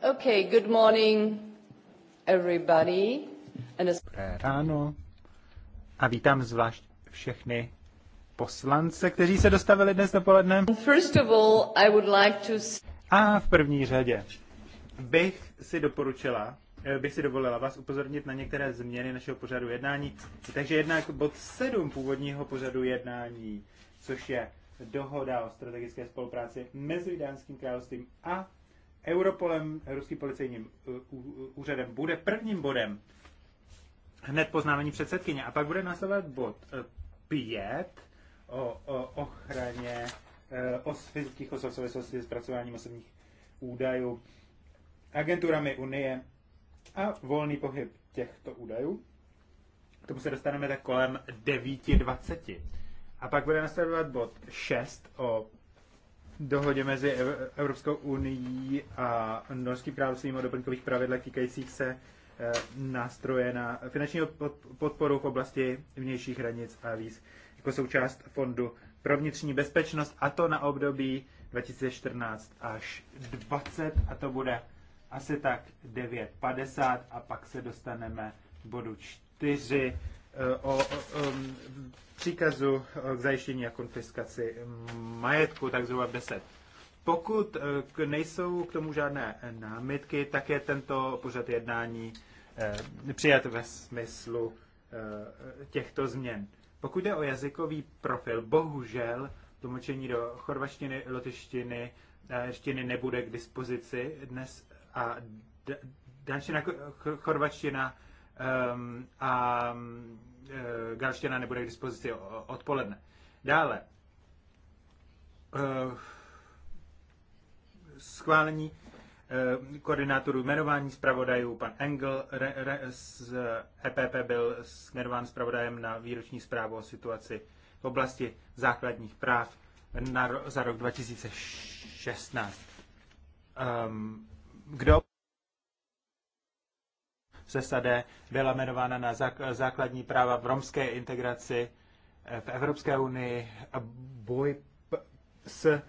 Okay, good morning everybody. Dobré ráno a vítám zvlášť všechny poslance, kteří se dostavili dnes dopoledne. First of all, I would like to... A v první řadě bych si doporučila, eh, bych si dovolila vás upozornit na některé změny našeho pořadu jednání. Takže jednak bod 7 původního pořadu jednání, což je dohoda o strategické spolupráci mezi Dánským královstvím a Europolem, ruským policejním eh, úřadem, bude prvním bodem hned poznámení předsedkyně. A pak bude následovat bod 5 eh, o, o ochraně eh, o fyzických osob v souvislosti s pracováním osobních údajů agenturami Unie a volný pohyb těchto údajů. K tomu se dostaneme tak kolem 9.20. A pak bude následovat bod 6 o dohodě mezi Evropskou unii a Norským královstvím o doplňkových pravidlech týkajících se eh, nástroje na finanční podporu v oblasti vnějších hranic a víz jako součást Fondu pro vnitřní bezpečnost a to na období 2014 až 20 a to bude asi tak 9.50 a pak se dostaneme k bodu 4 Eh, o příkazu k zajištění a konfiskaci majetku, tak zhruba 10. Pokud eh, nejsou k tomu žádné námitky, tak je tento pořad jednání eh, přijat ve smyslu těchto změn. Pokud jde o jazykový profil, bohužel tlumočení do chorvačtiny, lotyštiny, češtiny nebude k dispozici dnes a dančina chorvačtina um, a um, galština nebude k dispozici odpoledne. Dále. Uh, schválení e, koordinátorů jmenování zpravodajů. Pan Engel re, re, z EPP byl jmenován zpravodajem na výroční zprávu o situaci v oblasti základních práv na, za rok 2016. Um, ehm, kdo SSAD byla jmenována na základní práva v romské integraci eh, v Evropské unii, boj s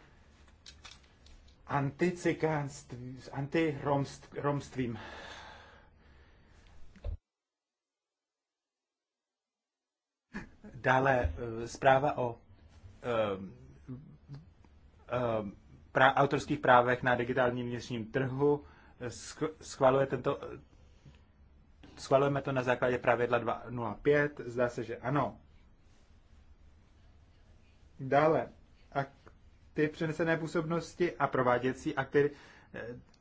anticikánstvím, s antiromstvím. Dále eh, zpráva o um, um, autorských právech na digitálním vnitřním trhu schvaluje tento Schvalujeme to na základě pravidla 205. Zdá se, že ano. Dále, ty přenesené působnosti a prováděcí akty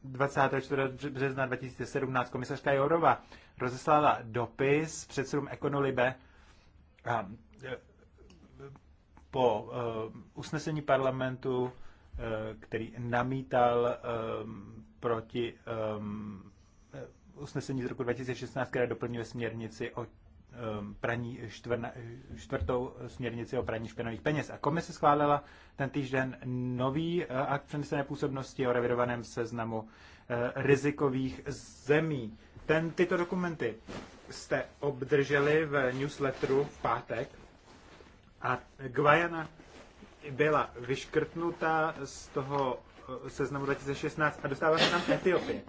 24. Eh, března 2017 komisařka Jourova rozeslala dopis předsedům Ekonolibe a, eh, po uh, usnesení parlamentu, uh, který namítal um, proti um, usnesení z roku 2016, které doplňuje směrnici o ehm, praní čtvrna, čtvrtou směrnici o praní špinavých peněz. A komise schválila ten týden nový eh, akt přenesené působnosti o revidovaném seznamu eh, rizikových zemí. Ten, tyto dokumenty jste obdrželi v newsletteru v pátek a Guayana byla vyškrtnuta z toho eh, seznamu 2016 a dostává se tam Etiopie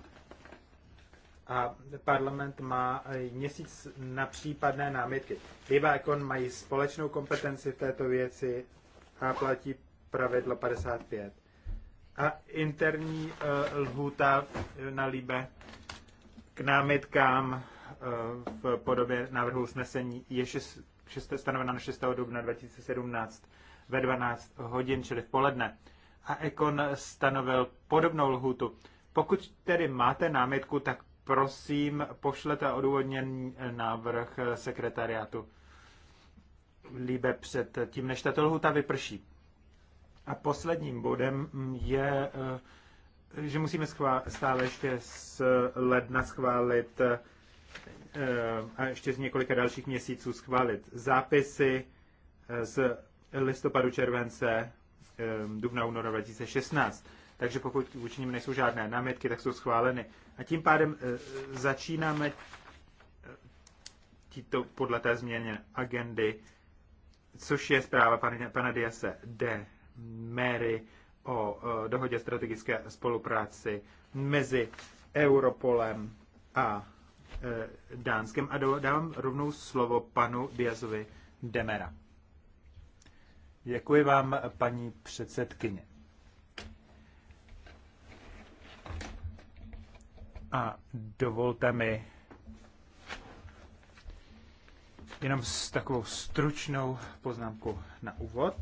a parlament má e, měsíc na případné námitky. Liba Econ mají společnou kompetenci v této věci a platí pravidlo 55. A interní uh, lhůta e, na Libe k námitkám uh, v podobě návrhu usnesení je šest stanovena na 6. dubna 2017 ve 12 hodin, čili v poledne. A Ekon stanovil podobnou lhůtu. Pokud tedy máte námitku, tak prosím pošlete odůvodněný návrh sekretariátu líbe před tím, než tato lhuta vyprší. A posledním bodem je, eh, že musíme stále ještě z ledna schválit eh, a ještě z několika dalších měsíců schválit zápisy eh, z listopadu, července, dubna, února 2016 takže pokud vůči nim nejsou žádné námětky, tak jsou schváleny. A tím pádem eh, začínáme eh, títo, podle té změny agendy, což je zpráva pana, Diase de Mary o eh, dohodě strategické spolupráci mezi Europolem a Dánskem. A dávám rovnou slovo panu Diazovi Demera. Děkuji vám, paní předsedkyně. A dovolte mi jenom s takovou stručnou poznámku na úvod.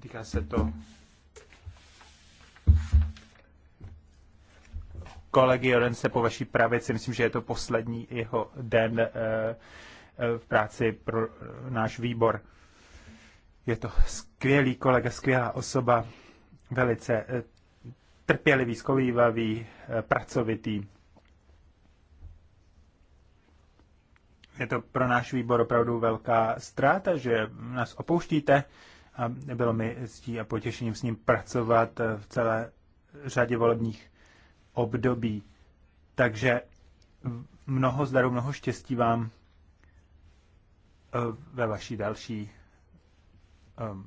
Týká se to kolegy Jorence po vaší pravici. Myslím, že je to poslední jeho den eh, eh, v práci pro náš výbor. Je to skvělý kolega, skvělá osoba, velice eh, trpělivý, skovývavý, eh, pracovitý. Je to pro náš výbor opravdu velká ztráta, že nás opouštíte a bylo mi ctí a potěšením s ním pracovat eh, v celé řadě volebních období. Takže mnoho zdaru, mnoho štěstí vám ve vaší další Um,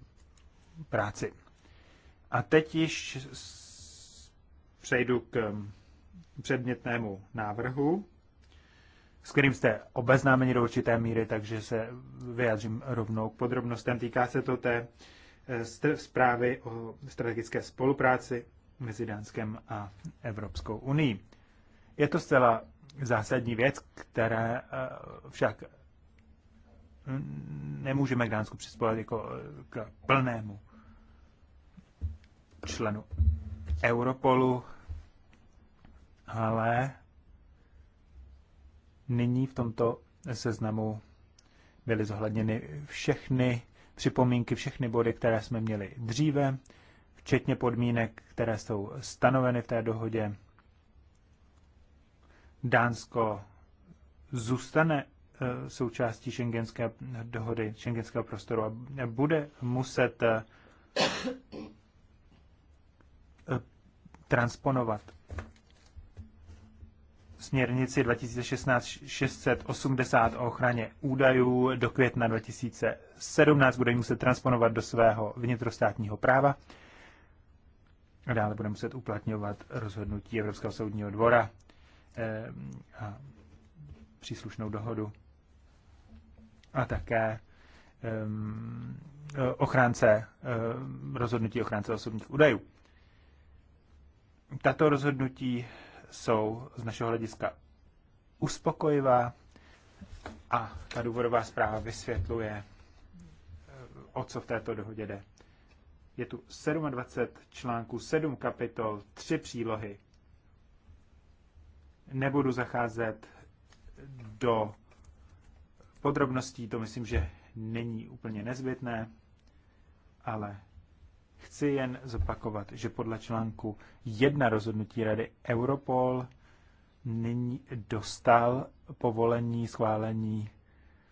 práci. A teď již přejdu k um, předmětnému návrhu, s kterým jste obeznámeni do určité míry, takže se vyjádřím rovnou k podrobnostem. Týká se to té eh, zprávy o strategické spolupráci mezi Dánskem a Evropskou unii. Je to zcela zásadní věc, které eh, však nemůžeme k Dánsku přistupovat jako eh, k plnému členu Europolu, ale nyní v tomto seznamu byly zohledněny všechny připomínky, všechny body, které jsme měli dříve, včetně podmínek, které jsou stanoveny v té dohodě. Dánsko zůstane Eh, součástí šengenské dohody, šengenského prostoru a bude muset eh, transponovat směrnici 2016-680 o ochraně údajů do května 2017 bude muset transponovat do svého vnitrostátního práva. A dále bude muset uplatňovat rozhodnutí Evropského soudního dvora eh, a příslušnou dohodu a také um, ochránce, um, rozhodnutí ochránce osobních údajů. Tato rozhodnutí jsou z našeho hlediska uspokojivá a ta důvodová zpráva vysvětluje, o co v této dohodě jde. Je tu 27 článků, 7 kapitol, 3 přílohy. Nebudu zacházet do podrobností, to myslím, že není úplně nezbytné, ale chci jen zopakovat, že podle článku jedna rozhodnutí Rady Europol nyní dostal povolení, schválení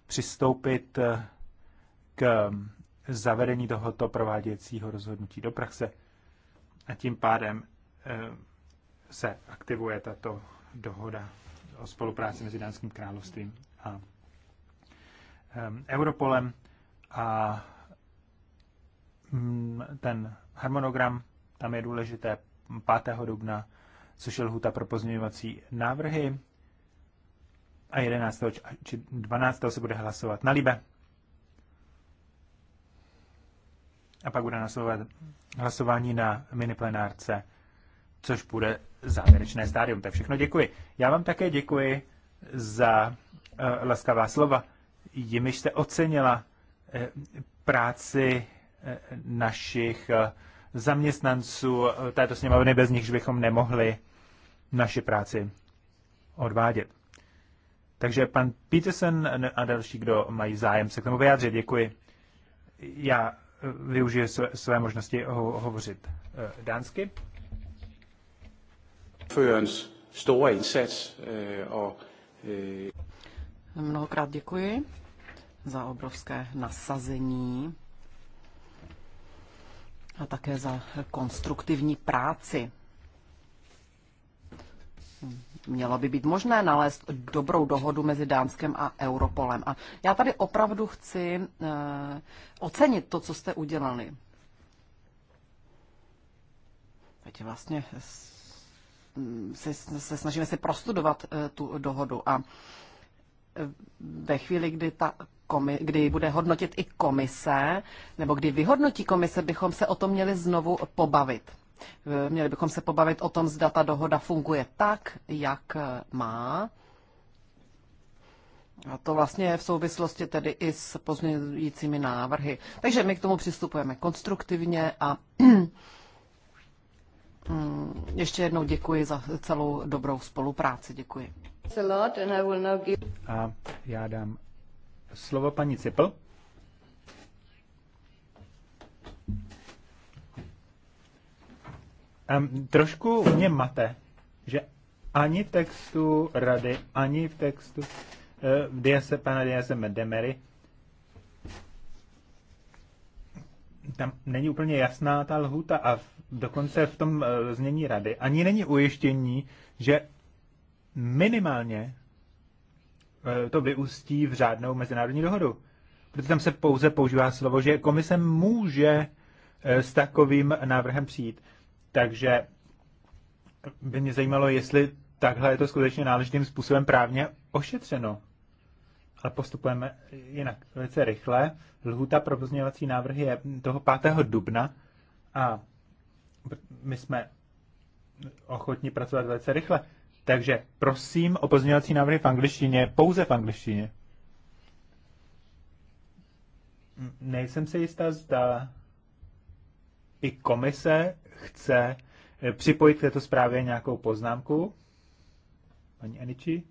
přistoupit eh, k zavedení tohoto prováděcího rozhodnutí do praxe a tím pádem eh, se aktivuje tato dohoda o spolupráci mezi Dánským královstvím a Ehm, Europolem a mm, ten harmonogram, tam je důležité 5. Mm, dubna, což je lhuta pro pozměňovací návrhy a 11. či 12. se bude hlasovat na Libe. A pak bude následovat hlasování na miniplenárce, což bude závěrečné stádium. Tak všechno děkuji. Já vám také děkuji za uh, laskavá slova jimiž jste ocenila eh, práci eh, našich eh, zaměstnanců této sněmovny, bez nichž bychom nemohli naši práci odvádět. Takže pan Peterson no a další, kdo mají zájem se k tomu vyjádřit, děkuji. Já využiju své, své možnosti ho, hovořit dánsky. Mnohokrát děkuji za obrovské nasazení a také za konstruktivní práci. Mělo by být možné nalézt dobrou dohodu mezi Dánskem a Europolem. A já tady opravdu chci eh, ocenit to, co jste udělali. Teď vlastně se, se snažíme si prostudovat eh, tu dohodu. A ve chvíli, kdy ta komi- kdy bude hodnotit i komise, nebo kdy vyhodnotí komise, bychom se o tom měli znovu pobavit. Eh, měli bychom se pobavit o tom, zda ta dohoda funguje tak, jak eh, má. A to vlastně je v souvislosti tedy i s pozměňujícími návrhy. Takže my k tomu přistupujeme konstruktivně a Mm, ještě jednou děkuji za celou dobrou spolupráci. Děkuji. A já dám slovo paní Cipl. Um, trošku mě mate, že ani v textu rady, ani v textu uh, eh, Diase, pana Diase Medemery tam není úplně jasná ta lhuta a v dokonce v tom eh, znění rady ani není ujištění, že minimálně eh, to vyústí v řádnou mezinárodní dohodu. Protože tam se pouze používá slovo, že komise může eh, s takovým návrhem přijít. Takže by mě zajímalo, jestli takhle je to skutečně náležitým způsobem právně ošetřeno. Ale postupujeme jinak velice rychle. Lhuta pro pozměňovací návrhy je toho 5. dubna a my jsme ochotní pracovat velice rychle. Takže prosím o pozměňovací návrhy v angličtině, pouze v angličtině. Nejsem si jistá, zda i komise chce eh, připojit k této zprávě nějakou poznámku. Paní Aniči.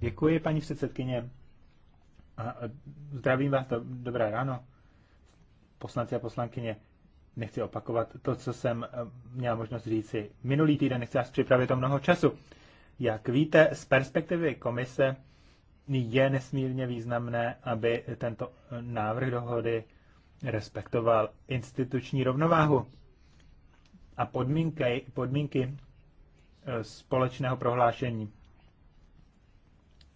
Děkuji, paní předsedkyně. A zdravím vás, do, dobré ráno, poslanci a poslankyně. Nechci opakovat to, co jsem eh, měl možnost říci minulý týden, nechci vás připravit o mnoho času. Jak víte, z perspektivy komise je nesmírně významné, aby tento eh, návrh dohody respektoval instituční rovnováhu a podmínky, podmínky eh, společného prohlášení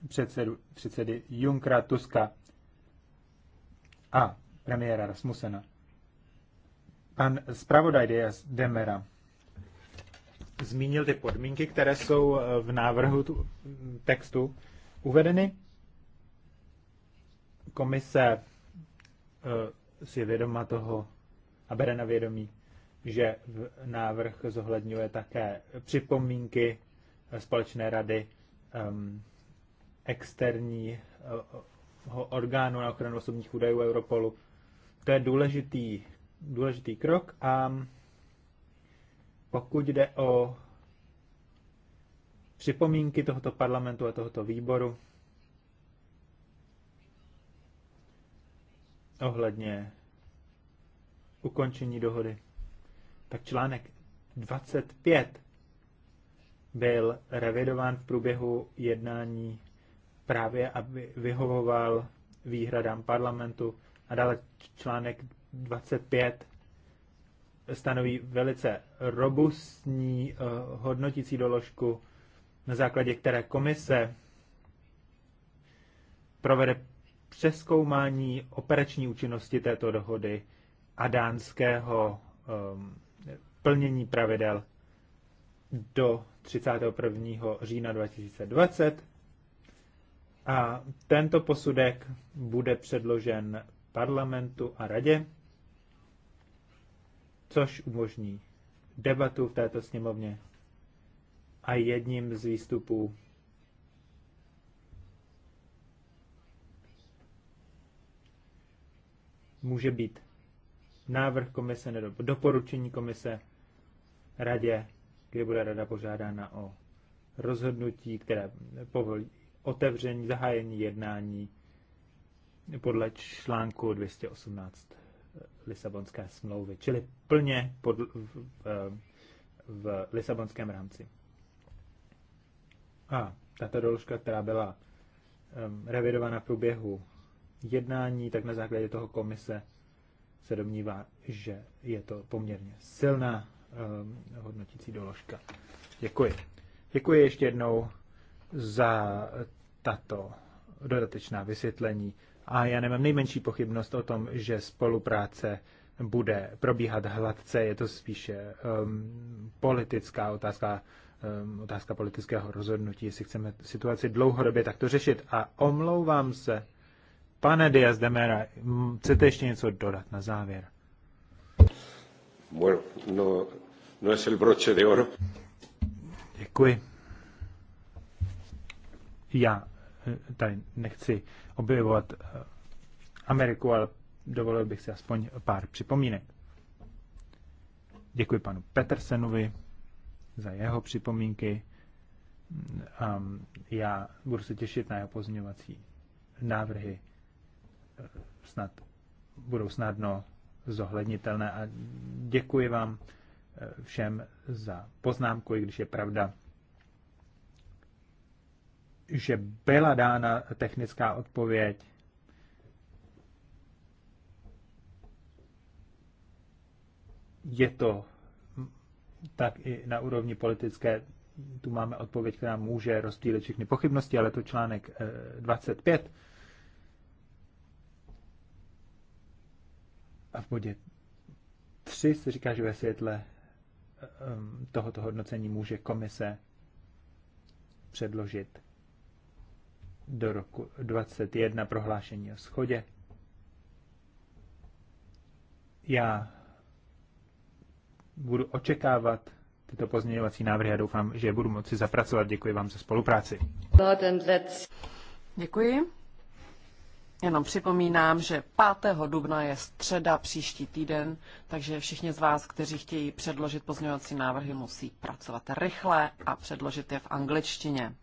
předsedu, předsedy Junkra Tuska a premiéra Rasmusena. Pan zpravodaj Demera zmínil ty podmínky, které jsou eh, v návrhu tu, textu uvedeny. Komise uh, si vědoma toho a bere na vědomí, že v návrh zohledňuje také připomínky společné rady um, externího eh, orgánu na ochranu osobních údajů Europolu. To je důležitý, důležitý krok a pokud jde o připomínky tohoto parlamentu a tohoto výboru ohledně ukončení dohody, tak článek 25 byl revidován v průběhu jednání právě, aby vyhovoval výhradám parlamentu. A dále článek 25 stanoví velice robustní eh, hodnotící doložku, na základě které komise provede přeskoumání operační účinnosti této dohody a dánského um, plnění pravidel do 31. října 2020 a tento posudek bude předložen parlamentu a radě, což umožní debatu v této sněmovně. A jedním z výstupů může být návrh komise nebo doporučení komise radě, kde bude rada požádána o rozhodnutí, které povolí otevření, zahájení jednání podle článku 218 Lisabonské smlouvy, čili plně pod, v, v, v Lisabonském rámci. A tato doložka, která byla um, revidována v průběhu jednání, tak na základě toho komise se domnívá, že je to poměrně silná um, hodnotící doložka. Děkuji. Děkuji ještě jednou za tato dodatečná vysvětlení. A já nemám nejmenší pochybnost o tom, že spolupráce bude probíhat hladce, je to spíše um, politická otázka, um, otázka politického rozhodnutí, jestli chceme situaci dlouhodobě takto řešit. A omlouvám se, pane Diaz de Mera, chcete ještě něco dodat na závěr? Bueno, no, no es el broche de oro. Děkuji. Já tady nechci objevovat eh, Ameriku, ale dovolil bych si aspoň pár připomínek. Děkuji panu Petersenovi za jeho připomínky. Mm, ehm, já budu se těšit na jeho pozměňovací návrhy. Eh, snad budou snadno zohlednitelné a děkuji vám eh, všem za poznámku, i když je pravda, že byla dána technická odpověď. Je to tak i na úrovni politické. Tu máme odpověď, která může rozdílit všechny pochybnosti, ale to článek 25. Eh, A v bodě 3 se říká, že ve světle eh, eh, tohoto hodnocení může komise předložit do roku 21 prohlášení o schodě. Já budu očekávat tyto pozměňovací návrhy a doufám, že je budu moci zapracovat. Děkuji vám za spolupráci. Děkuji. Jenom připomínám, že 5. dubna je středa příští týden, takže všichni z vás, kteří chtějí předložit pozměňovací návrhy, musí pracovat rychle a předložit je v angličtině.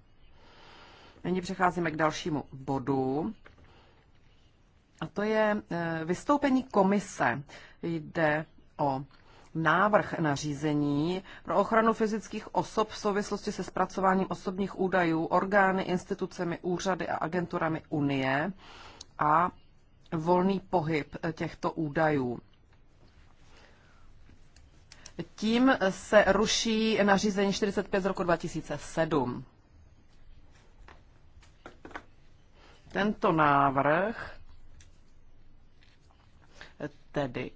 Nyní přecházíme k dalšímu bodu. A to je e, vystoupení komise. Jde o návrh na řízení pro ochranu fyzických osob v souvislosti se zpracováním osobních údajů orgány, institucemi, úřady a agenturami Unie a volný pohyb těchto údajů. Tím se ruší nařízení 45 z roku 2007. Tento návrh tedy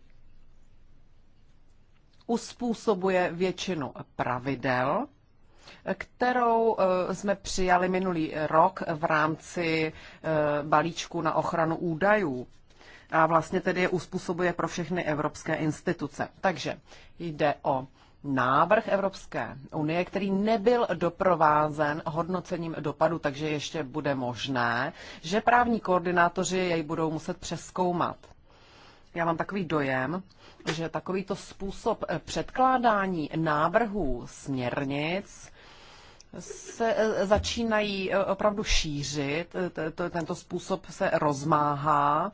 uspůsobuje většinu pravidel, kterou eh, jsme přijali minulý rok v rámci eh, balíčku na ochranu údajů. A vlastně tedy je uspůsobuje pro všechny evropské instituce. Takže jde o návrh Evropské unie, který nebyl doprovázen hodnocením dopadu, takže ještě bude možné, že právní koordinátoři jej budou muset přeskoumat. Já mám takový dojem, že takovýto způsob předkládání návrhů směrnic se e, začínají e, opravdu šířit, tento způsob se rozmáhá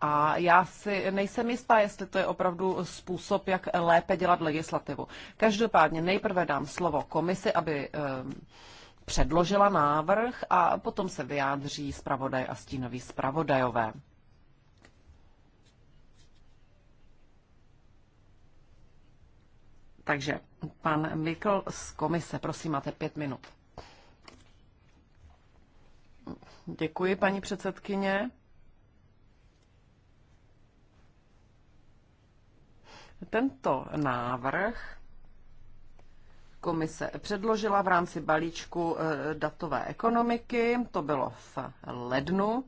a já si nejsem jistá, jestli to je opravdu způsob, jak lépe dělat legislativu. Každopádně nejprve dám slovo komisi, aby ehm, předložila návrh a potom se vyjádří zpravodaj a stínový zpravodajové. Takže pan Mikl z komise, prosím, máte pět minut. Děkuji, paní předsedkyně. Tento návrh komise předložila v rámci balíčku eh, datové ekonomiky, to bylo v lednu.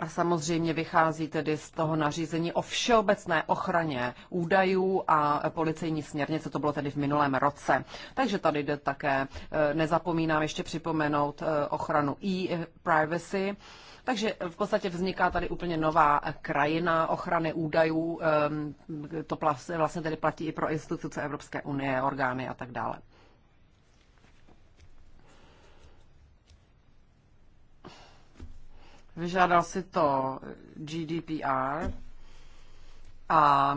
A samozřejmě vychází tedy z toho nařízení o všeobecné ochraně údajů a policejní směrnice, to bylo tedy v minulém roce. Takže tady jde také, eh, nezapomínám ještě připomenout eh, ochranu e-privacy, takže v podstatě vzniká tady úplně nová krajina ochrany údajů. Ehm, to vlastně tedy platí i pro instituce Evropské unie, orgány a tak dále. Vyžádal si to GDPR a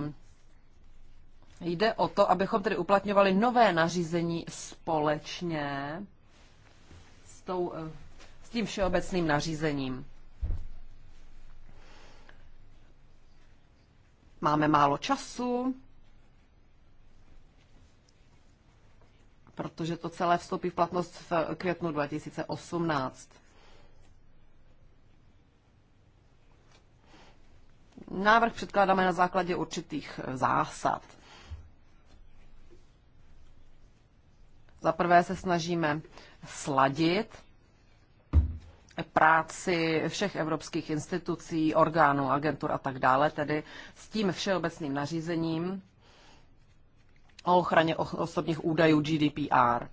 jde o to, abychom tedy uplatňovali nové nařízení společně s, tou, s tím všeobecným nařízením. Máme málo času, protože to celé vstoupí v platnost v květnu 2018. Návrh předkládáme na základě určitých zásad. Za prvé se snažíme sladit práci všech evropských institucí, orgánů, agentur a tak dále, tedy s tím všeobecným nařízením o ochraně osobních údajů GDPR.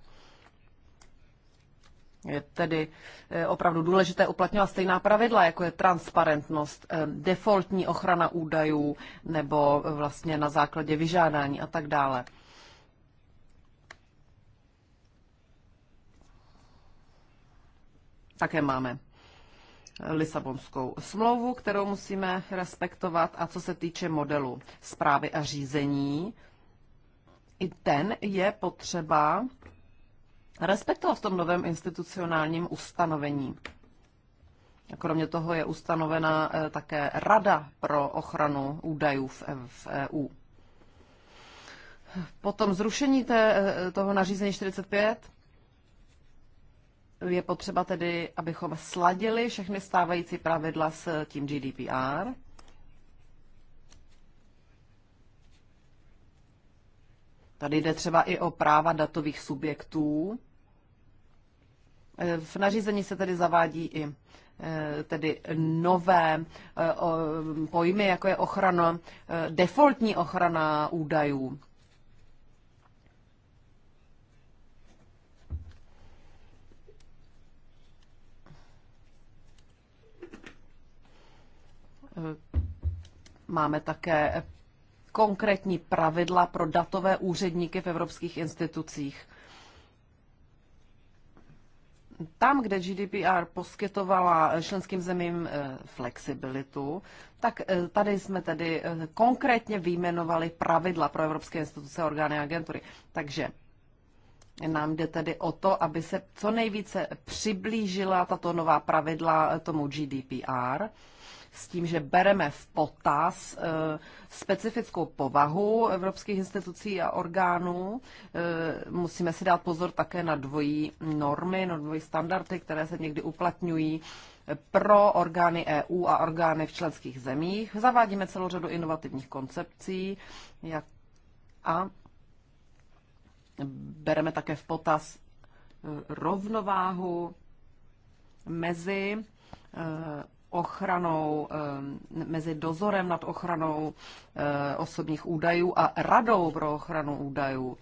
Je tedy eh, opravdu důležité uplatňovat stejná pravidla, jako je transparentnost, eh, defaultní ochrana údajů nebo eh, vlastně na základě vyžádání a tak dále. Také máme Lisabonskou smlouvu, kterou musíme respektovat. A co se týče modelu zprávy a řízení, i ten je potřeba respektovat v tom novém institucionálním ustanovení. Kromě toho je ustanovena eh, také Rada pro ochranu údajů v EU. E Potom zrušení té, eh, toho nařízení 45 je potřeba tedy, abychom sladili všechny stávající pravidla s tím GDPR. Tady jde třeba i o práva datových subjektů. Eh, v nařízení se tedy zavádí i eh, tedy nové eh, pojmy, jako je ochrana, defaultní ochrana údajů. Eh, máme také konkrétní pravidla pro datové úředníky v evropských institucích. Tam, kde GDPR poskytovala členským zemím eh, flexibilitu, tak eh, tady jsme tedy konkrétně výjmenovali pravidla pro evropské instituce, orgány a agentury. Takže nám jde tedy o to, aby se co nejvíce přiblížila tato nová pravidla tomu GDPR s tím, že bereme v potaz eh, specifickou povahu evropských institucí a orgánů. Eh, musíme si dát pozor také na dvojí normy, na dvojí standardy, které se někdy uplatňují pro orgány EU a orgány v členských zemích. Zavádíme celou řadu inovativních koncepcí jak a bereme také v potaz eh, rovnováhu mezi ochranou, eh, mezi dozorem nad ochranou eh, osobních údajů a radou pro ochranu údajů.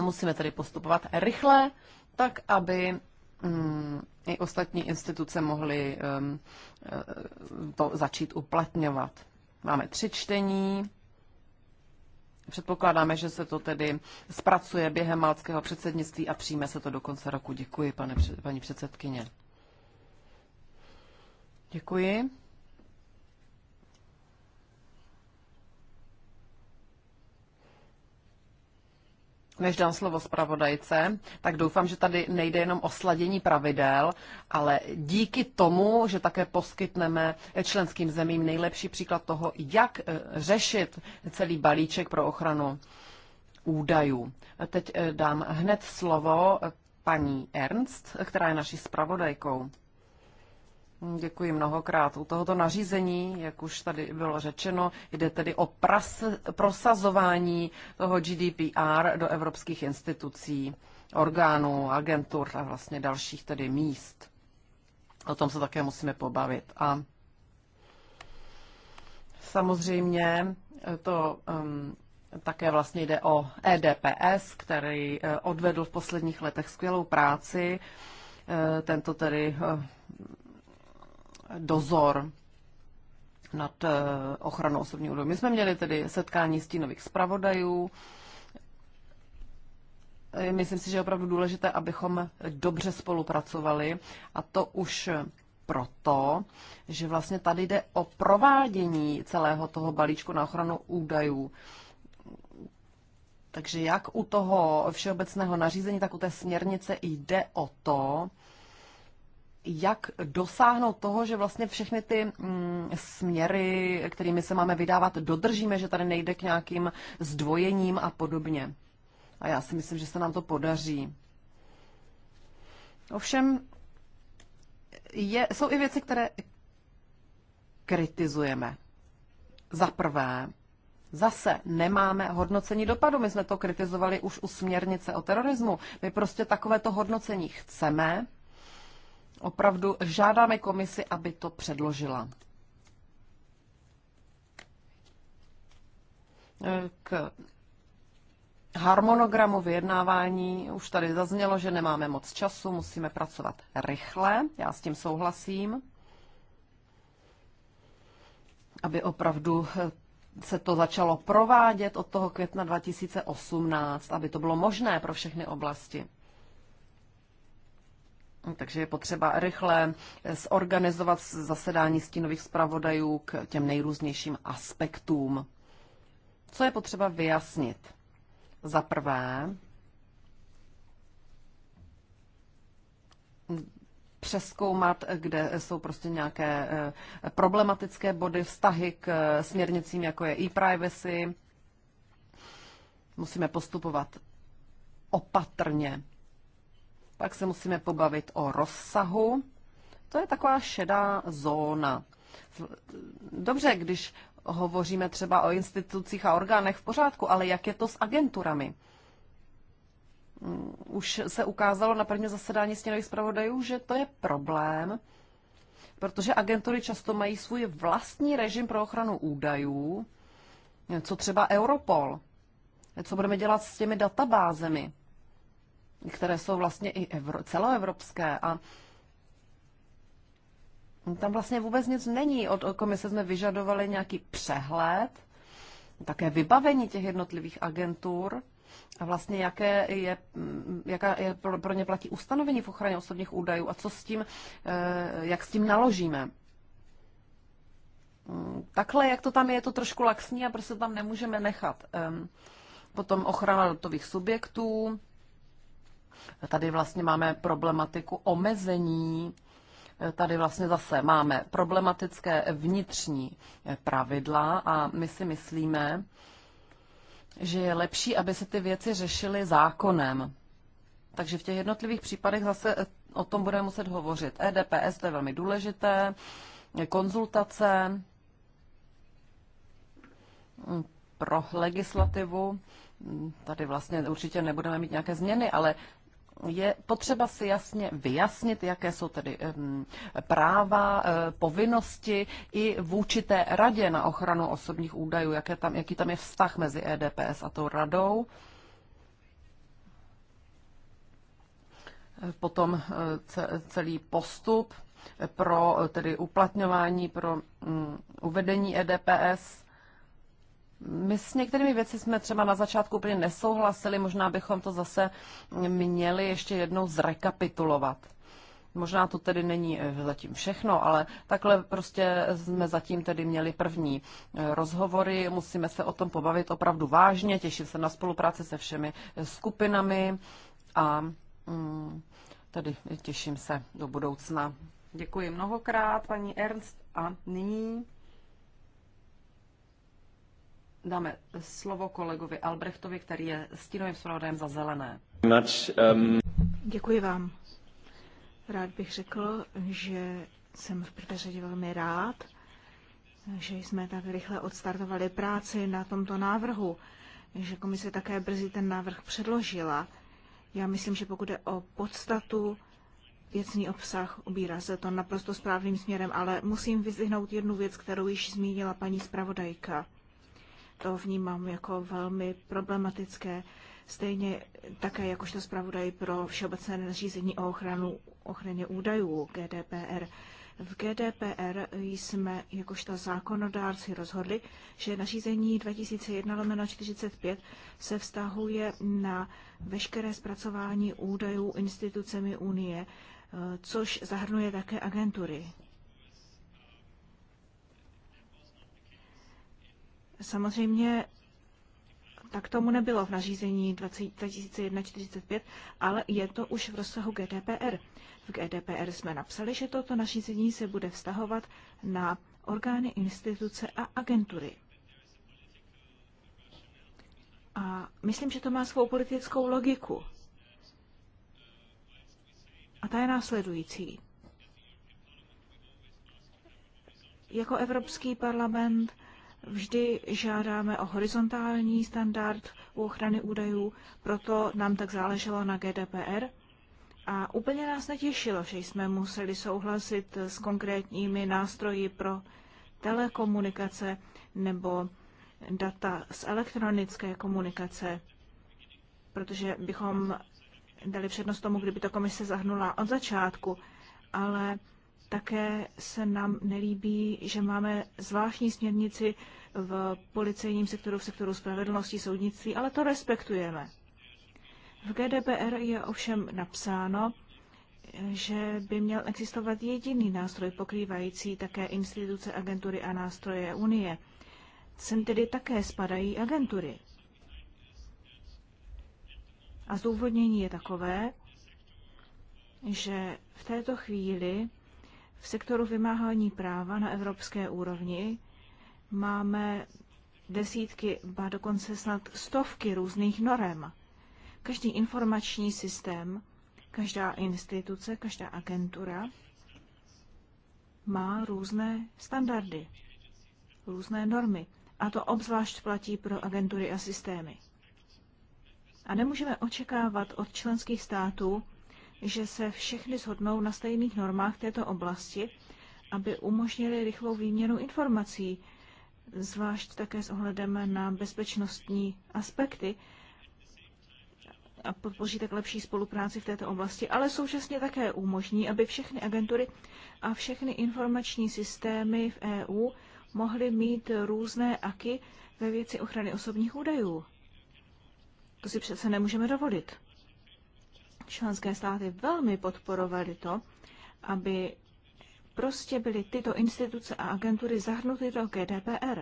Musíme tedy postupovat rychle, tak aby mm, i ostatní instituce mohly eh, to začít uplatňovat. Máme tři čtení. Předpokládáme, že se to tedy zpracuje během malckého předsednictví a přijme se to do konce roku. Děkuji, pane, paní předsedkyně. Děkuji. Než dám slovo zpravodajce, tak doufám, že tady nejde jenom o sladění pravidel, ale díky tomu, že také poskytneme členským zemím nejlepší příklad toho, jak eh, řešit celý balíček pro ochranu údajů. Teď eh, dám hned slovo eh, paní Ernst, která je naší zpravodajkou. Děkuji mnohokrát. U tohoto nařízení, jak už tady bylo řečeno, jde tedy o pras, prosazování toho GDPR do evropských institucí, orgánů, agentur a vlastně dalších tedy míst. O tom se také musíme pobavit. A samozřejmě to um, také vlastně jde o EDPS, který eh, odvedl v posledních letech skvělou práci. Eh, tento tedy eh, dozor nad eh, ochranou osobní údajů. My jsme měli tedy setkání stínových zpravodajů. Eh, myslím si, že je opravdu důležité, abychom dobře spolupracovali a to už proto, že vlastně tady jde o provádění celého toho balíčku na ochranu údajů. Takže jak u toho všeobecného nařízení, tak u té směrnice jde o to, jak dosáhnout toho, že vlastně všechny ty mm, směry, kterými se máme vydávat, dodržíme, že tady nejde k nějakým zdvojením a podobně. A já si myslím, že se nám to podaří. Ovšem, je, jsou i věci, které kritizujeme. Za prvé, Zase nemáme hodnocení dopadu. My jsme to kritizovali už u směrnice o terorismu. My prostě takovéto hodnocení chceme, opravdu žádáme komisi, aby to předložila. K harmonogramu vyjednávání už tady zaznělo, že nemáme moc času, musíme pracovat rychle, já s tím souhlasím, aby opravdu se to začalo provádět od toho května 2018, aby to bylo možné pro všechny oblasti. Takže je potřeba rychle zorganizovat zasedání stínových zpravodajů k těm nejrůznějším aspektům. Co je potřeba vyjasnit? Za prvé, přeskoumat, kde jsou prostě nějaké eh, problematické body, vztahy k eh, směrnicím, jako je e-privacy. Musíme postupovat opatrně. Pak se musíme pobavit o rozsahu. To je taková šedá zóna. Dobře, když hovoříme třeba o institucích a orgánech v pořádku, ale jak je to s agenturami? Mm, už se ukázalo na prvním zasedání stěnových zpravodajů, že to je problém, protože agentury často mají svůj vlastní režim pro ochranu údajů, co třeba Europol, co budeme dělat s těmi databázemi které jsou vlastně i evro, celoevropské a tam vlastně vůbec nic není. Od komise jsme vyžadovali nějaký přehled, také vybavení těch jednotlivých agentur a vlastně jaké je, jaká je pro, pro ně platí ustanovení v ochraně osobních údajů a co s tím, eh, jak s tím naložíme. Takhle, jak to tam je, je to trošku laxní a prostě tam nemůžeme nechat. Ehm, potom ochrana datových subjektů, Tady vlastně máme problematiku omezení, eh, tady vlastně zase máme problematické vnitřní eh, pravidla a my si myslíme, že je lepší, aby se ty věci řešily zákonem. Takže v těch jednotlivých případech zase eh, o tom budeme muset hovořit. EDPS to je velmi důležité, konzultace mm, pro legislativu. Mm, tady vlastně určitě nebudeme mít nějaké změny, ale je potřeba si jasně vyjasnit, jaké jsou tedy práva, eh, povinnosti i vůči té radě na ochranu osobních údajů, jaké tam, jaký tam je vztah mezi EDPS a tou radou. Eh, potom eh, celý postup pro tedy uplatňování pro mm, uvedení EDPS my s některými věci jsme třeba na začátku úplně nesouhlasili, možná bychom to zase měli ještě jednou zrekapitulovat. Možná to tedy není eh, zatím všechno, ale takhle prostě jsme zatím tedy měli první eh, rozhovory. Musíme se o tom pobavit opravdu vážně, těšit se na spolupráci se všemi eh, skupinami a mm, tedy těším se do budoucna. Děkuji mnohokrát, paní Ernst, a nyní dáme slovo kolegovi Albrechtovi, který je stínovým zpravodajem za zelené. Um, Děkuji vám. Rád bych řekl, že jsem v prvé řadě velmi rád, že jsme tak rychle odstartovali práci na tomto návrhu, že komise také brzy ten návrh předložila. Já myslím, že pokud je o podstatu, věcný obsah, ubírá se to naprosto správným směrem, ale musím vyzvihnout jednu věc, kterou již zmínila paní zpravodajka – to vnímám jako velmi problematické. Stejně také jakožto zpravodaj pro všeobecné nařízení o ochranu, ochraně údajů GDPR. V GDPR jsme jakožto zákonodárci rozhodli, že nařízení 2001-45 se vztahuje na veškeré zpracování údajů institucemi Unie, eh, což zahrnuje také agentury. Samozřejmě tak tomu nebylo v nařízení 2001-45, ale je to už v rozsahu GDPR. V GDPR jsme napsali, že toto nařízení se bude vztahovat na orgány, instituce a agentury. A myslím, že to má svou politickou logiku. A ta je následující. Jako Evropský parlament Vždy žádáme o horizontální standard u ochrany údajů, proto nám tak záleželo na GDPR. A úplně nás netěšilo, že jsme museli souhlasit s konkrétními nástroji pro telekomunikace nebo data z elektronické komunikace, protože bychom dali přednost tomu, kdyby to komise zahnula od začátku, ale také se nám nelíbí, že máme zvláštní směrnici v policejním sektoru, v sektoru spravedlnosti, soudnictví, ale to respektujeme. V GDPR je ovšem napsáno, že by měl existovat jediný nástroj pokrývající také instituce, agentury a nástroje Unie. Sem tedy také spadají agentury. A zdůvodnění je takové, že v této chvíli v sektoru vymáhání práva na evropské úrovni máme desítky, ba dokonce snad stovky různých norem. Každý informační systém, každá instituce, každá agentura má různé standardy, různé normy. A to obzvlášť platí pro agentury a systémy. A nemůžeme očekávat od členských států, že se všechny shodnou na stejných normách této oblasti, aby umožnili rychlou výměnu informací, zvlášť také s ohledem na bezpečnostní aspekty a podpoří tak lepší spolupráci v této oblasti, ale současně také umožní, aby všechny agentury a všechny informační systémy v EU mohly mít různé aky ve věci ochrany osobních údajů. To si přece nemůžeme dovolit členské státy velmi podporovaly to, aby prostě byly tyto instituce a agentury zahrnuty do GDPR.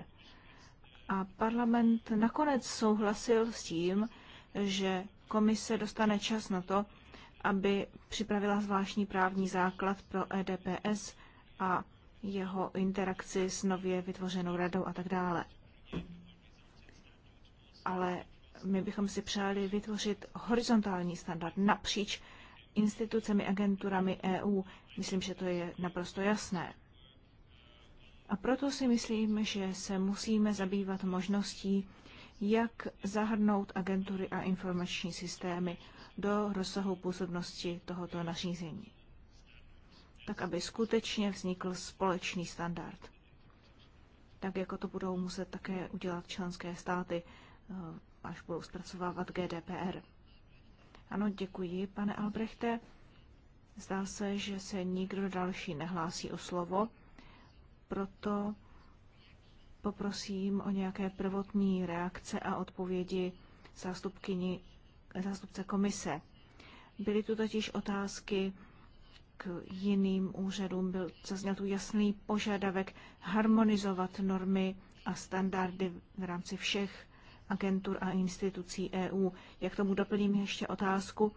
A parlament nakonec souhlasil s tím, že komise dostane čas na to, aby připravila zvláštní právní základ pro EDPS a jeho interakci s nově vytvořenou radou a tak dále. Ale my bychom si přáli vytvořit horizontální standard napříč institucemi, agenturami EU. Myslím, že to je naprosto jasné. A proto si myslím, že se musíme zabývat možností, jak zahrnout agentury a informační systémy do rozsahu působnosti tohoto nařízení, tak aby skutečně vznikl společný standard. Tak jako to budou muset také udělat členské státy Eh, až budou zpracovávat GDPR. Ano, děkuji, pane Albrechte. Zdá se, že se nikdo další nehlásí o slovo, proto poprosím o nějaké prvotní reakce a odpovědi zástupkyni, zástupce komise. Byly tu totiž otázky k jiným úřadům. Byl zazněl tu jasný požadavek harmonizovat normy a standardy v rámci všech agentur a institucí EU. Jak tomu doplním ještě otázku,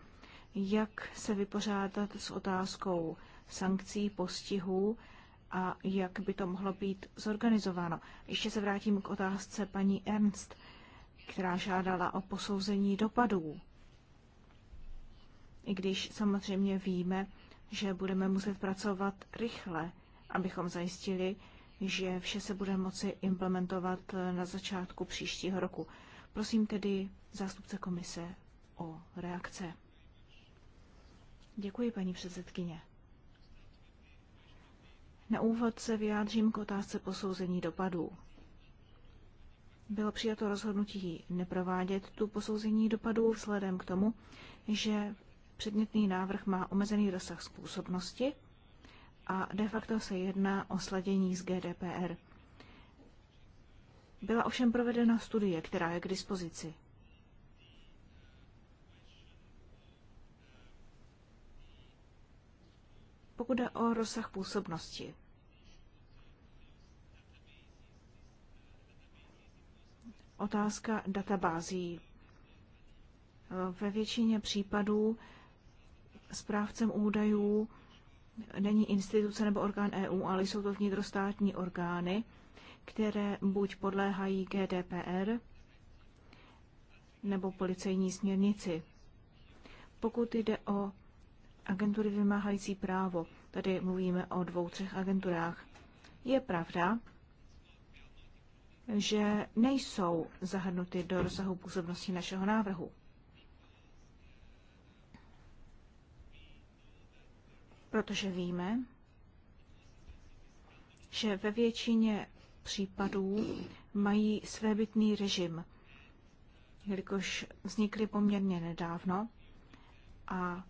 jak se vypořádat s otázkou sankcí, postihů a jak by to mohlo být zorganizováno. Ještě se vrátím k otázce paní Ernst, která žádala o posouzení dopadů. I když samozřejmě víme, že budeme muset pracovat rychle, abychom zajistili, že vše se bude moci implementovat eh, na začátku příštího roku. Prosím tedy zástupce komise o reakce. Děkuji, paní předsedkyně. Na úvod se vyjádřím k otázce posouzení dopadů. Bylo přijato rozhodnutí neprovádět tu posouzení dopadů vzhledem k tomu, že předmětný návrh má omezený rozsah způsobnosti a de facto se jedná o sladění s GDPR. Byla ovšem provedena studie, která je k dispozici. Pokud jde o rozsah působnosti, otázka databází. Ve většině případů správcem údajů není instituce nebo orgán EU, ale jsou to vnitrostátní orgány, které buď podléhají GDPR nebo policejní směrnici. Pokud jde o agentury vymáhající právo, tady mluvíme o dvou, třech agenturách, je pravda, že nejsou zahrnuty do rozsahu působnosti našeho návrhu. protože víme, že ve většině případů mají svébytný režim, jelikož vznikly poměrně nedávno a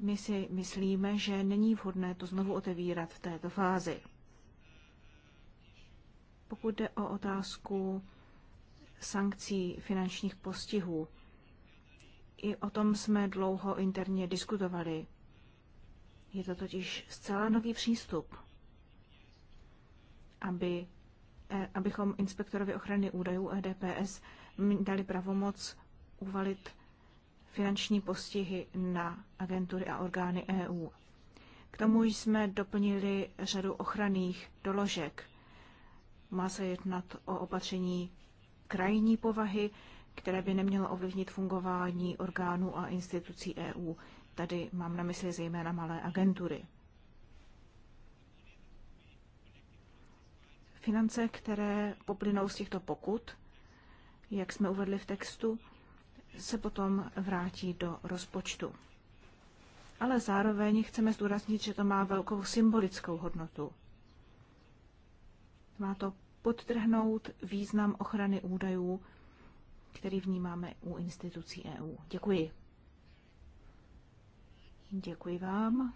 my si myslíme, že není vhodné to znovu otevírat v této fázi. Pokud jde o otázku sankcí finančních postihů, i o tom jsme dlouho interně diskutovali. Je to totiž zcela nový přístup, aby, eh, abychom inspektorovi ochrany údajů EDPS dali pravomoc uvalit finanční postihy na agentury a orgány EU. K tomu jsme doplnili řadu ochranných doložek. Má se jednat o opatření krajní povahy, které by nemělo ovlivnit fungování orgánů a institucí EU. Tady mám na mysli zejména malé agentury. Finance, které poplynou z těchto pokut, jak jsme uvedli v textu, se potom vrátí do rozpočtu. Ale zároveň chceme zdůraznit, že to má velkou symbolickou hodnotu. Má to podtrhnout význam ochrany údajů, který vnímáme u institucí EU. Děkuji. Děkuji vám.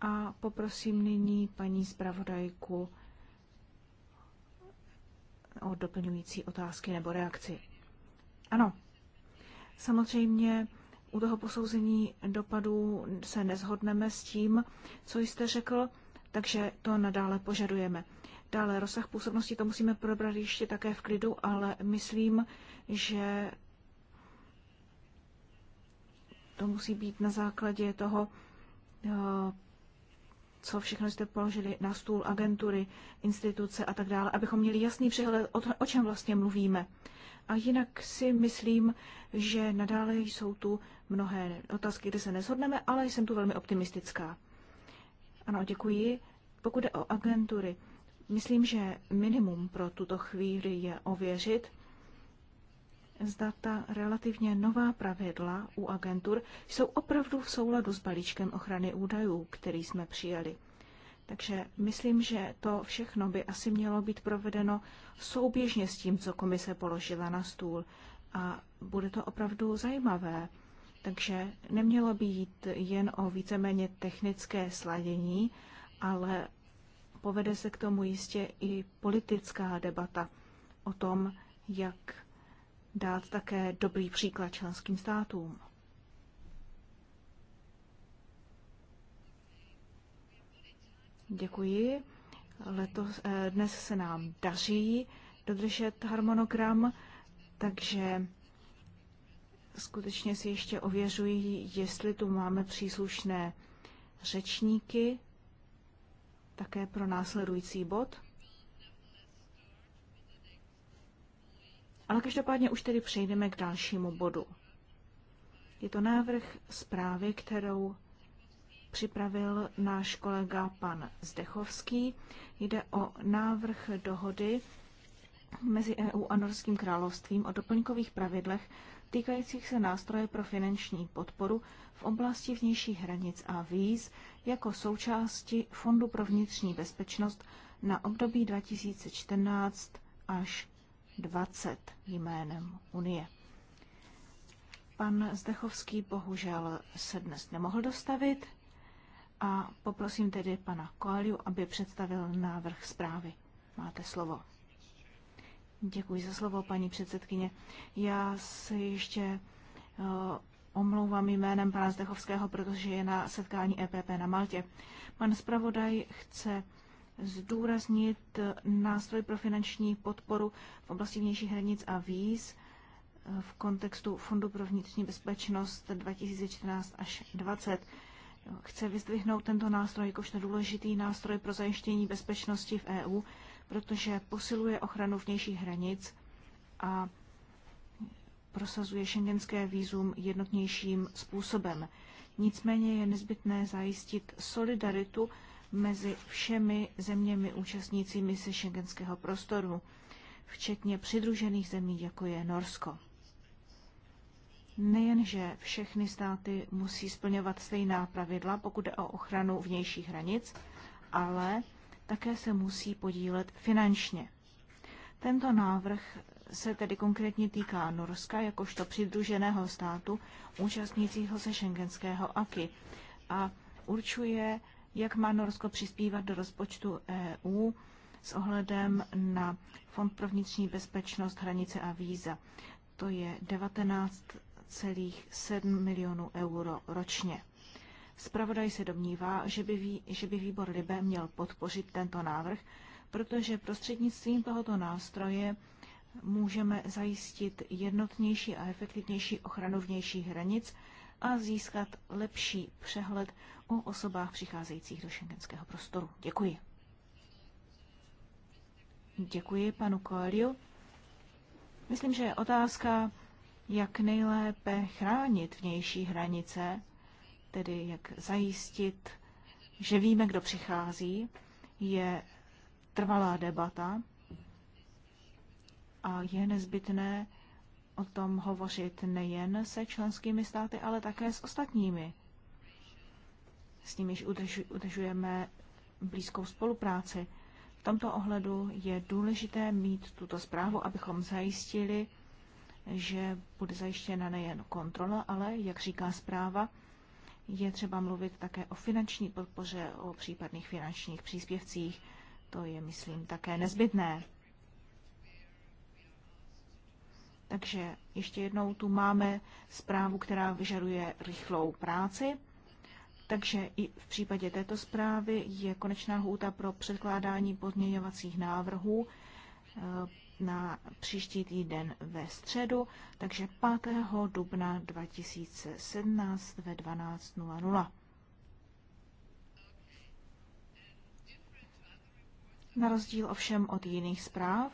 A poprosím nyní paní zpravodajku o doplňující otázky nebo reakci. Ano, samozřejmě u toho posouzení dopadů se nezhodneme s tím, co jste řekl, takže to nadále požadujeme. Dále rozsah působnosti to musíme probrat ještě také v klidu, ale myslím, že to musí být na základě toho, eh, co všechno jste položili na stůl, agentury, instituce a tak dále, abychom měli jasný přehled, o čem vlastně mluvíme. A jinak si myslím, že nadále jsou tu mnohé otázky, kde se neshodneme, ale jsem tu velmi optimistická. Ano, děkuji. Pokud jde o agentury, myslím, že minimum pro tuto chvíli je ověřit, zda ta relativně nová pravidla u agentur jsou opravdu v souladu s balíčkem ochrany údajů, který jsme přijali. Takže myslím, že to všechno by asi mělo být provedeno souběžně s tím, co komise položila na stůl. A bude to opravdu zajímavé. Takže nemělo by jít jen o víceméně technické sladění, ale povede se k tomu jistě i politická debata o tom, jak dát také dobrý příklad členským státům. Děkuji. Letos, eh, dnes se nám daří dodržet harmonogram, takže skutečně si ještě ověřují, jestli tu máme příslušné řečníky také pro následující bod. Ale každopádně už tedy přejdeme k dalšímu bodu. Je to návrh zprávy, kterou připravil náš kolega pan Zdechovský. Jde o návrh dohody mezi EU a Norským královstvím o doplňkových pravidlech týkajících se nástroje pro finanční podporu v oblasti vnějších hranic a víz jako součásti Fondu pro vnitřní bezpečnost na období 2014 až 20 jménem Unie. Pan Zdechovský bohužel se dnes nemohl dostavit a poprosím tedy pana Koaliu, aby představil návrh zprávy. Máte slovo. Děkuji za slovo, paní předsedkyně. Já si ještě uh, omlouvám jménem pana Zdechovského, protože je na setkání EPP na Maltě. Pan zpravodaj chce zdůraznit eh, nástroj pro finanční podporu v oblasti vnějších hranic a víz eh, v kontextu Fondu pro vnitřní bezpečnost 2014 až 2020. Chce vyzdvihnout tento nástroj jakožto důležitý nástroj pro zajištění bezpečnosti v EU, protože posiluje ochranu vnějších hranic a prosazuje šengenské výzum jednotnějším způsobem. Nicméně je nezbytné zajistit solidaritu mezi všemi zeměmi účastnícími se šengenského prostoru, včetně přidružených zemí, jako je Norsko. Nejenže všechny státy musí splňovat stejná pravidla, pokud jde o ochranu vnějších hranic, ale také se musí podílet finančně. Tento návrh se tedy konkrétně týká Norska jakožto přidruženého státu účastnícího se šengenského AKI a určuje jak má Norsko přispívat do rozpočtu EU s ohledem na Fond pro vnitřní bezpečnost, hranice a víza. To je 19,7 milionů euro ročně. Spravodaj se domnívá, že by, vý, že by výbor Libe měl podpořit tento návrh, protože prostřednictvím tohoto nástroje můžeme zajistit jednotnější a efektivnější ochranu vnějších hranic a získat lepší přehled o osobách přicházejících do šengenského prostoru. Děkuji. Děkuji panu Koeliu. Myslím, že otázka, jak nejlépe chránit vnější hranice, tedy jak zajistit, že víme, kdo přichází, je trvalá debata a je nezbytné o tom hovořit nejen se členskými státy, ale také s ostatními. S nimiž udržujeme blízkou spolupráci. V tomto ohledu je důležité mít tuto zprávu, abychom zajistili, že bude zajištěna nejen kontrola, ale, jak říká zpráva, je třeba mluvit také o finanční podpoře, o případných finančních příspěvcích. To je, myslím, také nezbytné. Takže ještě jednou tu máme zprávu, která vyžaduje rychlou práci. Takže i v případě této zprávy je konečná hůta pro předkládání pozměňovacích návrhů eh, na příští týden ve středu, takže 5. dubna 2017 ve 12.00. Na rozdíl ovšem od jiných zpráv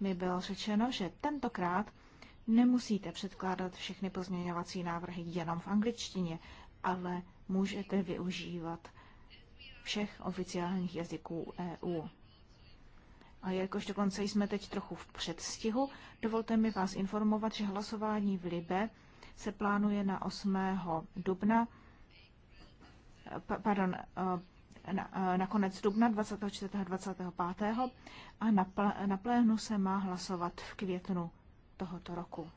mi bylo řečeno, že tentokrát nemusíte předkládat všechny pozměňovací návrhy jenom v angličtině, ale můžete využívat všech oficiálních jazyků EU. A jelikož dokonce jsme teď trochu v předstihu, dovolte mi vás informovat, že hlasování v Libe se plánuje na 8. dubna, pardon, eh, na, eh, na konec dubna 24. a 25. a na, pl, na plénu se má hlasovat v květnu tohoto roku.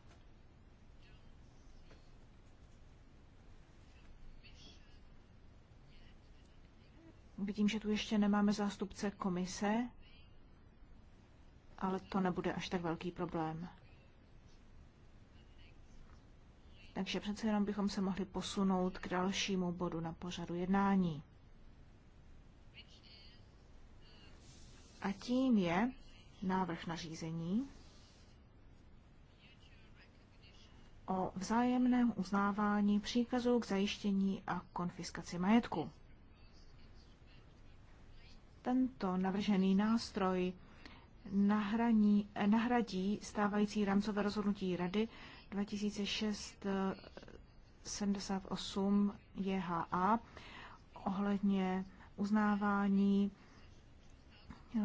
Vidím, že tu ještě nemáme zástupce komise, ale to nebude až tak velký problém. Takže přece jenom bychom se mohli posunout k dalšímu bodu na pořadu jednání. A tím je návrh nařízení o vzájemném uznávání příkazů k zajištění a konfiskaci majetku. Tento navržený nástroj nahraní, nahradí stávající rámcové rozhodnutí Rady 2006-78 JHA ohledně uznávání eh,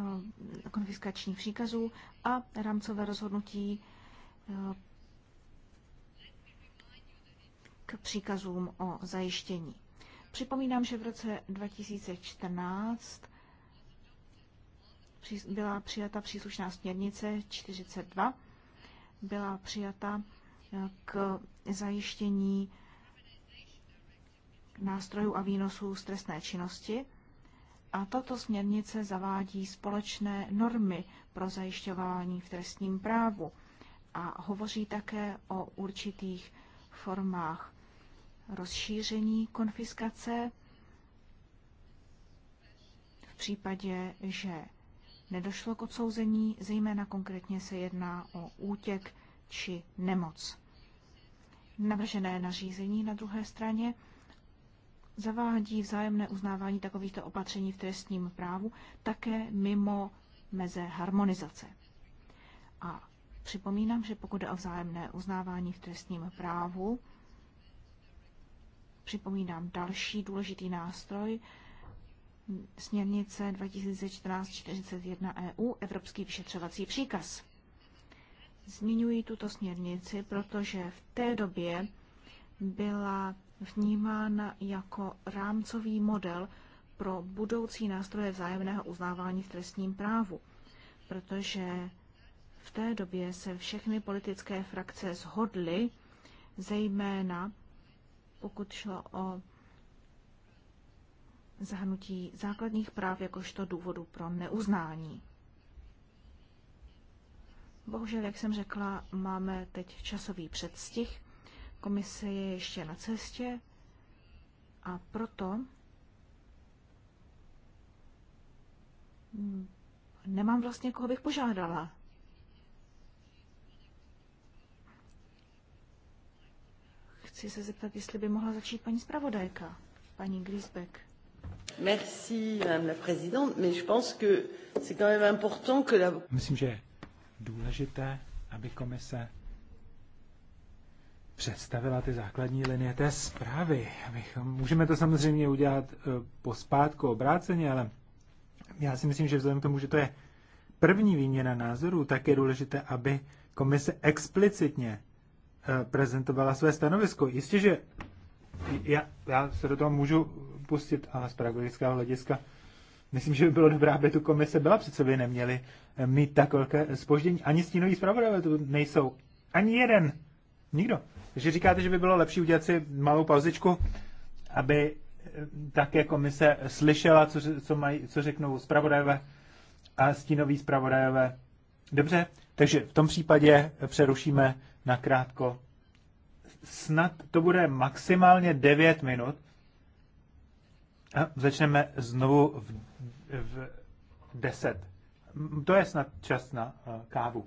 konfiskačních příkazů a rámcové rozhodnutí eh, k příkazům o zajištění. Připomínám, že v roce 2014 byla přijata příslušná směrnice 42, byla přijata eh, k zajištění nástrojů a výnosů z trestné činnosti. A tato směrnice zavádí společné normy pro zajišťování v trestním právu a hovoří také o určitých formách rozšíření konfiskace v případě, že nedošlo k odsouzení, zejména konkrétně se jedná o útěk či nemoc. Navržené nařízení na druhé straně zavádí vzájemné uznávání takovýchto opatření v trestním právu také mimo meze harmonizace. A připomínám, že pokud je o vzájemné uznávání v trestním právu, Připomínám další důležitý nástroj, směrnice 2014-41 EU, Evropský vyšetřovací příkaz. Zmiňuji tuto směrnici, protože v té době byla vnímána jako rámcový model pro budoucí nástroje vzájemného uznávání v trestním právu, protože v té době se všechny politické frakce shodly, zejména pokud šlo o zahnutí základních práv jakožto důvodu pro neuznání. Bohužel, jak jsem řekla, máme teď časový předstih. Komise je ještě na cestě a proto nemám vlastně, koho bych požádala. Chci se zeptat, jestli by mohla začít paní zpravodajka, paní Griesbeck. Merci, madame la présidente, mais je pense que c'est quand même important que la... Myslím, že je důležité, aby komise představila ty základní linie té zprávy. Abychom, můžeme to samozřejmě udělat eh, po zpátku obráceně, ale já si myslím, že vzhledem k tomu, že to je první výměna názorů, tak je důležité, aby komise explicitně Eh, prezentovala své stanovisko. Jistě, že já, já se do toho můžu pustit a z pedagogického hlediska myslím, že by bylo dobré, aby tu komise byla, přece by neměli eh, mít takové spoždění. Ani stínoví zpravodajové tu nejsou. Ani jeden. Nikdo. Takže říkáte, že by bylo lepší udělat si malou pauzičku, aby eh, také komise slyšela, co, co, mají, co řeknou zpravodajové a stínoví zpravodajové. Dobře, takže v tom případě přerušíme nakrátko. Snad to bude maximálně 9 minut. A začneme znovu v, v 10. To je snad čas na eh, kávu.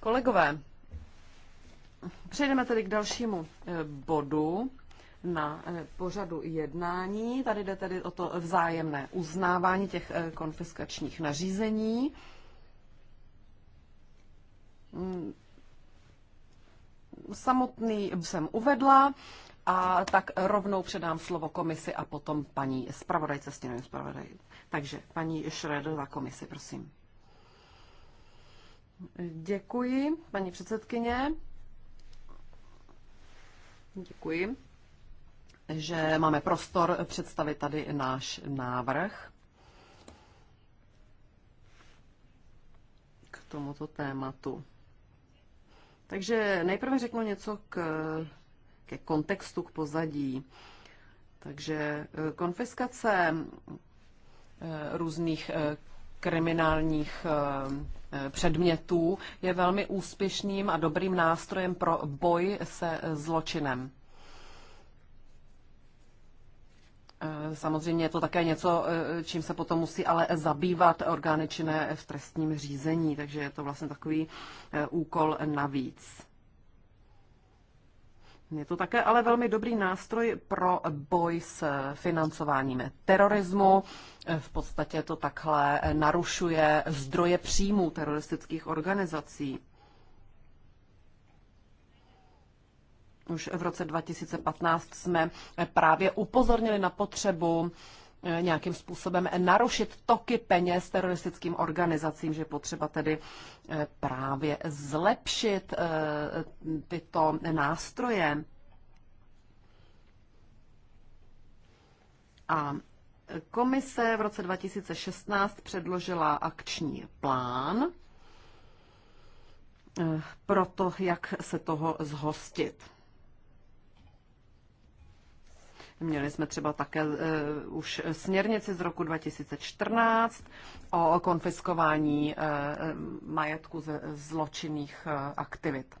Kolegové, přejdeme tedy k dalšímu eh, bodu na eh, pořadu jednání. Tady jde tedy o to vzájemné uznávání těch eh, konfiskačních nařízení. Mm. Samotný jsem uvedla, a tak rovnou předám slovo komisi a potom paní zpravodajce, stěnovým zpravodaj. Takže paní Šredová komisi, prosím. Děkuji, paní předsedkyně. Děkuji, že máme prostor představit tady náš návrh k tomuto tématu. Takže nejprve řeknu něco k ke kontextu, k pozadí. Takže eh, konfiskace eh, různých eh, kriminálních předmětů je velmi úspěšným a dobrým nástrojem pro boj se zločinem. Samozřejmě je to také něco, čím se potom musí ale zabývat orgány činné v trestním řízení, takže je to vlastně takový úkol navíc. Je to také ale velmi dobrý nástroj pro boj s financováním terorismu. V podstatě to takhle narušuje zdroje příjmů teroristických organizací. Už v roce 2015 jsme právě upozornili na potřebu Eh, nějakým způsobem narušit toky peněz teroristickým organizacím, že potřeba tedy eh, právě zlepšit eh, tyto nástroje. A komise v roce 2016 předložila akční plán pro to, jak se toho zhostit. Měli jsme třeba také eh, už směrnici z roku 2014 o konfiskování eh, majetku ze zločinných eh, aktivit.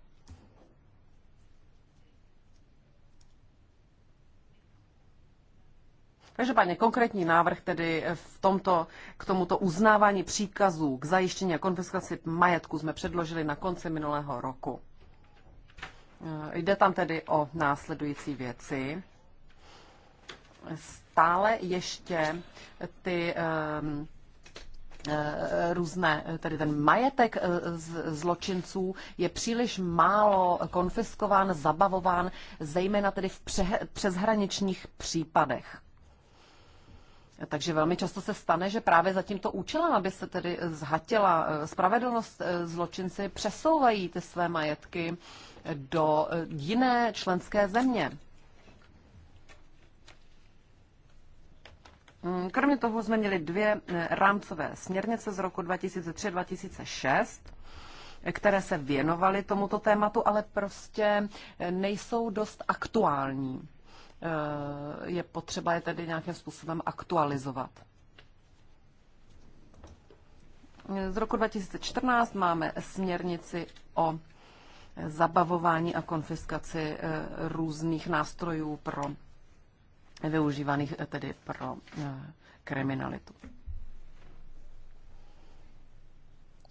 Každopádně konkrétní návrh tedy v tomto, k tomuto uznávání příkazů k zajištění a konfiskaci majetku jsme předložili na konci minulého roku. Jde tam tedy o následující věci stále ještě ty ehm, eh, různé, tedy ten majetek eh, zločinců je příliš málo konfiskován, zabavován, zejména tedy v přeshraničních případech. Takže velmi často se stane, že právě za tímto účelem, aby se tedy zhatila eh, spravedlnost, zločinci přesouvají ty své majetky do jiné členské země. Mm, kromě toho jsme měli dvě eh, rámcové směrnice z roku 2003-2006, které se věnovaly tomuto tématu, ale prostě eh, nejsou dost aktuální. Eh, je potřeba je tedy nějakým způsobem aktualizovat. Z roku 2014 máme směrnici o zabavování a konfiskaci různých nástrojů pro využívaných eh, tedy pro eh, kriminalitu.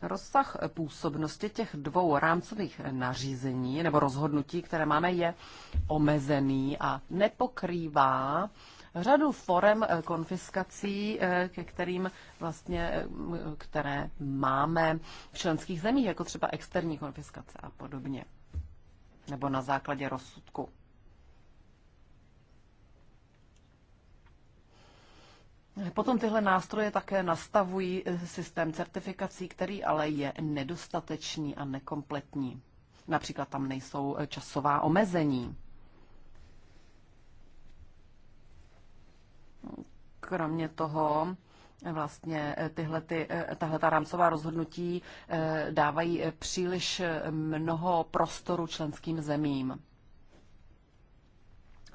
Rozsah eh, působnosti těch dvou rámcových nařízení nebo rozhodnutí, které máme, je omezený a nepokrývá řadu forem konfiskací, ke kterým vlastně, které máme v členských zemích, jako třeba externí konfiskace a podobně, nebo na základě rozsudku. Potom tyhle nástroje také nastavují eh, systém certifikací, který ale je nedostatečný a nekompletní. Například tam nejsou eh, časová omezení. Kromě toho eh, vlastně tyhle, ty, tahle ta rámcová rozhodnutí dávají příliš mnoho prostoru členským zemím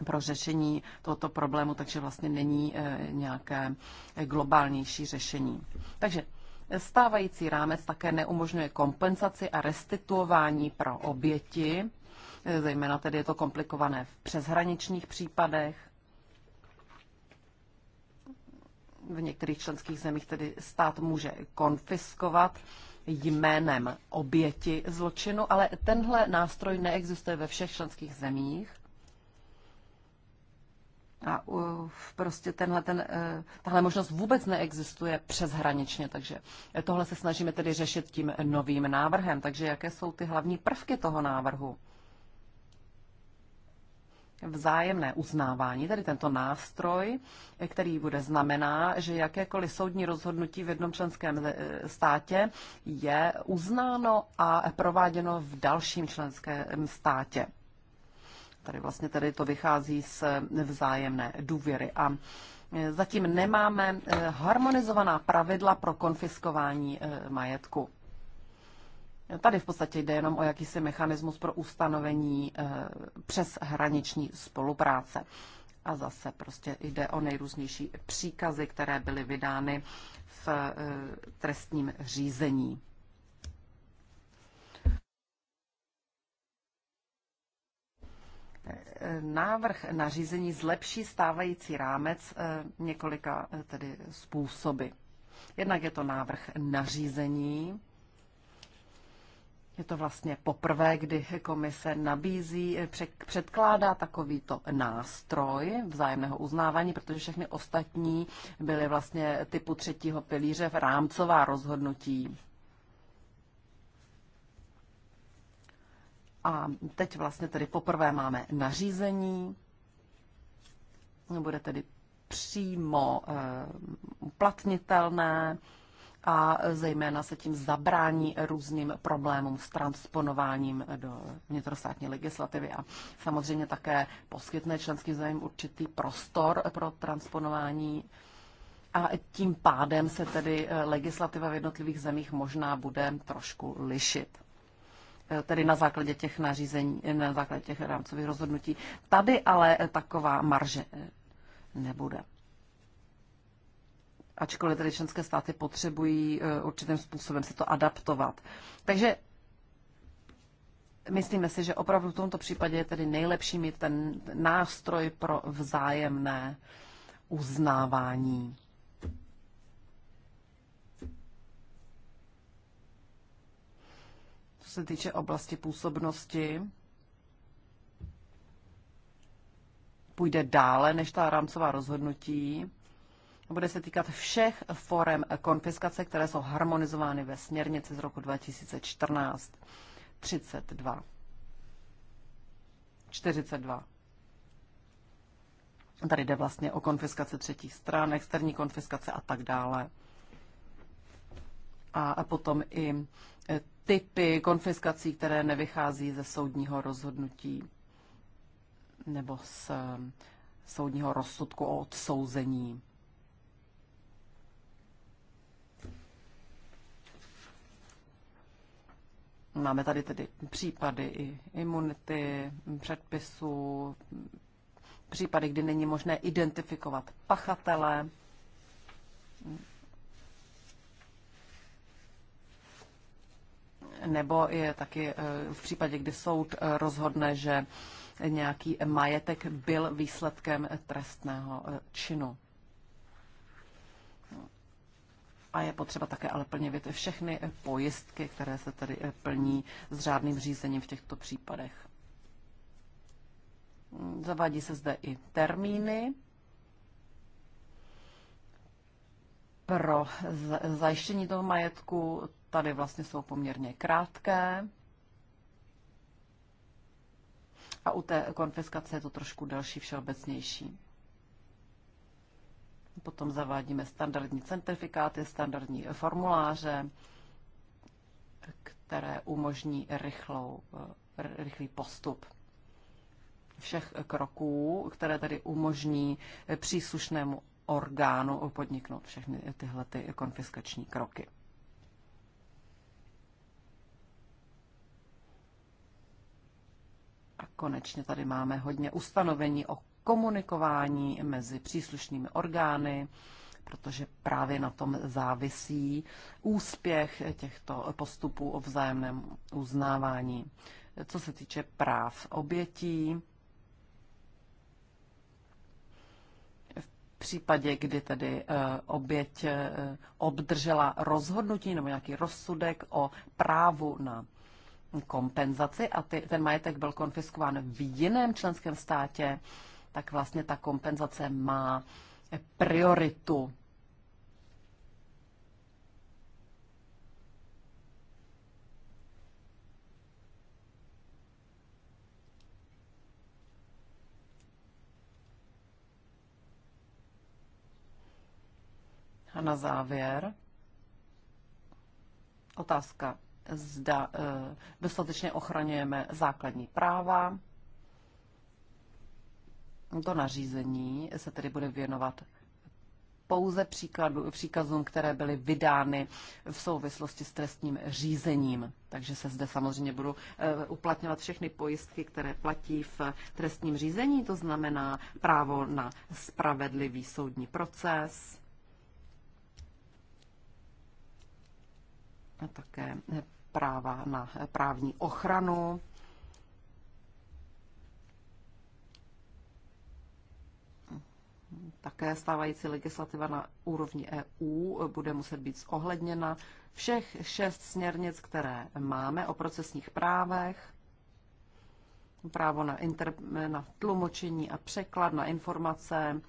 pro řešení tohoto problému, takže vlastně není eh, nějaké eh, globálnější řešení. Takže stávající rámec také neumožňuje kompenzaci a restituování pro oběti, eh, zejména tedy je to komplikované v přeshraničních případech. V některých členských zemích tedy stát může konfiskovat jménem oběti zločinu, ale tenhle nástroj neexistuje ve všech členských zemích. A prostě tenhle, ten, eh, tahle možnost vůbec neexistuje přeshraničně, takže tohle se snažíme tedy řešit tím novým návrhem. Takže jaké jsou ty hlavní prvky toho návrhu? Vzájemné uznávání, tedy tento nástroj, který bude znamená, že jakékoliv soudní rozhodnutí v jednom členském eh, státě je uznáno a prováděno v dalším členském státě. Tady vlastně tady to vychází z vzájemné důvěry. A zatím nemáme eh, harmonizovaná pravidla pro konfiskování eh, majetku. Tady v podstatě jde jenom o jakýsi mechanismus pro ustanovení eh, přes hraniční spolupráce. A zase prostě jde o nejrůznější příkazy, které byly vydány v trestním řízení. návrh nařízení zlepší stávající rámec eh, několika eh, tedy způsoby. Jednak je to návrh nařízení, je to vlastně poprvé, kdy komise nabízí, eh, předkládá takovýto nástroj vzájemného uznávání, protože všechny ostatní byly vlastně typu třetího pilíře v rámcová rozhodnutí. A teď vlastně tedy poprvé máme nařízení, bude tedy přímo eh, uplatnitelné a zejména se tím zabrání různým problémům s transponováním do vnitrostátní legislativy a samozřejmě také poskytne členským zemím určitý prostor pro transponování a tím pádem se tedy eh, legislativa v jednotlivých zemích možná bude trošku lišit. Eh, tedy na základě těch nařízení, eh, na základě těch rámcových rozhodnutí. Tady ale eh, taková marže nebude. Ačkoliv tedy členské státy potřebují určitým způsobem se to adaptovat. Takže myslíme si, že opravdu v tomto případě je tedy nejlepší mít ten nástroj pro vzájemné uznávání. se týče oblasti působnosti, půjde dále než ta rámcová rozhodnutí. Bude se týkat všech forem konfiskace, které jsou harmonizovány ve směrnici z roku 2014 32. 42. Tady jde vlastně o konfiskace třetích stran, externí konfiskace a tak dále. A potom i typy konfiskací, které nevychází ze soudního rozhodnutí nebo z eh, soudního rozsudku o odsouzení. Máme tady tedy případy i imunity, předpisů, případy, kdy není možné identifikovat pachatele, Nebo je taky eh, v případě, kdy soud eh, rozhodne, že nějaký majetek byl výsledkem trestného eh, činu. A je potřeba také ale plnit všechny pojistky, které se tady plní s řádným řízením v těchto případech. Zavádí se zde i termíny pro zajištění toho majetku tady vlastně jsou poměrně krátké. A u té konfiskace je to trošku delší, všeobecnější. Potom zavádíme standardní certifikáty, standardní formuláře, které umožní rychlou, eh, rychlý postup všech kroků, které tady umožní příslušnému orgánu podniknout všechny tyhle ty konfiskační kroky. A konečně tady máme hodně ustanovení o komunikování mezi příslušnými orgány, protože právě na tom závisí úspěch těchto postupů o vzájemném uznávání. Co se týče práv obětí, V případě, kdy tedy eh, oběť eh, obdržela rozhodnutí nebo nějaký rozsudek o právu na kompenzaci a ty, ten majetek byl konfiskován v jiném členském státě, tak vlastně ta kompenzace má prioritu. A na závěr otázka zda eh, dostatečně ochraňujeme základní práva. To nařízení se tedy bude věnovat pouze příkladu, příkazům, které byly vydány v souvislosti s trestním řízením. Takže se zde samozřejmě budou eh, uplatňovat všechny pojistky, které platí v trestním řízení, to znamená právo na spravedlivý soudní proces a také práva na právní ochranu. Také stávající legislativa na úrovni EU bude muset být zohledněna. Všech šest směrnic, které máme o procesních právech, právo na, inter, na tlumočení a překlad, na informace,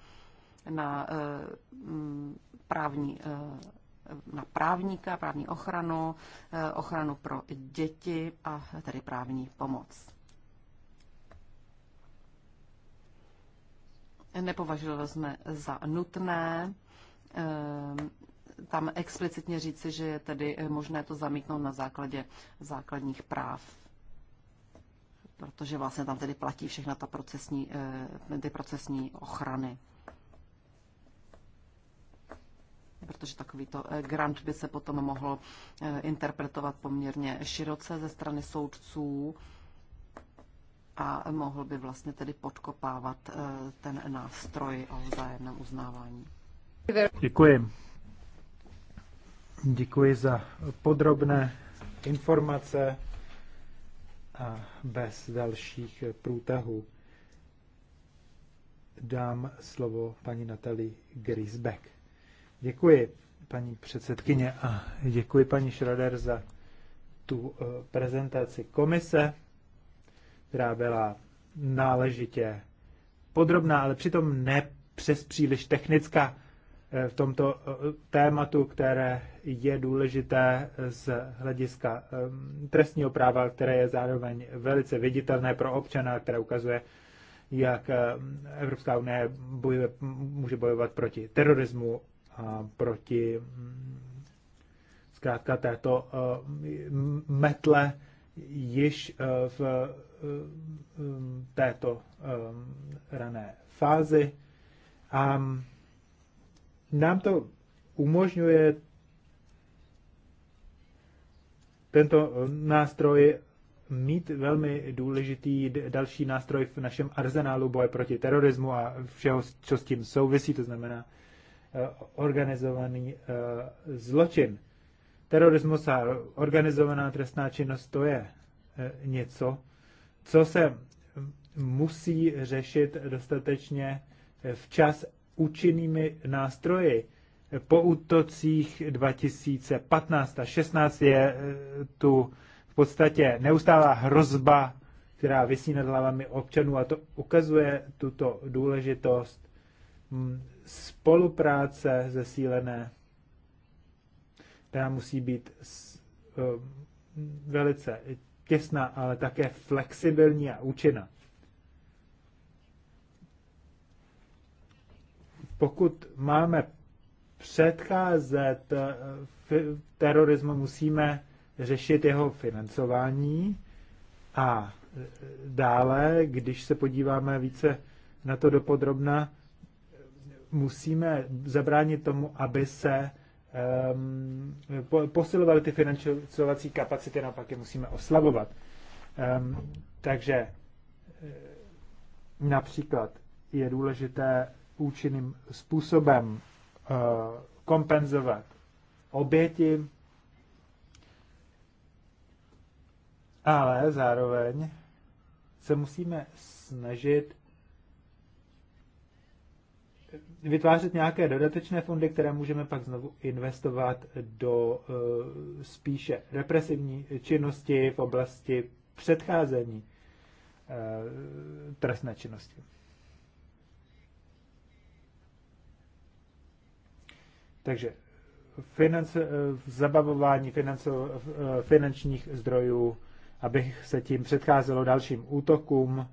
na e, právní e, na právníka, právní ochranu, eh, ochranu pro děti a tedy právní pomoc. Nepovažovali jsme za nutné eh, tam explicitně říci, že je tedy možné to zamítnout na základě základních práv protože vlastně tam tedy platí všechna ta procesní, eh, ty procesní ochrany protože takovýto eh, grant by se potom mohl eh, interpretovat poměrně široce ze strany soudců a mohl by vlastně tedy podkopávat eh, ten nástroj o vzájemném uznávání. Děkuji. Děkuji za podrobné informace a bez dalších průtahů dám slovo paní Natalii Grisbeck. Děkuji, paní předsedkyně, a děkuji paní Schroeder za tu eh, prezentaci komise, která byla náležitě podrobná, ale přitom ne přes příliš technická eh, v tomto eh, tématu, které je důležité z hlediska trestního práva, které je zároveň velice viditelné pro občana, které ukazuje, jak Evropská unie bojuje, může bojovat proti terorismu, proti zkrátka této eh, metle již eh, v eh, této rané fázi. A nám to umožňuje tento nástroj mít velmi důležitý další nástroj v našem arzenálu boje proti terorismu a všeho, co s tím souvisí, to znamená Eh, organizovaný eh, zločin. Terorismus a organizovaná trestná činnost to je eh, něco, co se musí řešit dostatečně včas účinnými nástroji. Po útocích 2015 a 16 je tu v podstatě neustálá hrozba, která vysí nad hlavami občanů a to ukazuje tuto důležitost hmm, spolupráce zesílené, která musí být eh, velice těsná, ale také flexibilní a účinná. Pokud máme předcházet eh, terorismu, musíme řešit jeho financování a eh, dále, když se podíváme více na to dopodrobna, musíme zabránit tomu, aby se um, posilovaly ty financovací kapacity, naopak je musíme oslabovat. Um, takže e, například je důležité účinným způsobem uh, kompenzovat oběti, ale zároveň se musíme snažit vytvářet nějaké dodatečné fondy, které můžeme pak znovu investovat do eh, spíše represivní činnosti v oblasti předcházení eh, trestné činnosti. Takže financ, eh, zabavování financo, finančních zdrojů, abych se tím předcházelo dalším útokům,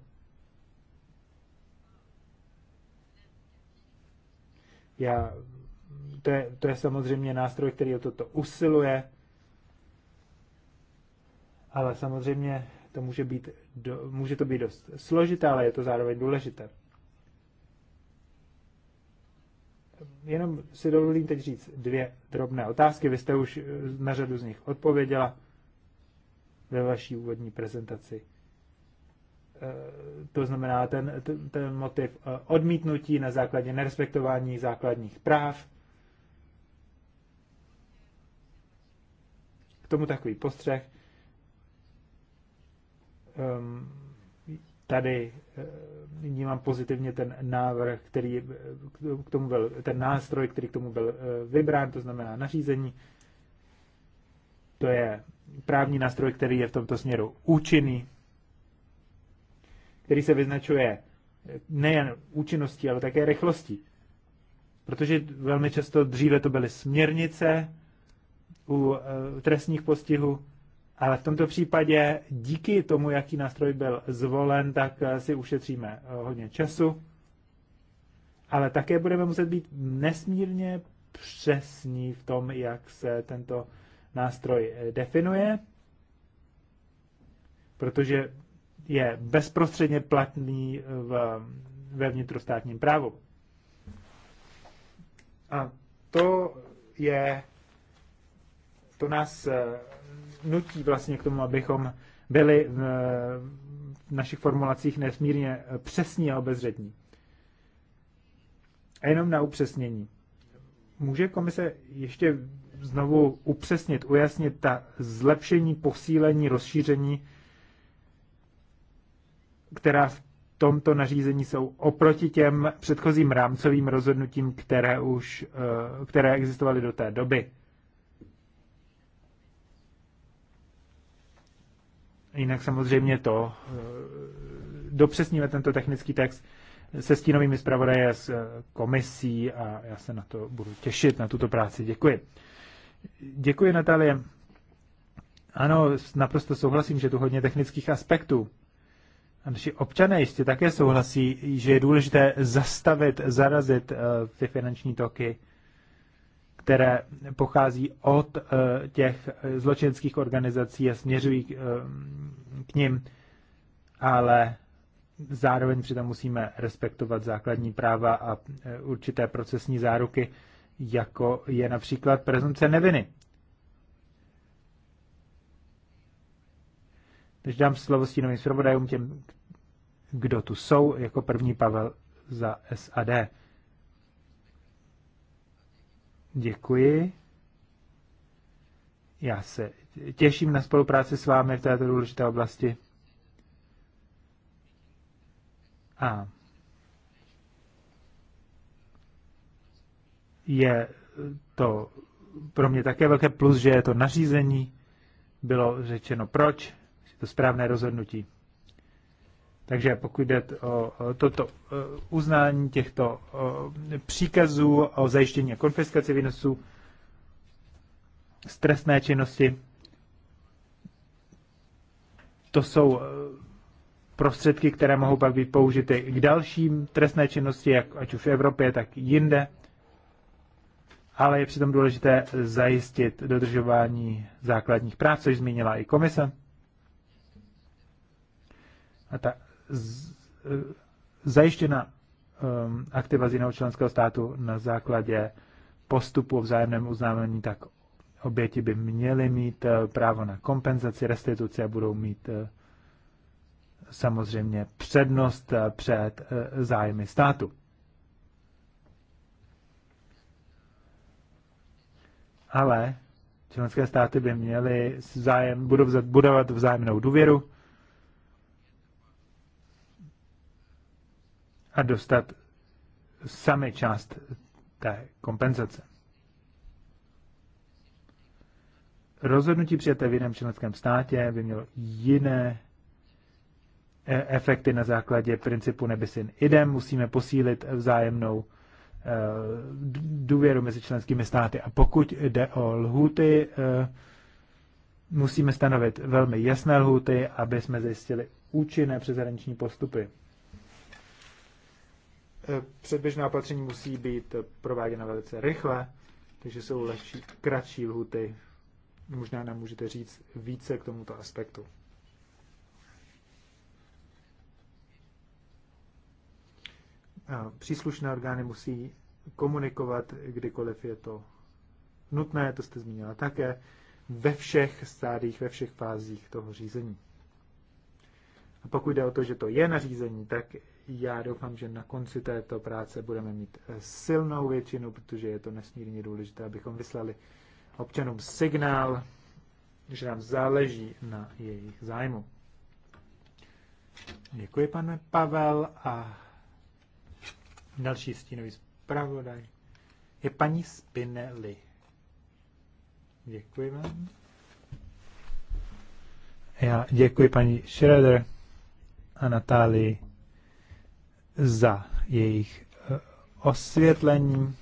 Já, to, je, to je samozřejmě nástroj, který o toto usiluje, ale samozřejmě to může, být do, může to být dost složité, ale je to zároveň důležité. Jenom si dovolím teď říct dvě drobné otázky. Vy jste už na řadu z nich odpověděla ve vaší úvodní prezentaci. Eh, to znamená ten, ten, ten motiv eh, odmítnutí na základě nerespektování základních práv. K tomu takový postřeh. Ehm, tady eh, vnímám pozitivně ten návrh, který k tomu byl, ten nástroj, který k tomu byl vybrán, to znamená nařízení. To je právní nástroj, který je v tomto směru účinný který se vyznačuje nejen účinností, ale také rychlostí. Protože velmi často dříve to byly směrnice u eh, trestních postihů, ale v tomto případě díky tomu, jaký nástroj byl zvolen, tak eh, si ušetříme eh, hodně času, ale také budeme muset být nesmírně přesní v tom, jak se tento nástroj definuje, protože je bezprostředně platný v, ve vnitrostátním právu. A to je, to nás eh, nutí vlastně k tomu, abychom byli v, v našich formulacích nesmírně přesní a obezřetní. A jenom na upřesnění. Může komise ještě znovu upřesnit, ujasnit ta zlepšení, posílení, rozšíření která v tomto nařízení jsou oproti těm předchozím rámcovým rozhodnutím, které už, eh, které existovaly do té doby. Jinak samozřejmě to eh, dopřesníme tento technický text se stínovými zpravodaje s eh, komisí a já se na to budu těšit, na tuto práci. Děkuji. Děkuji, Natalie. Ano, naprosto souhlasím, že tu hodně technických aspektů a naši občané jistě také souhlasí, že je důležité zastavit, zarazit eh, ty finanční toky, které pochází od eh, těch eh, zločinských organizací a směřují k ním, ale zároveň přitom musíme respektovat základní práva a určité procesní záruky, jako je například prezumce neviny. Takže dám slovo stínovým zpravodajům těm, kdo tu jsou, jako první Pavel za SAD. Děkuji. Já se těším na spolupráci s vámi v této důležité oblasti. A je to pro mě také velké plus, že je to nařízení. Bylo řečeno proč, to správné rozhodnutí. Takže pokud jde o toto e, uznání těchto příkazů o zajištění a konfiskaci výnosů z trestné činnosti, to jsou e, prostředky, které mohou pak být použity k dalším trestné činnosti, jak, ať už v Evropě, tak jinde. Ale je přitom důležité zajistit dodržování základních práv, což zmínila i komise ta e, zajištěna um, aktiva z jiného členského státu na základě postupu o vzájemném uznávání, tak oběti by měly mít e, právo na kompenzaci, restituci a budou mít e, samozřejmě přednost před zájmy státu. Ale členské státy by měly zájem, budovat vzájemnou důvěru a dostat sami část té kompenzace. Rozhodnutí přijaté v jiném členském státě by mělo jiné e, efekty na základě principu nebis idem. Musíme posílit vzájemnou e, důvěru mezi členskými státy. A pokud jde o lhuty, e, musíme stanovit velmi jasné lhuty, aby jsme zjistili účinné přezahraniční postupy předběžná opatření musí být prováděna velice rychle, takže jsou lehčí, kratší lhuty. Možná nám můžete říct více k tomuto aspektu. Příslušné orgány musí komunikovat, kdykoliv je to nutné, to jste zmínila také, ve všech stádích, ve všech fázích toho řízení. A pokud jde o to, že to je nařízení, tak já doufám, že na konci této práce budeme mít eh, silnou většinu, protože je to nesmírně důležité, abychom vyslali občanům signál, že nám záleží na jejich zájmu. Děkuji, pane Pavel. A další stínový zpravodaj je paní Spinelli. Děkuji vám. Já děkuji paní Schroeder a Natálii za jejich eh, osvětlení.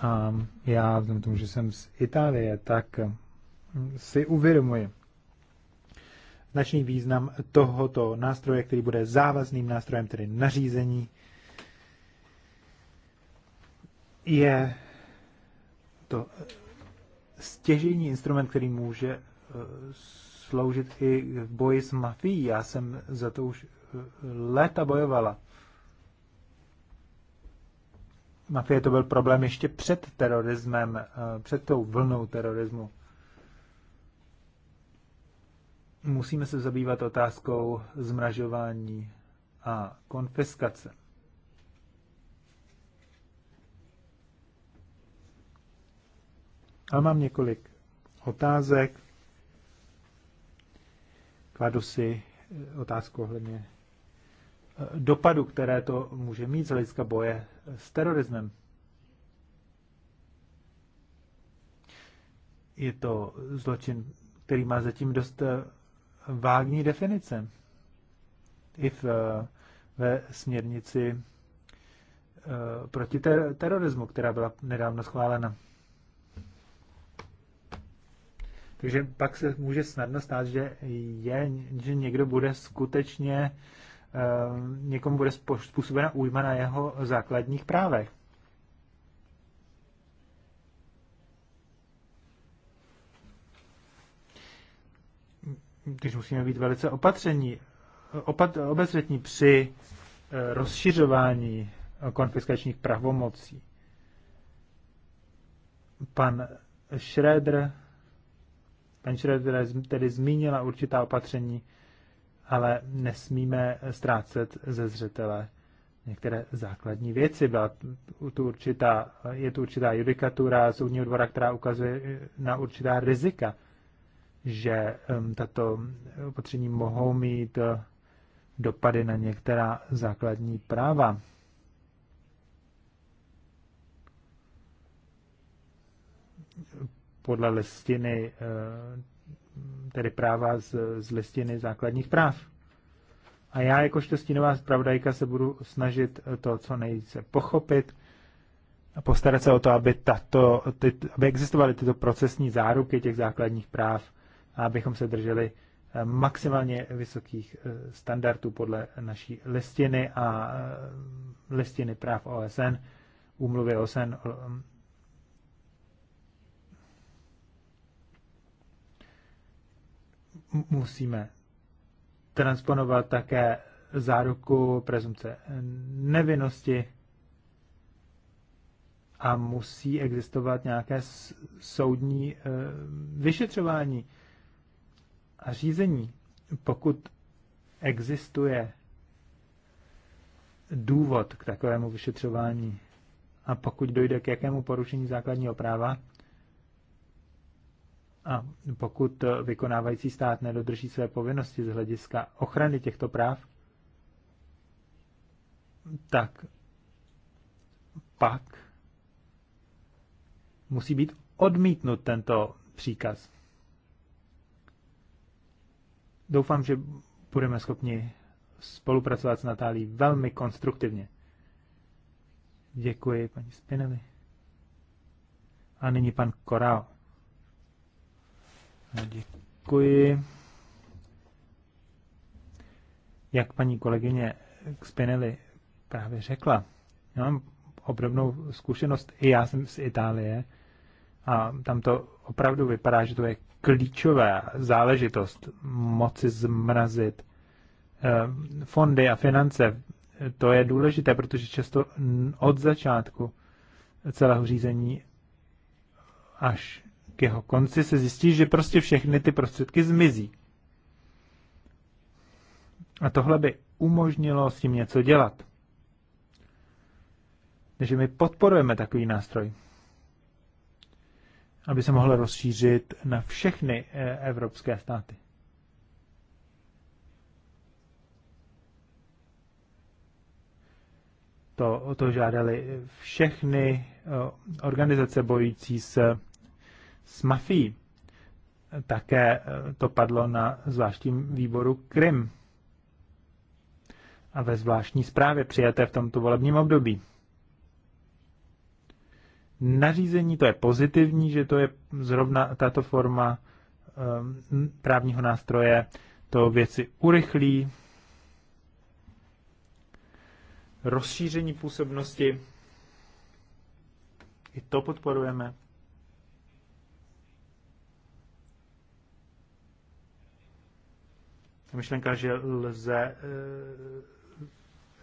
A já, vzhledem tomu, že jsem z Itálie, tak hm, si uvědomuji značný význam tohoto nástroje, který bude závazným nástrojem, tedy nařízení, je to eh, stěžení instrument, který může eh, sloužit i v boji s mafií. Já jsem za to už léta bojovala. Mafie to byl problém ještě před terorismem, eh, před tou vlnou terorismu. Musíme se zabývat otázkou zmražování a konfiskace. Ale mám několik otázek. Kladu si eh, otázku ohledně dopadu, které to může mít z hlediska boje s terorismem. Je to zločin, který má zatím dost eh, vágní definice. I v, eh, ve směrnici eh, proti ter- terorismu, která byla nedávno schválena. Takže pak se může snadno stát, že, je, že někdo bude skutečně Eh, někomu bude způsobena újma na jeho základních právech. Když musíme být velice opatření, opat, obezřetní při eh, rozšiřování konfiskačních pravomocí. Pan Schroeder, pan Schroeder tedy zmínila určitá opatření, ale nesmíme ztrácet ze zřetele některé základní věci. Byla tu určitá, je tu určitá judikatura soudního dvora, která ukazuje na určitá rizika, že um, tato opatření mohou mít uh, dopady na některá základní práva. Podle listiny uh, tedy práva z, z listiny základních práv. A já jakožto stínová zpravodajka se budu snažit to co nejvíce pochopit a postarat se o to, aby, tato, ty, aby existovaly tyto procesní záruky těch základních práv a abychom se drželi eh, maximálně vysokých eh, standardů podle naší listiny a eh, listiny práv OSN, úmluvy OSN musíme transponovat také záruku prezumce nevinnosti a musí existovat nějaké soudní e, vyšetřování a řízení. Pokud existuje důvod k takovému vyšetřování a pokud dojde k jakému porušení základního práva, a pokud vykonávající stát nedodrží své povinnosti z hlediska ochrany těchto práv, tak pak musí být odmítnut tento příkaz. Doufám, že budeme schopni spolupracovat s Natálí velmi konstruktivně. Děkuji, paní Spinelli. A nyní pan Korao. No, děkuji. Jak paní kolegyně Spinelli právě řekla, já mám obdobnou zkušenost, i já jsem z Itálie a tam to opravdu vypadá, že to je klíčová záležitost moci zmrazit eh, fondy a finance. To je důležité, protože často od začátku celého řízení až k jeho konci se zjistí, že prostě všechny ty prostředky zmizí. A tohle by umožnilo s tím něco dělat. Takže my podporujeme takový nástroj, aby se mohl rozšířit na všechny eh, evropské státy. To, o to žádali všechny eh, organizace bojící s s mafií. Také eh, to padlo na zvláštním výboru Krym a ve zvláštní zprávě přijaté v tomto volebním období. Nařízení to je pozitivní, že to je zrovna tato forma eh, právního nástroje, to věci urychlí, rozšíření působnosti, i to podporujeme. myšlenka, že lze, eh,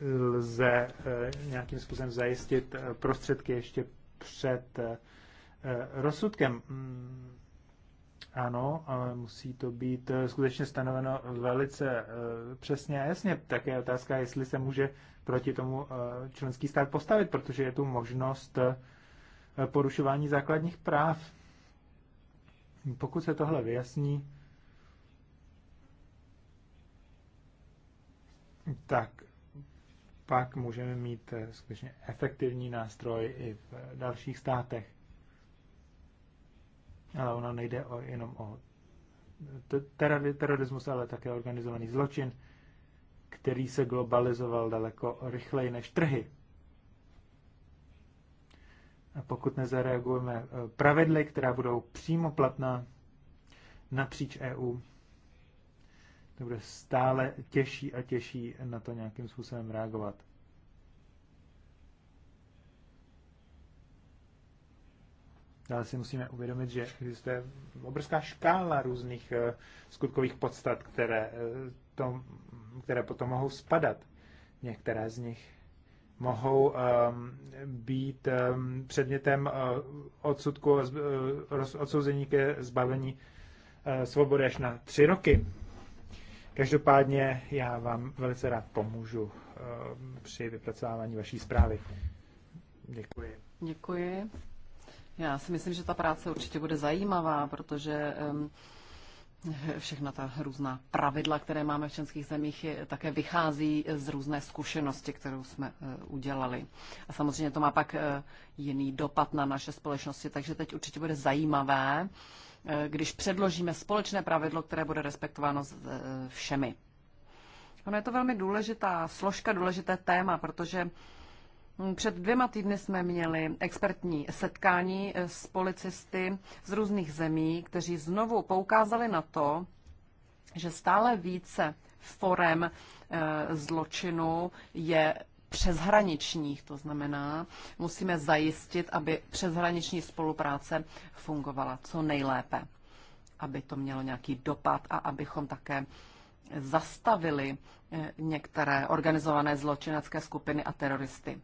lze eh, nějakým způsobem zajistit eh, prostředky ještě před rozsudkem. Mm, ano, ale musí to být skutečně stanoveno velice přesně a jasně. Také je otázka, jestli se může proti tomu členský stát postavit, protože je tu možnost porušování základních práv. Pokud se tohle vyjasní, tak pak můžeme mít eh, skutečně efektivní nástroj i v dalších státech. Ale ono nejde o, jenom o terorismus, ale také organizovaný zločin, který se globalizoval daleko rychleji než trhy. A pokud nezareagujeme eh, pravidly, která budou přímo platná napříč EU, to bude stále těžší a těžší na to nějakým způsobem reagovat. Dále si musíme uvědomit, že existuje obrovská škála různých eh, skutkových podstat, které, eh, to, které potom mohou spadat. Některé z nich mohou um, být um, předmětem uh, odsudku, uh, odsouzení ke zbavení uh, svobody až na tři roky. Každopádně já vám velice rád pomůžu eh, při vypracování vaší zprávy. Děkuji. Děkuji. Já si myslím, že ta práce určitě bude zajímavá, protože všechna ta různá pravidla, které máme v českých zemích, také vychází z různé zkušenosti, kterou jsme eh, udělali. A samozřejmě to má pak eh, jiný dopad na naše společnosti, takže teď určitě bude zajímavé Eh, když předložíme společné pravidlo, které bude respektováno eh, všemi. Ono je to velmi důležitá složka, důležité téma, protože hm, před dvěma týdny jsme měli expertní setkání eh, s policisty z různých zemí, kteří znovu poukázali na to, že stále více forem zločinu je přeshraničních. To znamená, musíme zajistit, aby přeshraniční spolupráce fungovala co nejlépe, aby to mělo nějaký dopad a abychom také zastavili eh, některé organizované zločinecké skupiny a teroristy.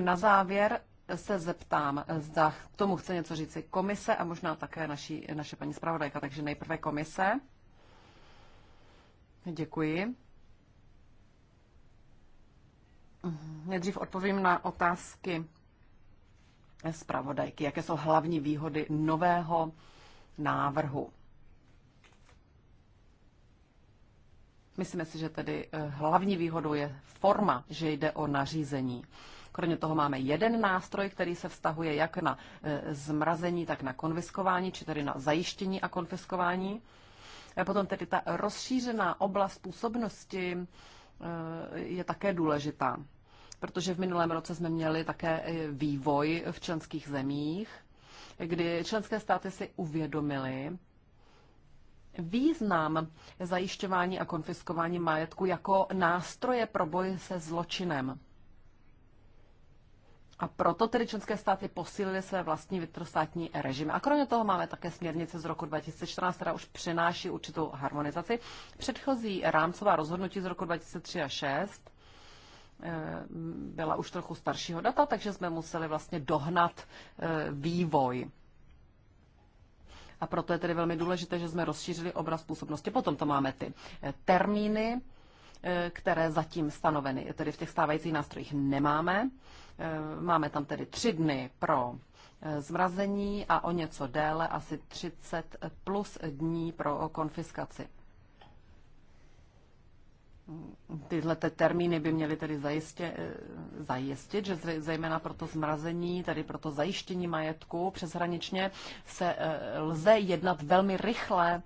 Na závěr se zeptám, zda k tomu chce něco říci komise a možná také naší, naše paní zpravodajka, takže nejprve komise. Děkuji. Nejdřív odpovím na otázky zpravodajky. Jaké jsou hlavní výhody nového návrhu? Myslíme si, že tedy eh, hlavní výhodou je forma, že jde o nařízení. Kromě toho máme jeden nástroj, který se vztahuje jak na eh, zmrazení, tak na konfiskování, či tedy na zajištění a konfiskování. A potom tedy ta rozšířená oblast působnosti eh, je také důležitá protože v minulém roce jsme měli také vývoj v členských zemích, kdy členské státy si uvědomily, význam zajišťování a konfiskování majetku jako nástroje pro boj se zločinem. A proto tedy členské státy posílily své vlastní vnitrostátní režim. A kromě toho máme také směrnice z roku 2014, která už přináší určitou harmonizaci. Předchozí rámcová rozhodnutí z roku 2003 a 6 Eh, byla už trochu staršího data, takže jsme museli vlastně dohnat eh, vývoj. A proto je tedy velmi důležité, že jsme rozšířili obraz působnosti. Potom to máme ty eh, termíny, které zatím stanoveny, tedy v těch stávajících nástrojích nemáme. Máme tam tedy tři dny pro zmrazení a o něco déle, asi 30 plus dní pro konfiskaci. Tyhle termíny by měly tedy zajistě, eh, zajistit, že zejména pro to zmrazení, tedy pro to zajištění majetku přeshraničně, se eh, lze jednat velmi rychle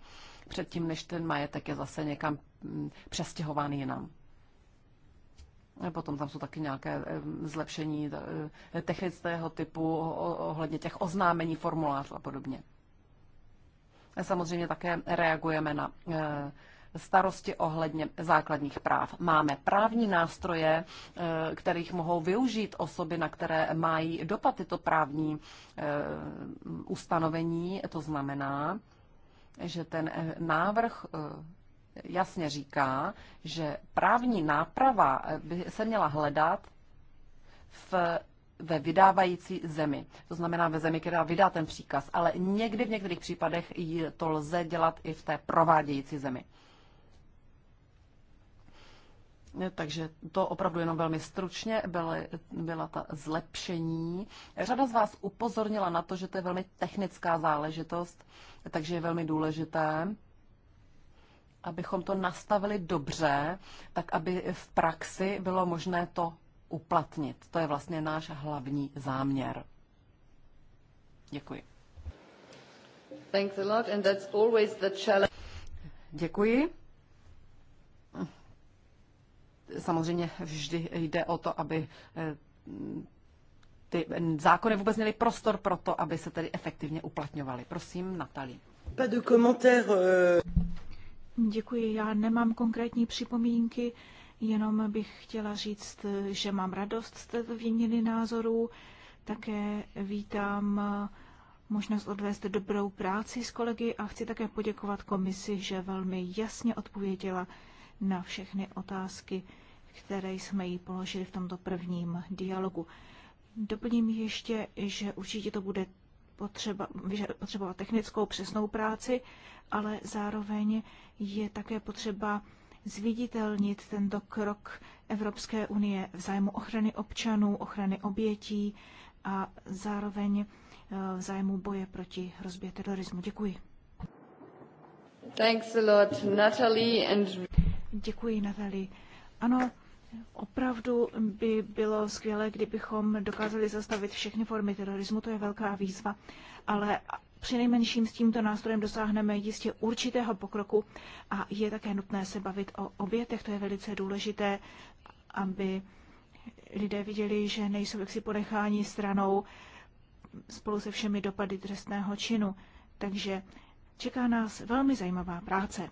předtím, než ten majetek je zase někam mm, přestěhován jinam. Potom tam jsou taky nějaké eh, zlepšení technického typu ohledně těch oznámení formulářů a podobně. Samozřejmě také reagujeme na starosti ohledně základních práv. Máme právní nástroje, eh, kterých mohou využít osoby, na které mají dopad tyto právní eh, ustanovení. To znamená, že ten eh, návrh jasně říká, že právní náprava by se měla hledat v ve vydávající zemi. To znamená ve zemi, která vydá ten příkaz. Ale někdy v některých případech to lze dělat i v té provádějící zemi. Takže to opravdu jenom velmi stručně byly, byla ta zlepšení. Řada z vás upozornila na to, že to je velmi technická záležitost, takže je velmi důležité, abychom to nastavili dobře, tak aby v praxi bylo možné to uplatnit. To je vlastně náš hlavní záměr. Děkuji. Thanks a lot and that's always the challenge. Děkuji samozřejmě vždy jde o to, aby eh, ty zákony vůbec měly prostor pro to, aby se tedy efektivně uplatňovaly. Prosím, Natali. Euh. Děkuji, já nemám konkrétní připomínky, jenom bych chtěla říct, že mám radost z této výměny názorů. Také vítám eh, možnost odvést dobrou práci s kolegy a chci také poděkovat komisi, že velmi jasně odpověděla na všechny otázky, které jsme jí položili v tomto prvním dialogu. Doplním ještě, že určitě to bude potřeba, potřebovat technickou přesnou práci, ale zároveň je také potřeba zviditelnit tento krok Evropské unie v zájmu ochrany občanů, ochrany obětí a zároveň eh, v zájmu boje proti hrozbě terorismu. Děkuji. Thanks a lot, Natalie and... Děkuji, Natali. Ano, Opravdu by bylo skvělé, kdybychom dokázali zastavit všechny formy terorismu, to je velká výzva, ale přinejmenším s tímto nástrojem dosáhneme jistě určitého pokroku a je také nutné se bavit o obětech, to je velice důležité, aby lidé viděli, že nejsou jaksi ponecháni stranou spolu se všemi dopady trestného činu. Takže čeká nás velmi zajímavá práce.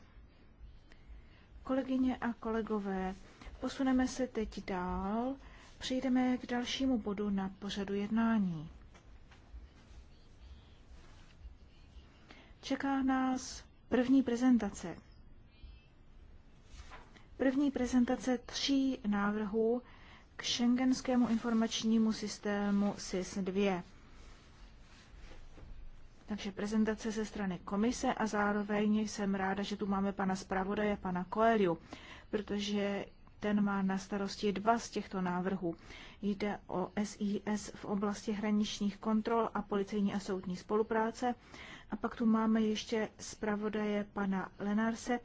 Kolegyně a kolegové, posuneme se teď dál. Přejdeme k dalšímu bodu na pořadu jednání. Čeká nás první prezentace. První prezentace tří návrhů k šengenskému informačnímu systému SIS 2. Takže prezentace ze strany komise a zároveň jsem ráda, že tu máme pana zpravodaje, pana Koeliu, protože ten má na starosti dva z těchto návrhů. Jde o SIS v oblasti hraničních kontrol a policejní a soudní spolupráce. A pak tu máme ještě zpravodaje pana Lenarse,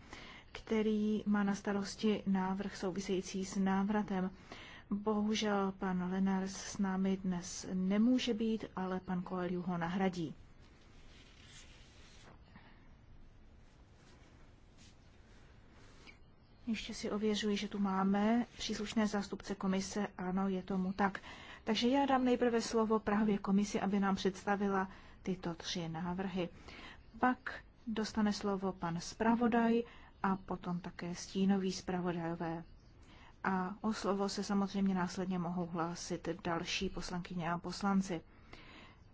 který má na starosti návrh související s návratem. Bohužel pan Lenars s námi dnes nemůže být, ale pan Koeliu ho nahradí. Ještě si ověřuji, že tu máme příslušné zástupce komise. Ano, je tomu tak. Takže já dám nejprve slovo právě komisi, aby nám představila tyto tři návrhy. Pak dostane slovo pan zpravodaj a potom také stínový zpravodajové. A o slovo se samozřejmě následně mohou hlásit další poslankyně a poslanci.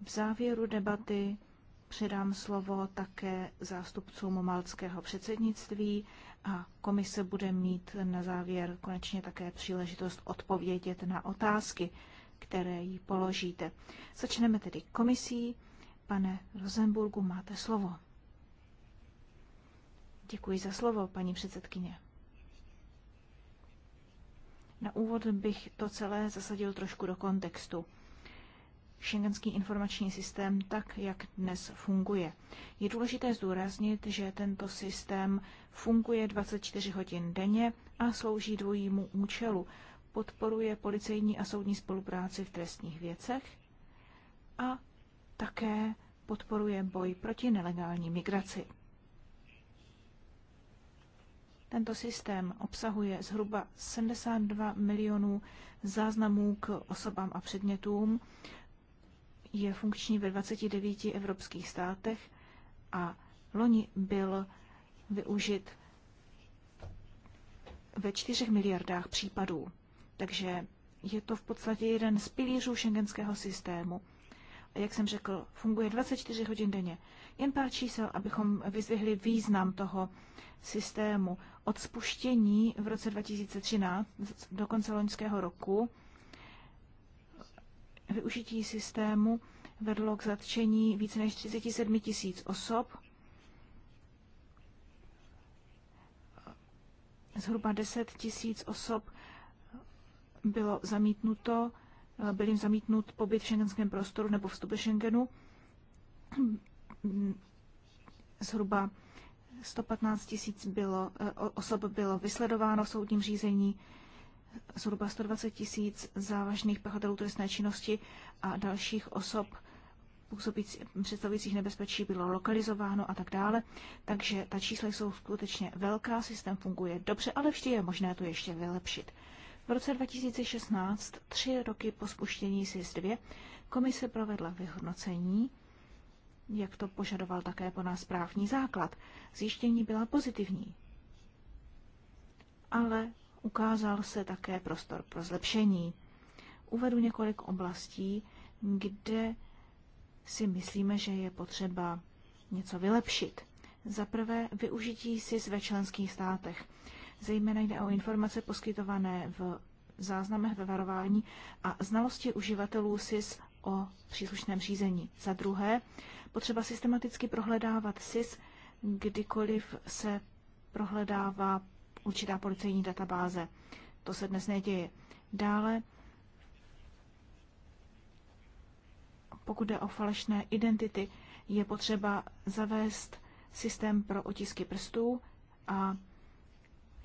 V závěru debaty předám slovo také zástupcům malckého předsednictví a komise bude mít na závěr konečně také příležitost odpovědět na otázky, které jí položíte. Začneme tedy komisí. Pane Rosenburgu, máte slovo. Děkuji za slovo, paní předsedkyně. Na úvod bych to celé zasadil trošku do kontextu šengenský informační systém tak, jak dnes funguje. Je důležité zdůraznit, že tento systém funguje 24 hodin denně a slouží dvojímu účelu. Podporuje policejní a soudní spolupráci v trestních věcech a také podporuje boj proti nelegální migraci. Tento systém obsahuje zhruba 72 milionů záznamů k osobám a předmětům je funkční ve 29 evropských státech a loni byl využit ve 4 miliardách případů. Takže je to v podstatě jeden z pilířů šengenského systému. A jak jsem řekl, funguje 24 hodin denně. Jen pár čísel, abychom vyzvihli význam toho systému. Od spuštění v roce 2013 do konce loňského roku Využití systému vedlo k zatčení více než 37 tisíc osob, zhruba 10 tisíc osob bylo zamítnuto, byl jim zamítnut pobyt v šengenském prostoru nebo vstup do Schengenu. Zhruba 115 tisíc bylo, osob bylo vysledováno v soudním řízení, zhruba 120 tisíc závažných pachatelů trestné činnosti a dalších osob působící, představujících nebezpečí bylo lokalizováno a tak dále. Takže ta čísla jsou skutečně velká, systém funguje dobře, ale vždy je možné to ještě vylepšit. V roce 2016, tři roky po spuštění SIS 2, komise provedla vyhodnocení, jak to požadoval také po nás právní základ. Zjištění byla pozitivní. Ale ukázal se také prostor pro zlepšení. Uvedu několik oblastí, kde si myslíme, že je potřeba něco vylepšit. Za prvé využití SIS ve členských státech. Zejména jde o informace poskytované v záznamech ve varování a znalosti uživatelů SIS o příslušném řízení. Za druhé, potřeba systematicky prohledávat SIS, kdykoliv se prohledává určitá policejní databáze. To se dnes neděje. Dále, pokud jde o falešné identity, je potřeba zavést systém pro otisky prstů a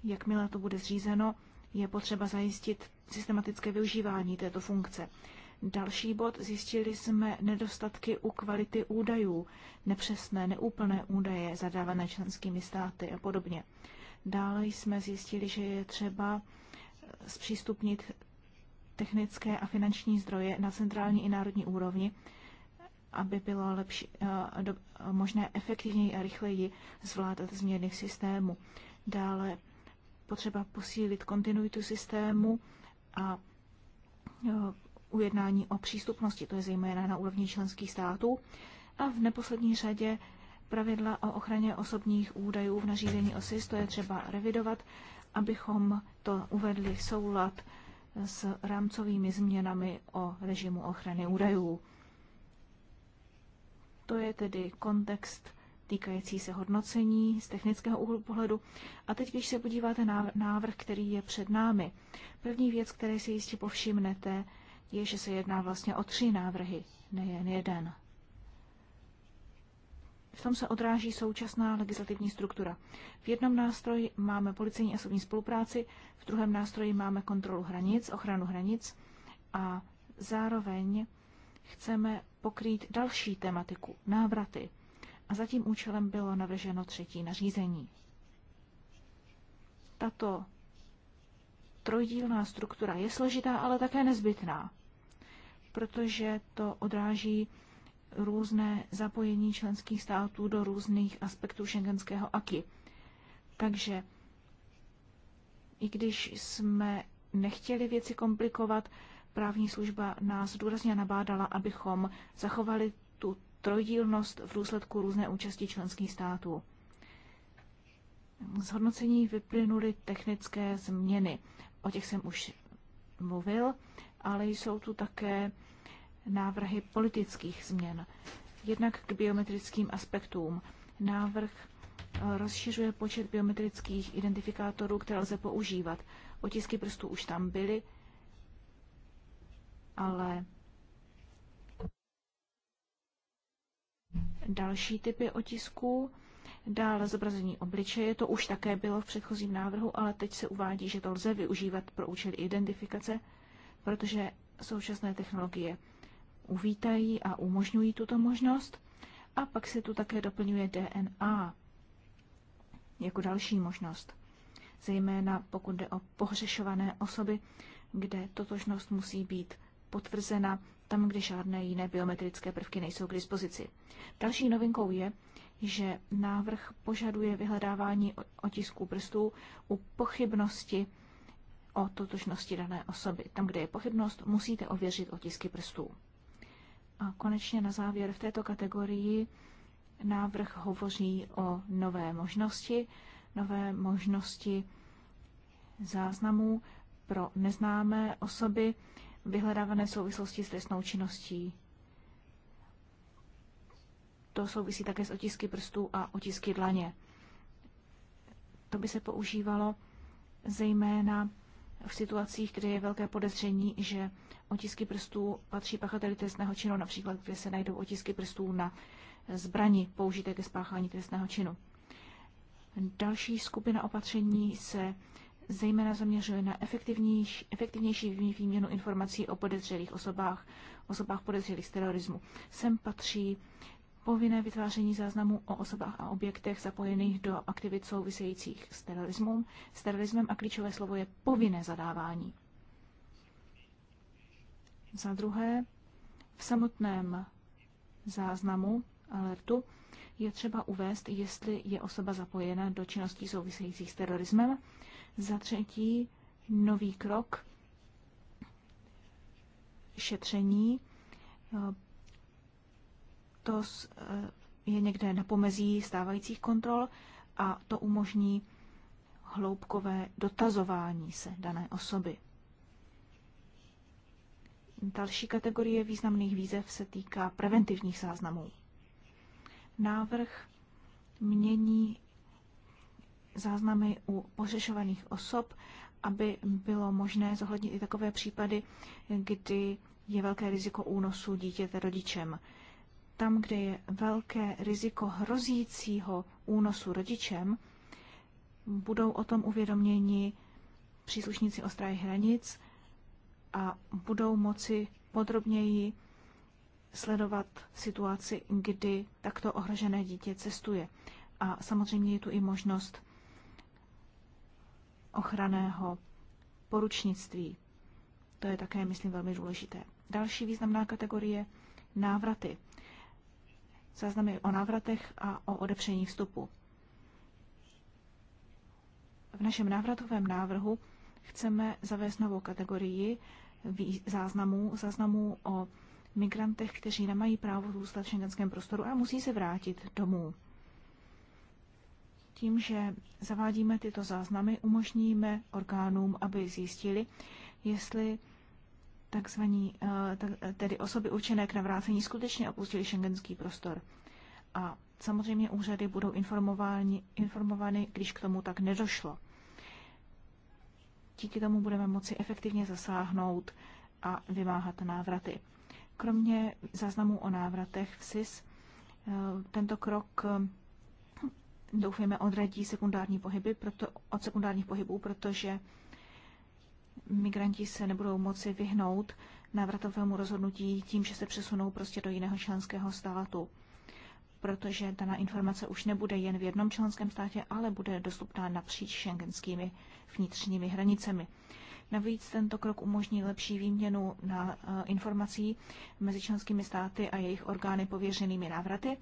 jakmile to bude zřízeno, je potřeba zajistit systematické využívání této funkce. Další bod, zjistili jsme nedostatky u kvality údajů, nepřesné, neúplné údaje zadávané členskými státy a podobně. Dále jsme zjistili, že je třeba zpřístupnit technické a finanční zdroje na centrální i národní úrovni, aby bylo lepší, eh, do, možné efektivněji a rychleji zvládat změny v systému. Dále potřeba posílit kontinuitu systému a eh, ujednání o přístupnosti, to je zejména na úrovni členských států. A v neposlední řadě Pravidla o ochraně osobních údajů v nařízení OSIS, to je třeba revidovat, abychom to uvedli v soulad s rámcovými změnami o režimu ochrany údajů. To je tedy kontext týkající se hodnocení z technického úhlu pohledu. A teď, když se podíváte na návrh, který je před námi, první věc, které si jistě povšimnete, je, že se jedná vlastně o tři návrhy, nejen jeden v tom se odráží současná legislativní struktura. V jednom nástroji máme policejní a soudní spolupráci, v druhém nástroji máme kontrolu hranic, ochranu hranic a zároveň chceme pokrýt další tematiku, návraty. A za tím účelem bylo navrženo třetí nařízení. Tato trojdílná struktura je složitá, ale také nezbytná, protože to odráží různé zapojení členských států do různých aspektů šengenského aky. Takže i když jsme nechtěli věci komplikovat, právní služba nás důrazně nabádala, abychom zachovali tu trojdílnost v důsledku různé účasti členských států. Z hodnocení vyplynuly technické změny. O těch jsem už mluvil, ale jsou tu také návrhy politických změn. Jednak k biometrickým aspektům. Návrh eh, rozšiřuje počet biometrických identifikátorů, které lze používat. Otisky prstů už tam byly, ale další typy otisků, dále zobrazení obličeje, to už také bylo v předchozím návrhu, ale teď se uvádí, že to lze využívat pro účely identifikace, protože současné technologie uvítají a umožňují tuto možnost. A pak se tu také doplňuje DNA jako další možnost, zejména pokud jde o pohřešované osoby, kde totožnost musí být potvrzena tam, kde žádné jiné biometrické prvky nejsou k dispozici. Další novinkou je, že návrh požaduje vyhledávání otisků prstů u pochybnosti o totožnosti dané osoby. Tam, kde je pochybnost, musíte ověřit otisky prstů. A konečně na závěr v této kategorii návrh hovoří o nové možnosti, nové možnosti záznamů pro neznámé osoby vyhledávané v souvislosti s trestnou činností. To souvisí také s otisky prstů a otisky dlaně. To by se používalo zejména v situacích, kde je velké podezření, že otisky prstů patří pachateli trestného činu, například kde se najdou otisky prstů na zbrani použité ke spáchání trestného činu. Další skupina opatření se zejména zaměřuje na efektivnější, výměnu informací o podezřelých osobách, osobách podezřelých z terorismu. Sem patří povinné vytváření záznamů o osobách a objektech zapojených do aktivit souvisejících s terorismem, s terorismem a klíčové slovo je povinné zadávání. Za druhé, v samotném záznamu alertu je třeba uvést, jestli je osoba zapojena do činností souvisejících s terorismem. Za třetí, nový krok šetření. To eh, je někde na pomezí stávajících kontrol a to umožní hloubkové dotazování se dané osoby. Další kategorie významných výzev se týká preventivních záznamů. Návrh mění záznamy u pořešovaných osob, aby bylo možné zohlednit i takové případy, kdy je velké riziko únosu dítěte rodičem. Tam, kde je velké riziko hrozícího únosu rodičem, budou o tom uvědoměni příslušníci ostrahy hranic a budou moci podrobněji sledovat situaci, kdy takto ohrožené dítě cestuje. A samozřejmě je tu i možnost ochraného poručnictví. To je také, myslím, velmi důležité. Další významná kategorie návraty. Záznamy o návratech a o odepření vstupu. V našem návratovém návrhu chceme zavést novou kategorii záznamů, záznamů o migrantech, kteří nemají právo zůstat v šengenském prostoru a musí se vrátit domů. Tím, že zavádíme tyto záznamy, umožníme orgánům, aby zjistili, jestli takzvaní, eh, tedy osoby určené k navrácení skutečně opustili šengenský prostor. A samozřejmě úřady budou informovány, informovány, když k tomu tak nedošlo. Díky tomu budeme moci efektivně zasáhnout a vymáhat návraty. Kromě záznamů o návratech v SIS, eh, tento krok eh, doufujeme odradí sekundární pohyby, proto, od sekundárních pohybů, protože migranti se nebudou moci vyhnout návratovému rozhodnutí tím, že se přesunou prostě do jiného členského státu protože daná informace už nebude jen v jednom členském státě, ale bude dostupná napříč šengenskými vnitřními hranicemi. Navíc tento krok umožní lepší výměnu na eh, informací mezi členskými státy a jejich orgány pověřenými návraty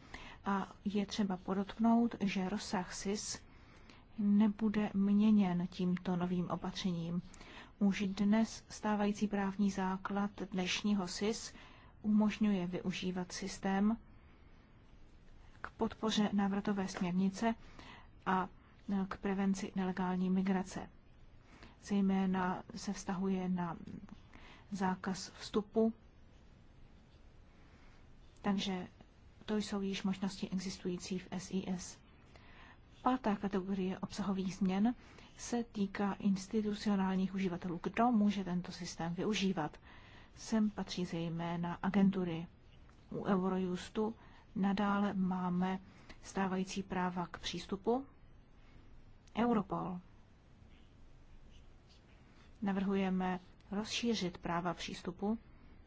a je třeba podotknout, že rozsah SIS nebude měněn tímto novým opatřením. Už dnes stávající právní základ dnešního SIS umožňuje využívat systém podpoře návratové směrnice a k prevenci nelegální migrace. Zejména se vztahuje na zákaz vstupu, takže to jsou již možnosti existující v SIS. Pátá kategorie obsahových změn se týká institucionálních uživatelů. Kdo může tento systém využívat? Sem patří zejména agentury. U Eurojustu Nadále máme stávající práva k přístupu. Europol. Navrhujeme rozšířit práva přístupu,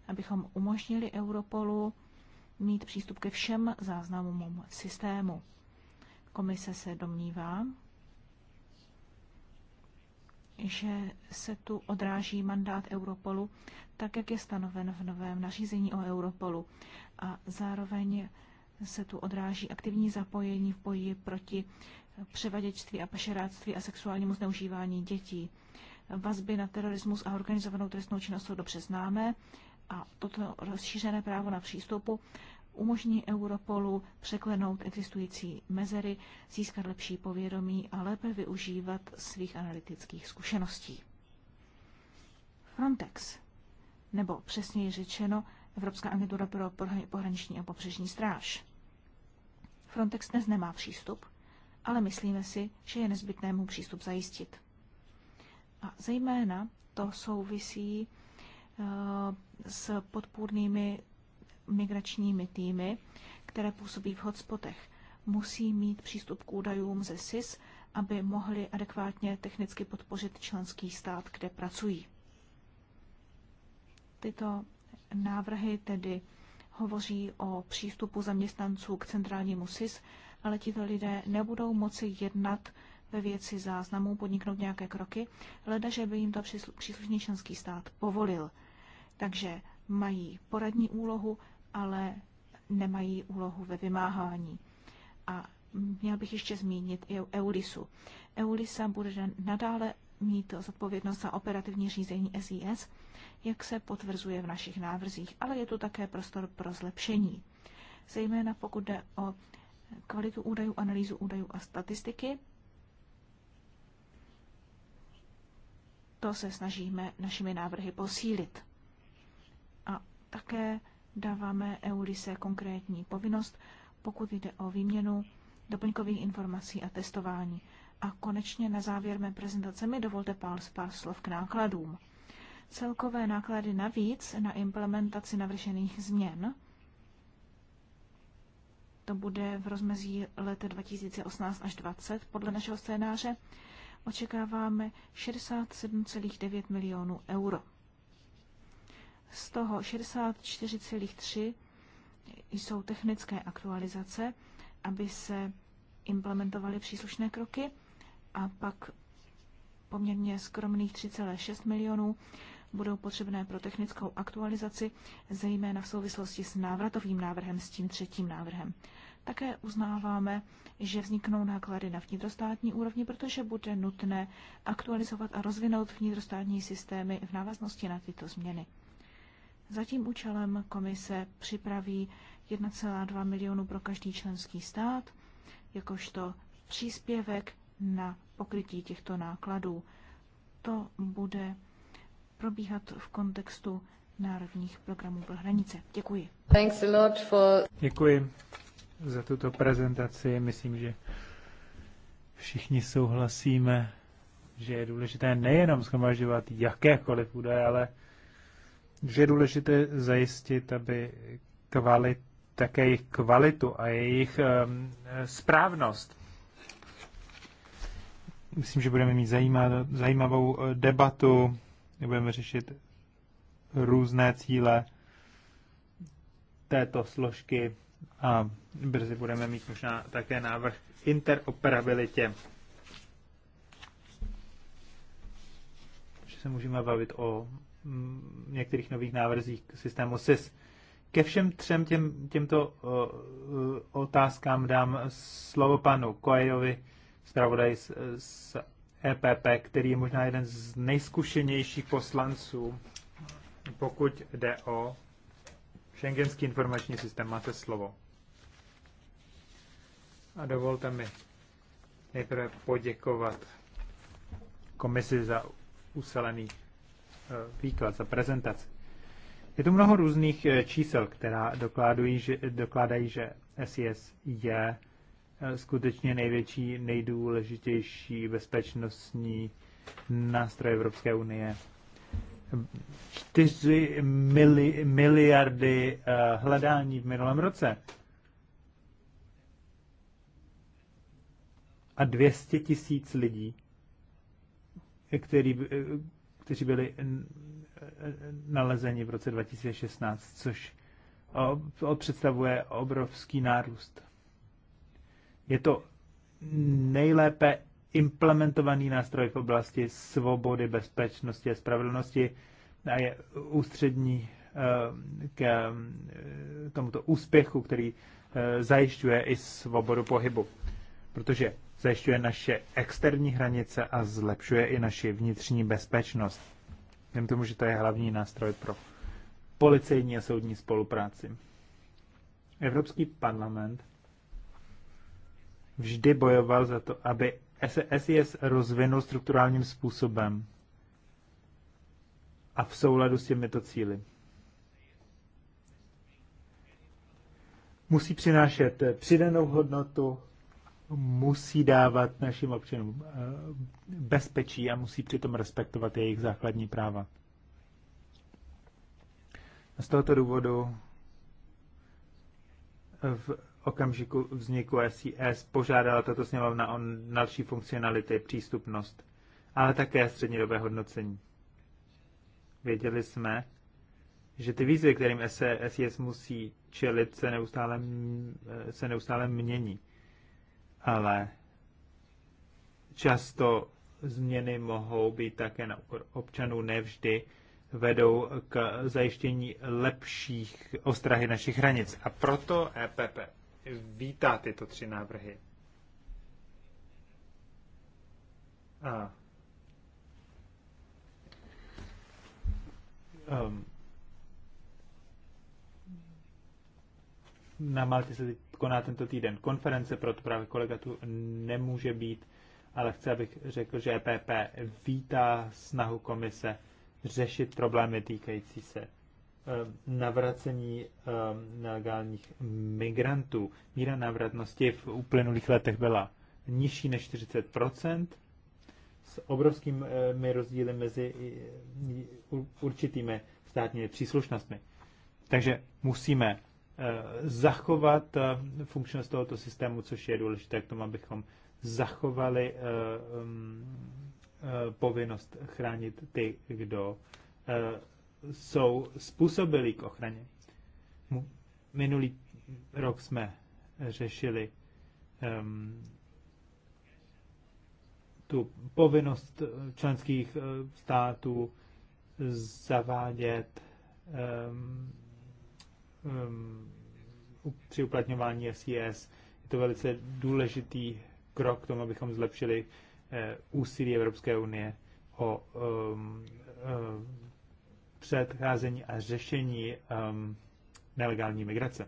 abychom umožnili Europolu mít přístup ke všem záznamům systému. Komise se domnívá, že se tu odráží mandát Europolu, tak jak je stanoven v novém nařízení o Europolu. A zároveň se tu odráží aktivní zapojení v boji proti převaděčství a pašeráctví a sexuálnímu zneužívání dětí. Vazby na terorismus a organizovanou trestnou činnost jsou dobře známé a toto rozšířené právo na přístupu umožní Europolu překlenout existující mezery, získat lepší povědomí a lépe využívat svých analytických zkušeností. Frontex, nebo přesněji řečeno Evropská agentura pro pohraniční a pobřežní stráž. Frontex dnes nemá přístup, ale myslíme si, že je nezbytné mu přístup zajistit. A zejména to souvisí eh, s podpůrnými migračními týmy, které působí v hotspotech. Musí mít přístup k údajům ze SIS, aby mohli adekvátně technicky podpořit členský stát, kde pracují. Tyto návrhy tedy hovoří o přístupu zaměstnanců k centrálnímu SIS, ale tito lidé nebudou moci jednat ve věci záznamů, podniknout nějaké kroky, leda, že by jim to příslušný členský stát povolil. Takže mají poradní úlohu, ale nemají úlohu ve vymáhání. A měl bych ještě zmínit i EULISu. EULISa bude nadále mít zodpovědnost za operativní řízení SIS jak se potvrzuje v našich návrzích, ale je tu také prostor pro zlepšení. Zejména pokud jde o kvalitu údajů, analýzu údajů a statistiky, to se snažíme našimi návrhy posílit. A také dáváme EULISE konkrétní povinnost, pokud jde o výměnu doplňkových informací a testování. A konečně na závěr mé prezentace mi dovolte pár, pár slov k nákladům. Celkové náklady navíc na implementaci navržených změn to bude v rozmezí let 2018 až 2020. Podle našeho scénáře očekáváme 67,9 milionů euro. Z toho 64,3 jsou technické aktualizace, aby se implementovaly příslušné kroky a pak poměrně skromných 3,6 milionů budou potřebné pro technickou aktualizaci, zejména v souvislosti s návratovým návrhem, s tím třetím návrhem. Také uznáváme, že vzniknou náklady na vnitrostátní úrovni, protože bude nutné aktualizovat a rozvinout vnitrostátní systémy v návaznosti na tyto změny. Za tím účelem komise připraví 1,2 milionu pro každý členský stát, jakožto příspěvek na pokrytí těchto nákladů. To bude probíhat v kontextu národních programů pro hranice. Děkuji. Thanks a lot for... Děkuji za tuto prezentaci. Myslím, že všichni souhlasíme, že je důležité nejenom schromažďovat jakékoliv údaje, ale že je důležité zajistit, aby kvalit, také jejich kvalitu a jejich um, správnost. Myslím, že budeme mít zajímavou, zajímavou eh, debatu budeme řešit různé cíle této složky a brzy budeme mít možná také návrh interoperabilitě. Že se můžeme bavit o mm, některých nových návrzích k systému SIS. Ke všem třem těm, těmto otázkám dám slovo panu Koejovi, zpravodaj z, z EPP, který je možná jeden z nejzkušenějších poslanců, pokud jde o Schengenský informační systém. Máte slovo. A dovolte mi nejprve poděkovat komisi za uselený e, výklad, za prezentaci. Je tu mnoho různých e, čísel, která dokládají, že, dokládají, že SIS je skutečně největší, nejdůležitější bezpečnostní nástroj Evropské unie. 4 mili, miliardy uh, hledání v minulém roce. A 200 tisíc lidí, který, eh, kteří byli eh, nalezeni v roce 2016, což o, o představuje obrovský nárůst. Je to nejlépe implementovaný nástroj v oblasti svobody, bezpečnosti a spravedlnosti a je ústřední eh, k eh, tomuto úspěchu, který eh, zajišťuje i svobodu pohybu, protože zajišťuje naše externí hranice a zlepšuje i naši vnitřní bezpečnost. Vím tomu, že to je hlavní nástroj pro policejní a soudní spolupráci. Evropský parlament vždy bojoval za to, aby SES rozvinul strukturálním způsobem a v souladu s těmito cíly. Musí přinášet přidanou hodnotu, musí dávat našim občanům eh, bezpečí a musí přitom respektovat jejich základní práva. z tohoto důvodu v okamžiku vzniku SIS požádala tato sněmovna o další funkcionality, přístupnost, ale také střednědobé hodnocení. Věděli jsme, že ty výzvy, kterým SIS musí čelit, se neustále, eh, se neustále mění. Ale často změny mohou být také na občanů nevždy vedou k zajištění lepších ostrahy našich hranic. A proto EPP vítá tyto tři návrhy. A um, na Maltě se teď koná tento týden konference, proto právě kolega tu nemůže být, ale chci, abych řekl, že EPP vítá snahu komise řešit problémy týkající se Eh, navracení eh, nelegálních migrantů. Míra návratnosti v uplynulých letech byla nižší než 40 s obrovskými eh, rozdíly mezi určitými státními příslušnostmi. Takže musíme zachovat funkčnost tohoto systému, což je důležité k tomu, abychom zachovali mm, povinnost chránit ty, kdo jsou způsobili k ochraně. Minulý rok jsme řešili um, tu povinnost členských eh, států zavádět um, um, při uplatňování SIS. Je to velice důležitý krok k tomu, abychom zlepšili uh, úsilí Evropské unie o um, uh, předcházení a řešení um, nelegální migrace.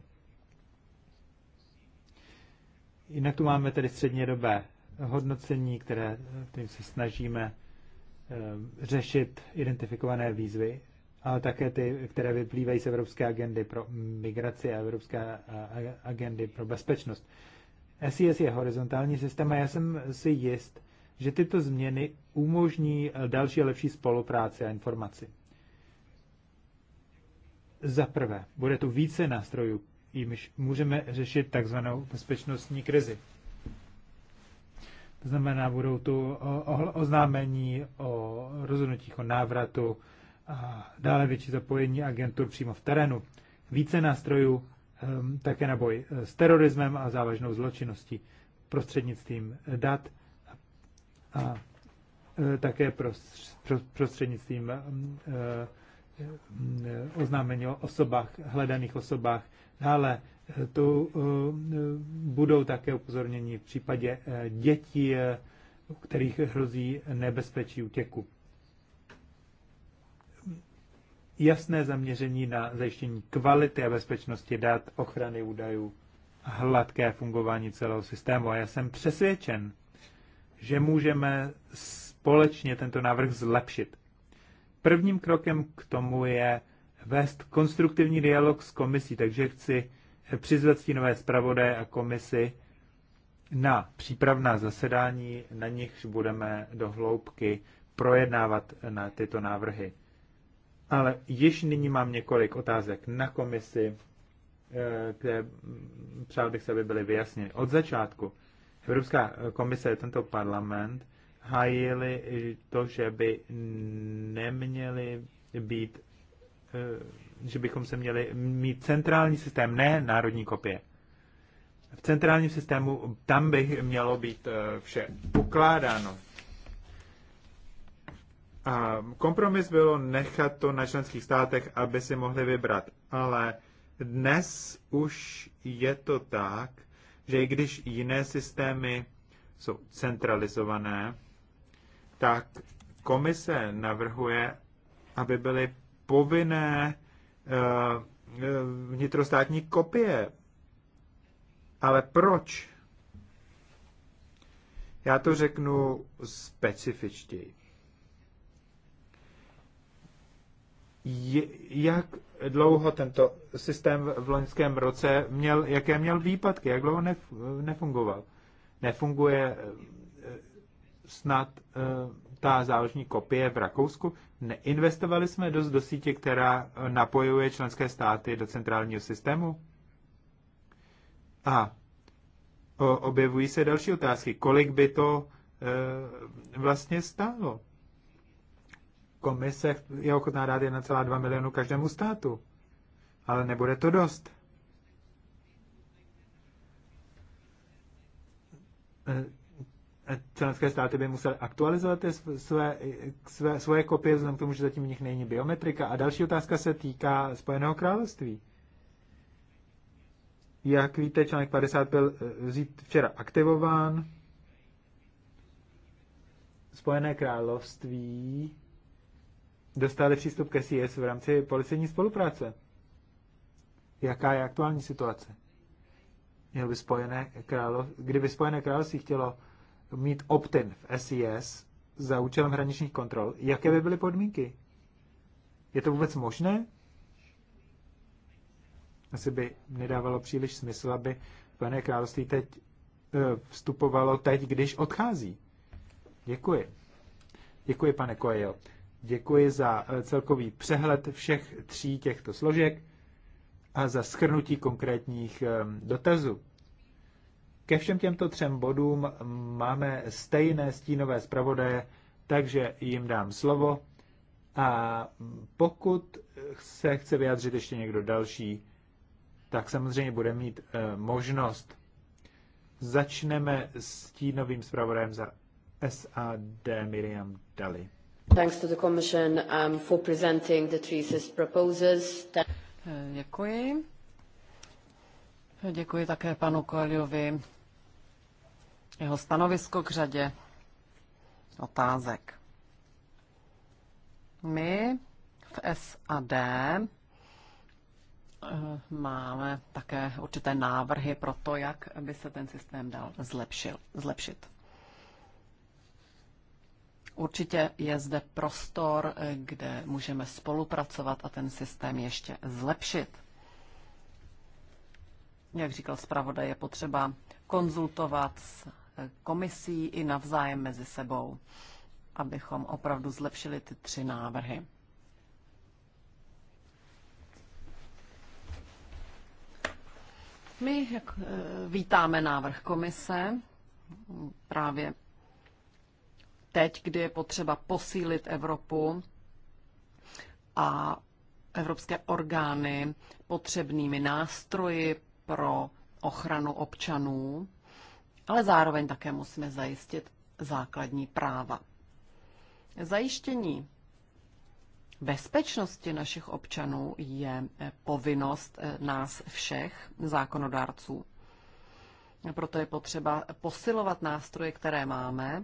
Jinak tu máme tedy střednědobé hodnocení, které, tím se snažíme um, řešit identifikované výzvy, ale také ty, které vyplývají z Evropské agendy pro migraci a Evropské agendy pro bezpečnost. SIS je horizontální systém a já jsem si jist, že tyto změny umožní další a lepší spolupráci a informaci. Za prvé, bude tu více nástrojů, jimž můžeme řešit takzvanou bezpečnostní krizi. To znamená, budou tu oznámení o rozhodnutích o návratu a dále větší zapojení agentur přímo v terénu. Více nástrojů ehm, také na boj eh, s terorismem a závažnou zločinností prostřednictvím eh, dat a eh, také prostřednictvím ehm, Eh, oznámení o osobách, hledaných osobách. Dále eh, to eh, budou také upozornění v případě dětí, u kterých hrozí nebezpečí útěku. Jasné zaměření na zajištění kvality a bezpečnosti dat, ochrany údajů, hladké fungování celého systému. A já jsem přesvědčen, že můžeme společně tento návrh zlepšit. Prvním krokem k tomu je vést konstruktivní dialog s komisí, takže chci přizvat stínové zpravodaje a komisi na přípravná zasedání, na nichž budeme do hloubky projednávat na tyto návrhy. Ale již nyní mám několik otázek na komisi, eh, které přál bych se, aby byly vyjasněny. Od začátku Evropská komise, tento parlament, hajili to, že by neměli být, eh, že bychom se měli mít centrální systém, ne národní kopie. V centrálním systému tam by mělo být eh, vše ukládáno. A kompromis bylo nechat to na členských státech, aby si mohli vybrat. Ale dnes už je to tak, že i když jiné systémy jsou centralizované, tak komise navrhuje, aby byly povinné eh, eh, vnitrostátní kopie. Ale proč? Já to řeknu specifičtěji. Je, jak dlouho tento systém v loňském roce měl, jaké měl výpadky, jak dlouho nef, nefungoval? Nefunguje snad eh, ta záložní kopie v Rakousku. Neinvestovali jsme dost do sítě, která eh, napojuje členské státy do centrálního systému? A objevují se další otázky. Kolik by to eh, vlastně stálo? Komise je ochotná dát 1,2 milionu každému státu, ale nebude to dost členské státy by musely aktualizovat své, své, svoje kopie, vzhledem k tomu, že zatím v nich není biometrika. A další otázka se týká Spojeného království. Jak víte, článek 50 byl eh, včera aktivován. Spojené království dostali přístup ke CS v rámci policejní spolupráce. Jaká je aktuální situace? Měl by Spojené království, kdyby Spojené království chtělo mít opt-in v SIS za účelem hraničních kontrol, jaké by byly podmínky? Je to vůbec možné? Asi by nedávalo příliš smysl, aby Spojené království teď eh, vstupovalo teď, když odchází. Děkuji. Děkuji, pane Coelho. Děkuji za eh, celkový přehled všech tří těchto složek a za schrnutí konkrétních eh, dotazů. Ke všem těmto třem bodům máme stejné stínové zpravodaje, takže jim dám slovo. A pokud se chce vyjádřit ještě někdo další, tak samozřejmě bude mít eh, možnost. Začneme s stínovým zpravodajem za SAD Miriam Daly. Thanks to the Commission um, for presenting the That... Eh, děkuji. Děkuji také panu Koeliovi. Jeho stanovisko k řadě otázek. My v SAD eh, máme také určité návrhy pro to, jak by se ten systém dal zlepšil, zlepšit. Určitě je zde prostor, eh, kde můžeme spolupracovat a ten systém ještě zlepšit jak říkal zpravodaj, je potřeba konzultovat s eh, komisí i navzájem mezi sebou, abychom opravdu zlepšili ty tři návrhy. My jak, eh, vítáme návrh komise právě teď, kdy je potřeba posílit Evropu a evropské orgány potřebnými nástroji pro ochranu občanů, ale zároveň také musíme zajistit základní práva. Zajištění bezpečnosti našich občanů je povinnost nás všech, zákonodárců. Proto je potřeba posilovat nástroje, které máme,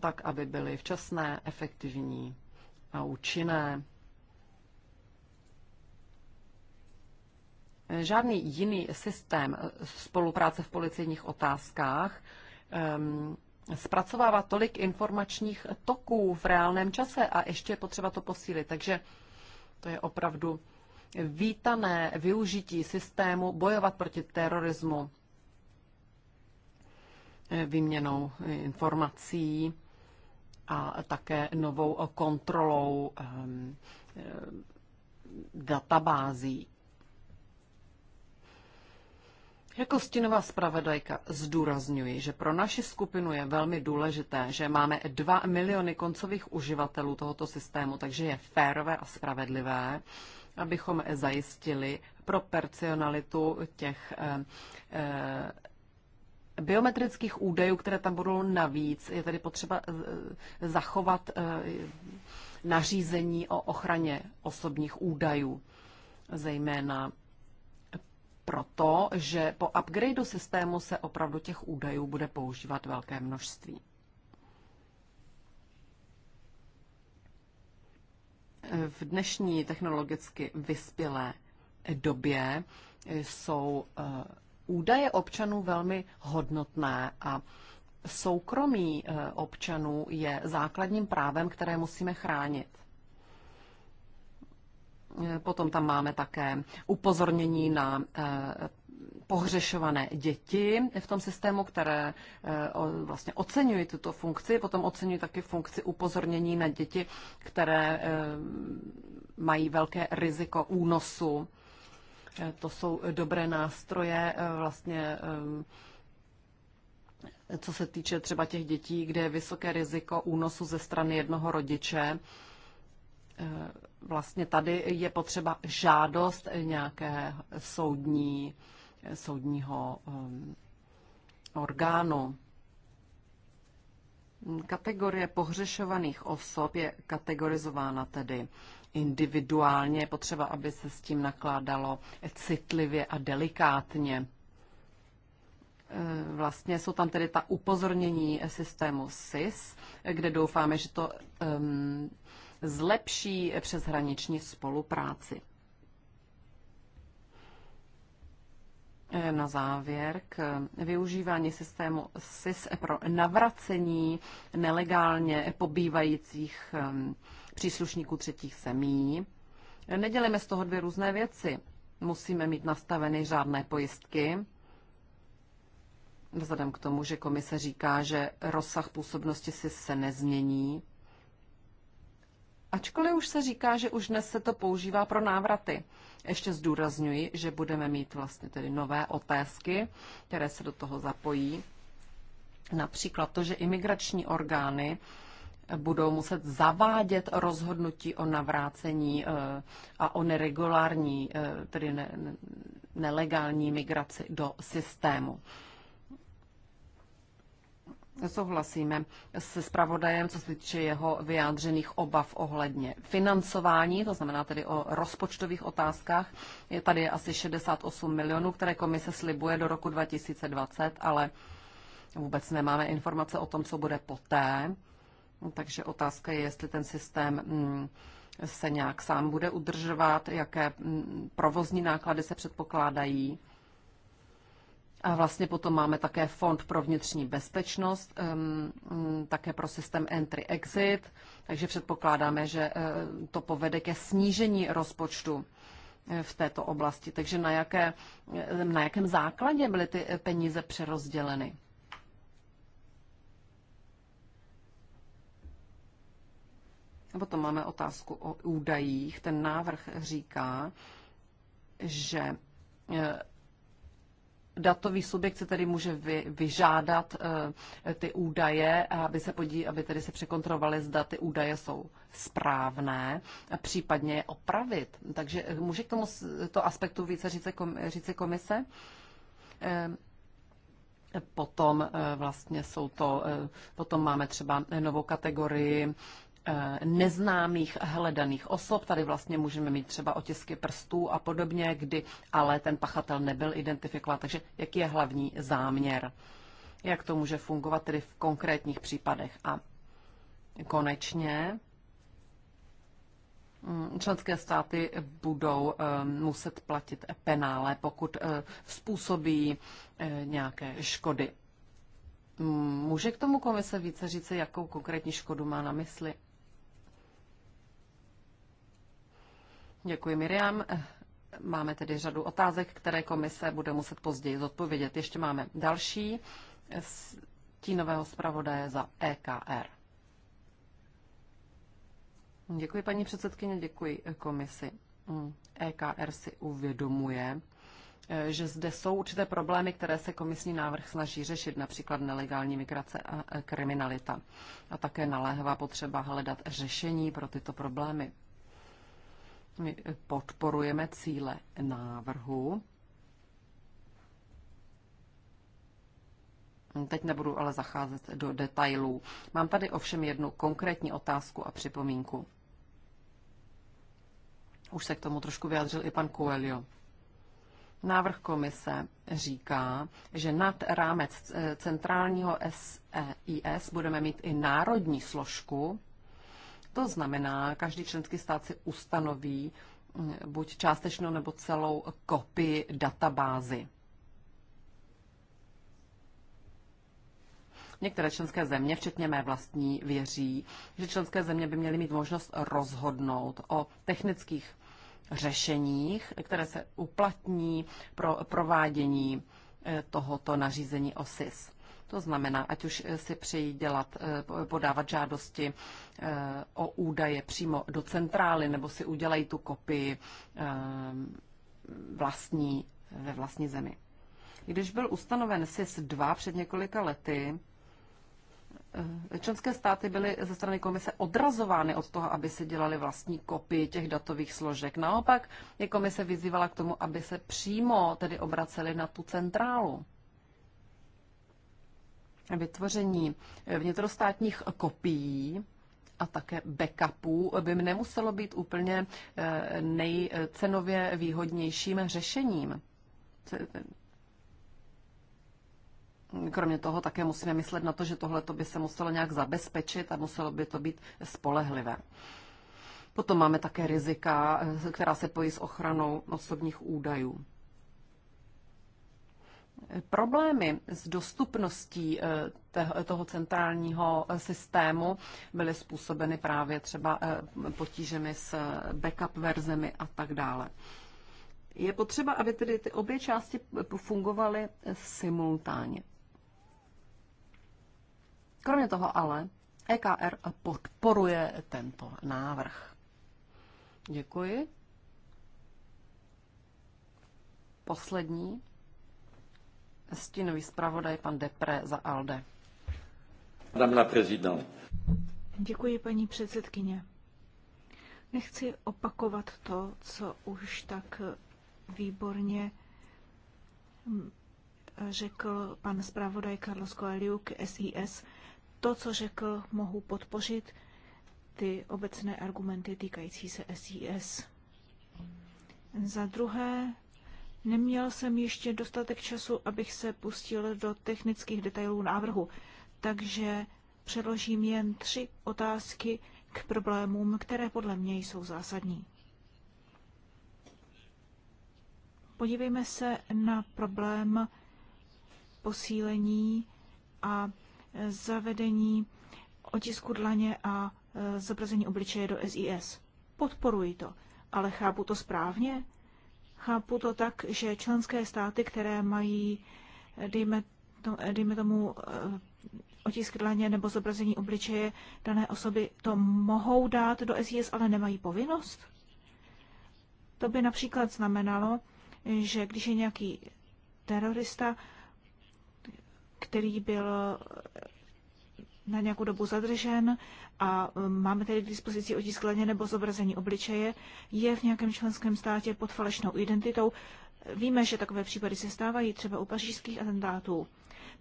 tak, aby byly včasné, efektivní a účinné. žádný jiný systém spolupráce v policijních otázkách ehm, zpracovává tolik informačních toků v reálném čase a ještě je potřeba to posílit. Takže to je opravdu vítané využití systému bojovat proti terorismu eh, výměnou informací a také novou kontrolou ehm, eh, databází. Jako stinová zpravodajka zdůrazňuji, že pro naši skupinu je velmi důležité, že máme 2 miliony koncových uživatelů tohoto systému, takže je férové a spravedlivé, abychom zajistili proporcionalitu těch eh, eh, biometrických údajů, které tam budou navíc. Je tedy potřeba eh, zachovat eh, nařízení o ochraně osobních údajů, zejména proto, že po upgradeu systému se opravdu těch údajů bude používat velké množství. V dnešní technologicky vyspělé době jsou eh, údaje občanů velmi hodnotné a soukromí eh, občanů je základním právem, které musíme chránit. Eh, potom tam máme také upozornění na eh, pohřešované děti v tom systému, které eh, vlastně oceňují tuto funkci, potom oceňují také funkci upozornění na děti, které mají velké riziko únosu. To jsou dobré nástroje vlastně co se týče třeba těch dětí, kde je vysoké riziko únosu ze strany jednoho rodiče, Eh, vlastně tady je potřeba žádost nějaké soudní, soudního eh, orgánu. Kategorie pohřešovaných osob je kategorizována tedy individuálně. Je potřeba, aby se s tím nakládalo citlivě a delikátně. Eh, vlastně jsou tam tedy ta upozornění systému SIS, kde doufáme, že to um, zlepší přeshraniční spolupráci. E, na závěr k využívání systému SIS pro navracení nelegálně pobývajících e, příslušníků třetích zemí. Nedělíme z toho dvě různé věci. Musíme mít nastaveny žádné pojistky, vzhledem k tomu, že komise říká, že rozsah působnosti SIS se nezmění, Ačkoliv už se říká, že už dnes se to používá pro návraty. Ještě zdůrazňuji, že budeme mít vlastně tedy nové otázky, které se do toho zapojí. Například to, že imigrační orgány budou muset zavádět rozhodnutí o navrácení eh, a o neregulární, eh, tedy ne, nelegální migraci do systému souhlasíme se spravodajem, co se týče jeho vyjádřených obav ohledně financování, to znamená tedy o rozpočtových otázkách. Je tady asi 68 milionů, které komise slibuje do roku 2020, ale vůbec nemáme informace o tom, co bude poté. Takže otázka je, jestli ten systém mm, se nějak sám bude udržovat, jaké mm, provozní náklady se předpokládají. A vlastně potom máme také Fond pro vnitřní bezpečnost, mm, také pro systém Entry-Exit, takže předpokládáme, že eh, to povede ke snížení rozpočtu eh, v této oblasti. Takže na, jaké, eh, na jakém základě byly ty peníze přerozděleny? A potom máme otázku o údajích. Ten návrh říká, že datový subjekt se tedy může vy, vyžádat uh, ty údaje, aby se podí, aby tedy se překontrovaly, zda ty údaje jsou správné, a případně je opravit. Takže eh, může k tomu to aspektu více říci, kom, říci komise? Eh, potom vlastně jsou to, potom máme třeba novou kategorii Eh, neznámých hledaných osob. Tady vlastně můžeme mít třeba otisky prstů a podobně, kdy ale ten pachatel nebyl identifikován. Takže jaký je hlavní záměr? Jak to může fungovat tedy v konkrétních případech? A konečně mm, členské státy budou eh, muset platit penále, pokud eh, způsobí nějaké škody. Může k tomu komise více říci, jakou konkrétní škodu má na mysli? Děkuji, Miriam. Máme tedy řadu otázek, které komise bude muset později zodpovědět. Ještě máme další tínového zpravodaje za EKR. Děkuji, paní předsedkyně, děkuji komisi. EKR si uvědomuje, že zde jsou určité problémy, které se komisní návrh snaží řešit, například nelegální migrace a kriminalita. A také naléhavá potřeba hledat řešení pro tyto problémy. My podporujeme cíle návrhu. Teď nebudu ale zacházet do detailů. Mám tady ovšem jednu konkrétní otázku a připomínku. Už se k tomu trošku vyjádřil i pan Coelho. Návrh komise říká, že nad rámec centrálního SEIS e budeme mít i národní složku, to znamená, každý členský stát si ustanoví mm, buď částečnou nebo celou kopii databázy. Některé členské země, včetně mé vlastní, věří, že členské země by měly mít možnost rozhodnout o technických řešeních, které se uplatní pro provádění eh, tohoto nařízení OSIS. To znamená, ať už eh, si přejí dělat, eh, podávat žádosti eh, o údaje přímo do centrály, nebo si udělají tu kopii vlastní, ve vlastní zemi. Když byl ustanoven SIS 2 před několika lety, Členské státy byly ze strany komise odrazovány od toho, aby se dělali vlastní kopii těch datových složek. Naopak je komise vyzývala k tomu, aby se přímo tedy obraceli na tu centrálu vytvoření vnitrostátních kopií a také backupů by nemuselo být úplně eh, nejcenově výhodnějším řešením. Kromě toho také musíme myslet na to, že tohle by se muselo nějak zabezpečit a muselo by to být spolehlivé. Potom máme také rizika, eh, která se pojí s ochranou osobních údajů. Problémy s dostupností eh, toho centrálního eh, systému byly způsobeny právě třeba eh, potížemi s backup verzemi a tak dále. Je potřeba, aby tedy ty obě části fungovaly simultánně. Kromě toho ale EKR podporuje tento návrh. Děkuji. Poslední Stínový zpravodaj pan Depre za ALDE. Madame la présidente. Děkuji, paní předsedkyně. Nechci opakovat to, co už tak výborně řekl pan zpravodaj Carlos Coelho k SIS. To, co řekl, mohu podpořit ty obecné argumenty týkající se SIS. Za druhé, Neměl jsem ještě dostatek času, abych se pustil do technických detailů návrhu, takže předložím jen tři otázky k problémům, které podle mě jsou zásadní. Podívejme se na problém posílení a zavedení otisku dlaně a e, zobrazení obličeje do SIS. Podporuji to, ale chápu to správně? Chápu to tak, že členské státy, které mají, dejme, to, dejme tomu, eh, otisk dlaně nebo zobrazení obličeje dané osoby, to mohou dát do SIS, ale nemají povinnost? To by například znamenalo, že když je nějaký terorista, který byl na nějakou dobu zadržen a um, máme tedy k dispozici otiskleně nebo zobrazení obličeje, je v nějakém členském státě pod falešnou identitou. Víme, že takové případy se stávají třeba u pařížských atentátů.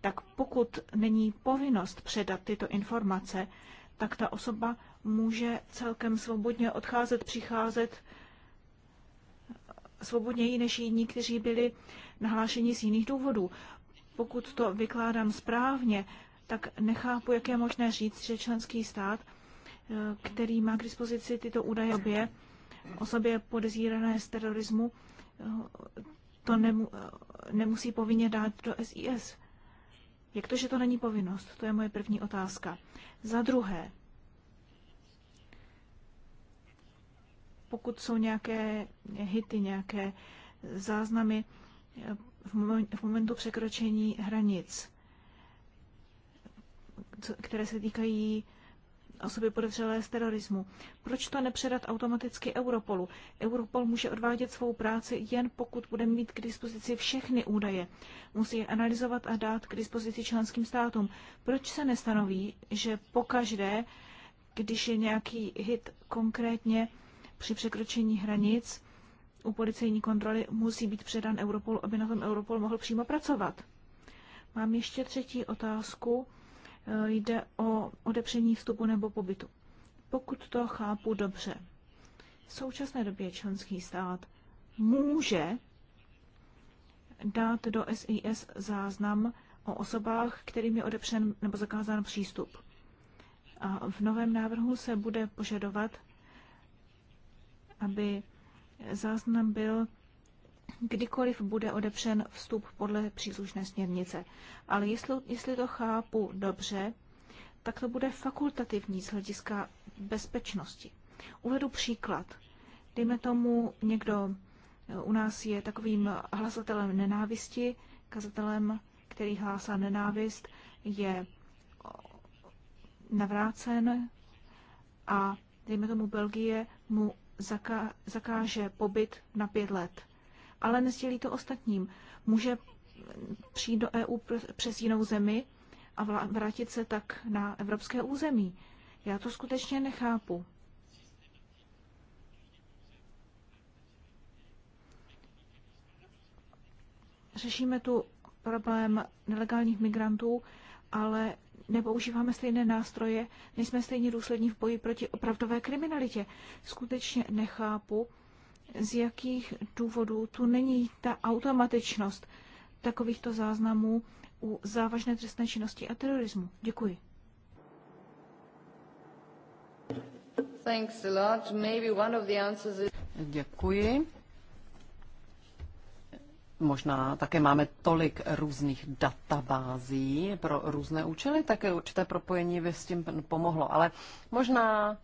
Tak pokud není povinnost předat tyto informace, tak ta osoba může celkem svobodně odcházet, přicházet svobodněji než jiní, kteří byli nahlášeni z jiných důvodů. Pokud to vykládám správně, tak nechápu, jak je možné říct, že členský stát, eh, který má k dispozici tyto údaje obě, osobě podezírané z terorismu, eh, to nemu, eh, nemusí povinně dát do SIS. Jak to, že to není povinnost? To je moje první otázka. Za druhé, pokud jsou nějaké hity, nějaké záznamy v momentu překročení hranic, které se týkají osoby podezřelé z terorismu. Proč to nepředat automaticky Europolu? Europol může odvádět svou práci jen pokud bude mít k dispozici všechny údaje. Musí je analyzovat a dát k dispozici členským státům. Proč se nestanoví, že pokaždé, když je nějaký hit konkrétně při překročení hranic u policejní kontroly, musí být předán Europolu, aby na tom Europol mohl přímo pracovat? Mám ještě třetí otázku Eh, jde o odepření vstupu nebo pobytu. Pokud to chápu dobře, v současné době členský stát může dát do SIS záznam o osobách, kterým je odepřen nebo zakázán přístup. A v novém návrhu se bude požadovat, aby záznam byl kdykoliv bude odepřen vstup podle příslušné směrnice. Ale jestli, jestli to chápu dobře, tak to bude fakultativní z hlediska bezpečnosti. Uvedu příklad. Dejme tomu, někdo u nás je takovým hlasatelem nenávisti, kazatelem, který hlásá nenávist, je navrácen a dejme tomu Belgie mu zaká, zakáže pobyt na pět let ale nesdělí to ostatním. Může přijít do EU přes jinou zemi a vrátit se tak na evropské území. Já to skutečně nechápu. Řešíme tu problém nelegálních migrantů, ale nepoužíváme stejné nástroje, nejsme stejně důslední v boji proti opravdové kriminalitě. Skutečně nechápu, z jakých důvodů tu není ta automatičnost takovýchto záznamů u závažné trestné činnosti a terorismu. Děkuji. Thanks a lot. Maybe one of the answers is... Děkuji. Možná také máme tolik různých databází pro různé účely, také určité propojení by s tím pomohlo, ale možná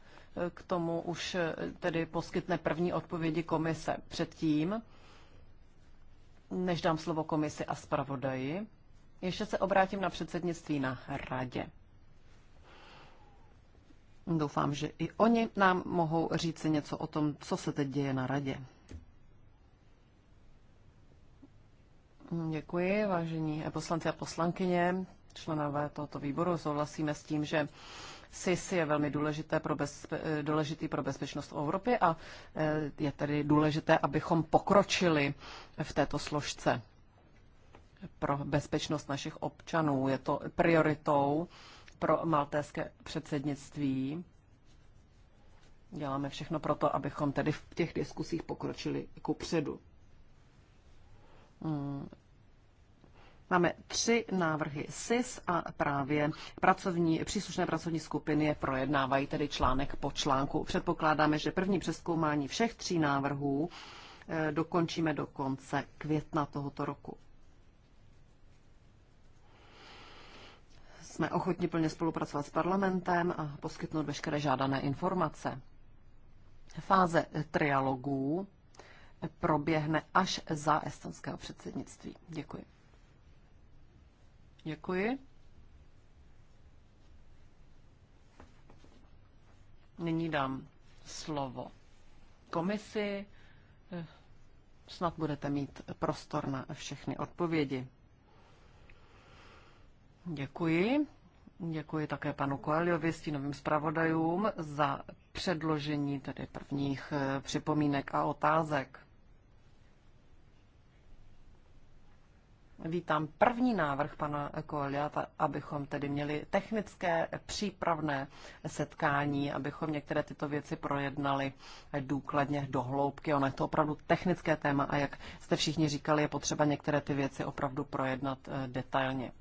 k tomu už eh, tedy poskytne první odpovědi komise předtím, než dám slovo komisi a zpravodaji. Ještě se obrátím na předsednictví na radě. Doufám, že i oni nám mohou říct něco o tom, co se teď děje na radě. Děkuji, vážení poslanci a poslankyně, členové tohoto výboru. Souhlasíme s tím, že SIS je velmi důležité pro bezpe, eh, důležitý pro bezpečnost v Evropě a eh, je tedy důležité, abychom pokročili v této složce pro bezpečnost našich občanů. Je to prioritou pro maltéské předsednictví. Děláme všechno pro to, abychom tedy v těch diskusích pokročili ku předu. Hmm. Máme tři návrhy SIS a právě pracovní, příslušné pracovní skupiny je projednávají tedy článek po článku. Předpokládáme, že první přeskoumání všech tří návrhů eh, dokončíme do konce května tohoto roku. Jsme ochotni plně spolupracovat s parlamentem a poskytnout veškeré žádané informace. Fáze trialogů proběhne až za estonského předsednictví. Děkuji. Děkuji. Nyní dám slovo komisi. Snad budete mít prostor na všechny odpovědi. Děkuji. Děkuji také panu Koeliovi, stínovým zpravodajům, za předložení tedy prvních eh, připomínek a otázek. Vítám první návrh pana Kolia, abychom tedy měli technické přípravné setkání, abychom některé tyto věci projednali důkladně do hloubky. Ono je to opravdu technické téma a jak jste všichni říkali, je potřeba některé ty věci opravdu projednat eh, detailně.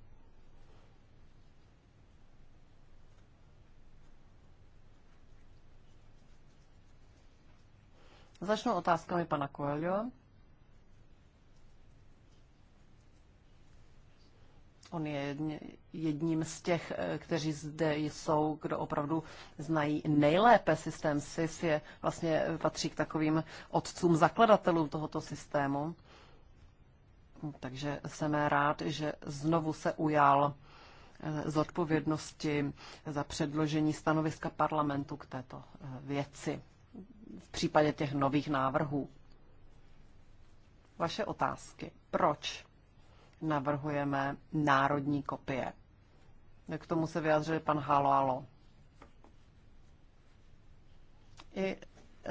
Začnu otázkami pana Coelho. On je jedním z těch, eh, kteří zde jsou, kdo opravdu znají nejlépe systém SIS, je, vlastně eh, patří k takovým otcům zakladatelům tohoto systému. Takže jsem rád, že znovu se ujal eh, z odpovědnosti za předložení stanoviska parlamentu k této věci v případě těch nových návrhů. Vaše otázky. Proč navrhujeme národní kopie. K tomu se vyjadřil pan Haloalo. I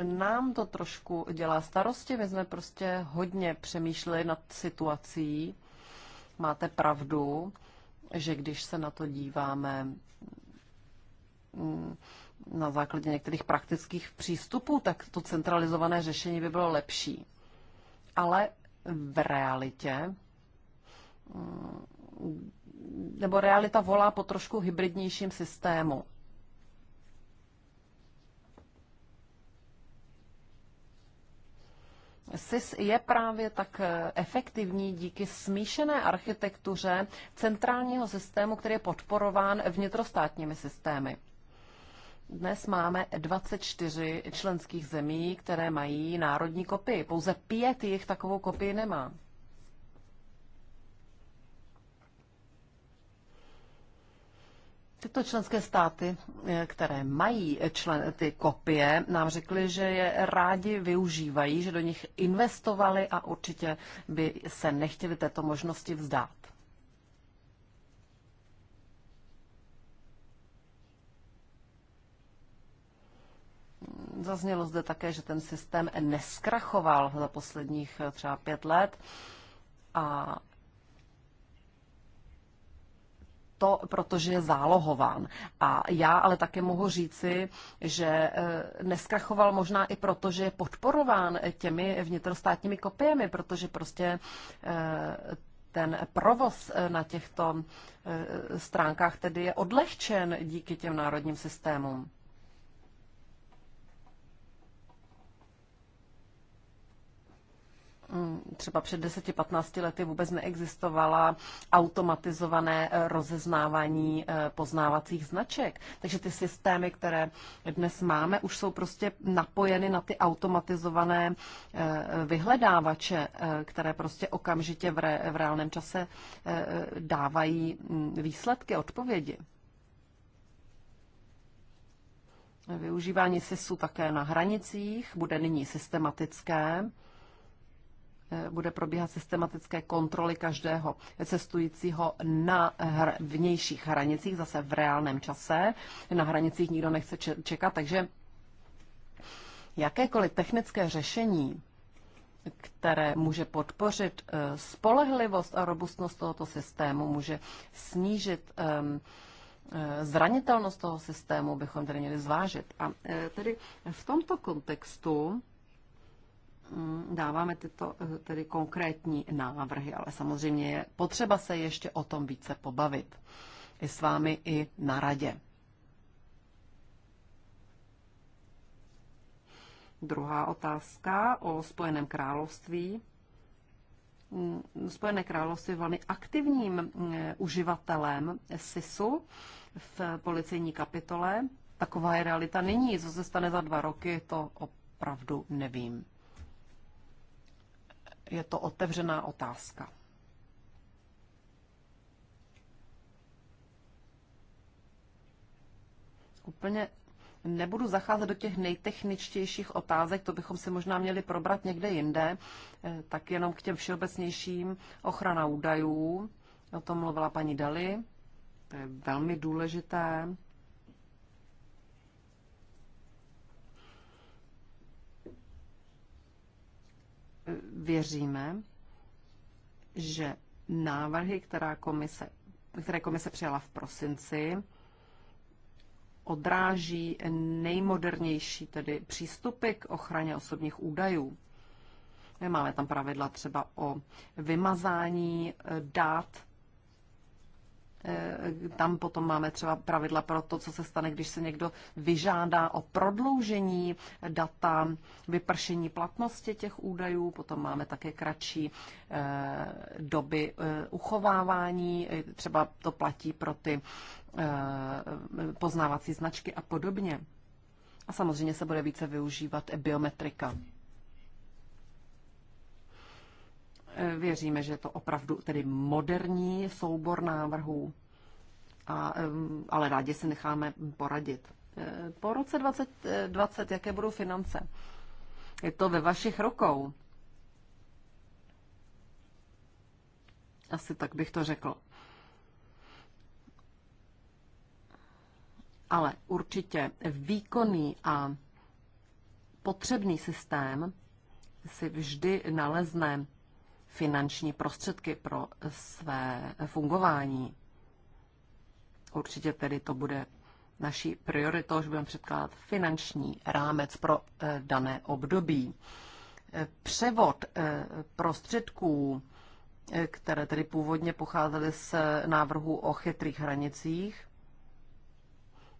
nám to trošku dělá starosti, my jsme prostě hodně přemýšleli nad situací. Máte pravdu, že když se na to díváme mm, na základě některých praktických přístupů, tak to centralizované řešení by bylo lepší. Ale v realitě nebo realita volá po trošku hybridnějším systému. SIS je právě tak efektivní díky smíšené architektuře centrálního systému, který je podporován vnitrostátními systémy. Dnes máme 24 členských zemí, které mají národní kopii. Pouze pět jich takovou kopii nemá. Tyto členské státy, eh, které mají člen, ty kopie, nám řekly, že je rádi využívají, že do nich investovali a určitě by se nechtěli této možnosti vzdát. Zaznělo zde také, že ten systém neskrachoval za posledních eh, třeba pět let a to, protože je zálohován. A já ale také mohu říci, že e, neskrachoval možná i proto, že je podporován těmi vnitrostátními kopiemi, protože prostě e, ten provoz e, na těchto stránkách tedy je odlehčen díky těm národním systémům. Mm, třeba před 10-15 lety vůbec neexistovala automatizované eh, rozeznávání eh, poznávacích značek. Takže ty systémy, které dnes máme, už jsou prostě napojeny na ty automatizované eh, vyhledávače, které prostě okamžitě v, re, v reálném čase dávají mm, výsledky, odpovědi. Využívání SISu také na hranicích bude nyní systematické. Eh, bude probíhat systematické kontroly každého cestujícího na vnějších hranicích, zase v reálném čase. Na hranicích nikdo nechce čekat, takže jakékoliv technické řešení, které může podpořit eh, spolehlivost a robustnost tohoto systému, může snížit ehm, eh, zranitelnost toho systému, bychom tedy měli zvážit. A tedy v tomto kontextu Mm, dáváme tyto eh, tedy konkrétní návrhy, ale samozřejmě je potřeba se ještě o tom více pobavit. I s vámi, i na radě. Druhá otázka o Spojeném království. Mm, Spojené království je velmi aktivním mm, uživatelem SISu v policejní kapitole. Taková je realita nyní. Co se stane za dva roky, to opravdu nevím je to otevřená otázka. Úplně nebudu zacházet do těch nejtechničtějších otázek, to bychom si možná měli probrat někde jinde, eh, tak jenom k těm všeobecnějším ochrana údajů, o tom mluvila paní Dali, to je velmi důležité. věříme, že návrhy, která komise, které komise přijala v prosinci, odráží nejmodernější tedy přístupy k ochraně osobních údajů. Máme tam pravidla třeba o vymazání dát Eh, tam potom máme třeba pravidla pro to, co se stane, když se někdo vyžádá o prodloužení data, vypršení platnosti těch údajů. Potom máme také kratší eh, doby eh, uchovávání. Třeba to platí pro ty poznávací značky a podobně. A samozřejmě se bude více využívat biometrika. Věříme, že je to opravdu tedy moderní soubor návrhů, a, ale rádi si necháme poradit. E, po roce 2020, e, jaké budou finance? Je to ve vašich rukou. Asi tak bych to řekl. Ale určitě výkonný a potřebný systém si vždy nalezne finanční prostředky pro své fungování. Určitě tedy to bude naší prioritou, že budeme předkládat finanční rámec pro eh, dané období. Eh, převod eh, prostředků, které tedy původně pocházely z návrhu o chytrých hranicích,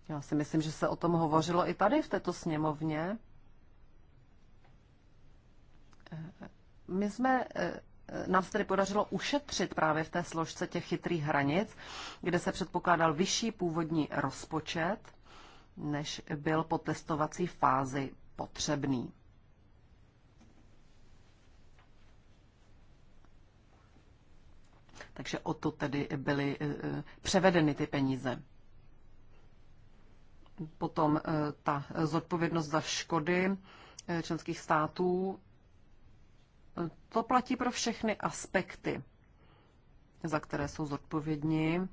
já si myslím, že se o tom hovořilo i tady v této sněmovně. My jsme nám se tedy podařilo ušetřit právě v té složce těch chytrých hranic, kde se předpokládal vyšší původní rozpočet, než byl po testovací fázi potřebný. Takže o to tedy byly eh, převedeny ty peníze. Potom eh, ta zodpovědnost za škody eh, členských států to platí pro všechny aspekty, za které jsou zodpovědní.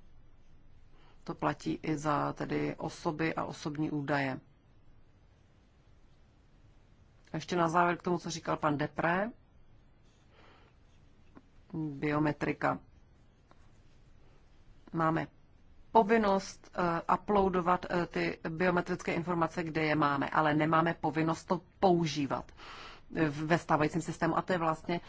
To platí i za tedy osoby a osobní údaje. A ještě na závěr k tomu, co říkal pan Depré. Biometrika. Máme povinnost eh, uploadovat eh, ty biometrické informace, kde je máme, ale nemáme povinnost to používat ve stávajícím systému. A to je vlastně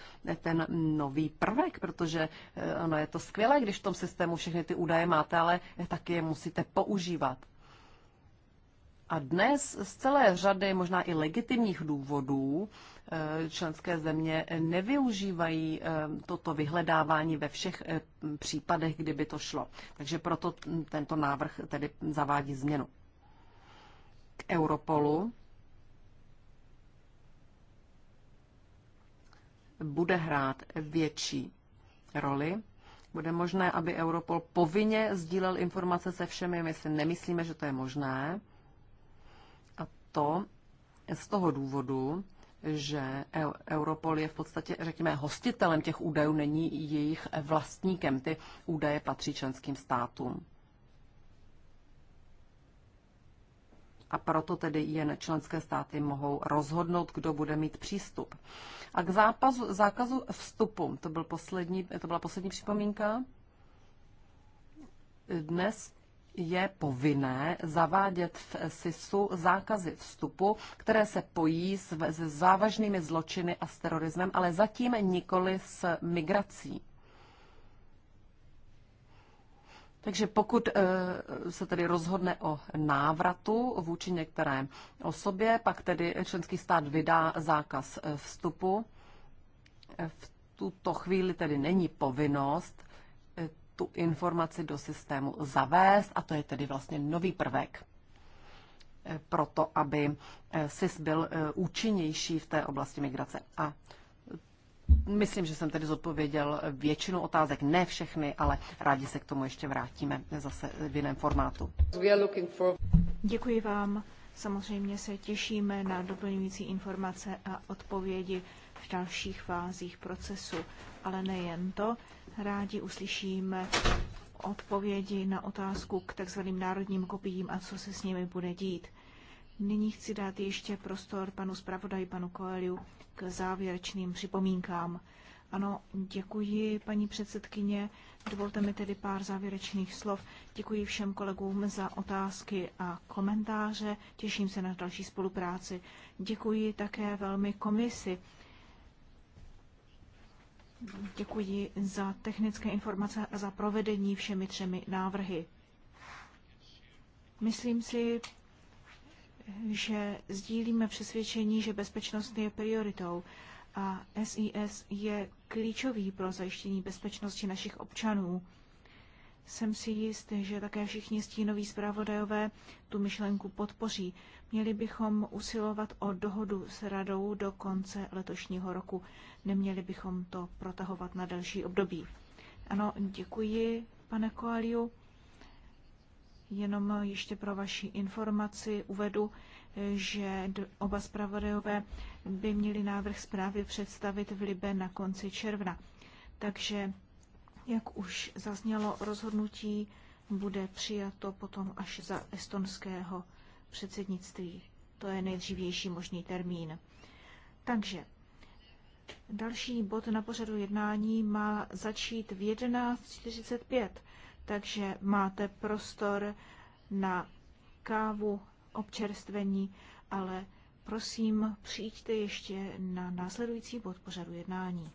ten nový prvek, protože eh, ono je to skvělé, když v tom systému všechny ty údaje máte, ale taky je musíte používat. A dnes z celé řady možná i legitimních důvodů eh, členské země nevyužívají eh, toto vyhledávání ve všech případech, kdyby to šlo. Takže proto tento návrh tedy zavádí změnu. K Europolu bude hrát větší roli. Bude možné, aby Europol povinně sdílel informace se všemi. My si nemyslíme, že to je možné. A to z toho důvodu, že Europol je v podstatě, řekněme, hostitelem těch údajů, není jejich vlastníkem. Ty údaje patří členským státům. a proto tedy jen členské státy mohou rozhodnout, kdo bude mít přístup. A k zápazu, zákazu vstupu, to, byl poslední, to byla poslední připomínka, dnes je povinné zavádět v SISu zákazy vstupu, které se pojí s, s závažnými zločiny a s terorismem, ale zatím nikoli s migrací. Takže pokud eh, se tedy rozhodne o návratu vůči některé osobě, pak tedy členský stát vydá zákaz eh, vstupu. Eh, v tuto chvíli tedy není povinnost tu informaci do systému zavést a to je tedy vlastně nový prvek proto, aby SIS byl účinnější v té oblasti migrace. A Myslím, že jsem tedy zodpověděl většinu otázek, ne všechny, ale rádi se k tomu ještě vrátíme zase v jiném formátu. Děkuji vám. Samozřejmě se těšíme na doplňující informace a odpovědi v dalších fázích procesu. Ale nejen to, rádi uslyšíme odpovědi na otázku k takzvaným národním kopiím a co se s nimi bude dít. Nyní chci dát ještě prostor panu zpravodaji, panu Koeliu, k závěrečným připomínkám. Ano, děkuji, paní předsedkyně. Dovolte mi tedy pár závěrečných slov. Děkuji všem kolegům za otázky a komentáře. Těším se na další spolupráci. Děkuji také velmi komisi. Děkuji za technické informace a za provedení všemi třemi návrhy. Myslím si, že sdílíme přesvědčení, že bezpečnost je prioritou a SIS je klíčový pro zajištění bezpečnosti našich občanů. Jsem si jist, že také všichni stínoví zpravodajové tu myšlenku podpoří. Měli bychom usilovat o dohodu s radou do konce letošního roku. Neměli bychom to protahovat na další období. Ano, děkuji, pane Koaliu. Jenom ještě pro vaši informaci uvedu, že oba zpravodajové by měli návrh zprávy představit v Libe na konci června. Takže, jak už zaznělo, rozhodnutí bude přijato potom až za estonského předsednictví. To je nejdřívější možný termín. Takže další bod na pořadu jednání má začít v 11.45 takže máte prostor na kávu, občerstvení, ale prosím, přijďte ještě na následující bod pořadu jednání.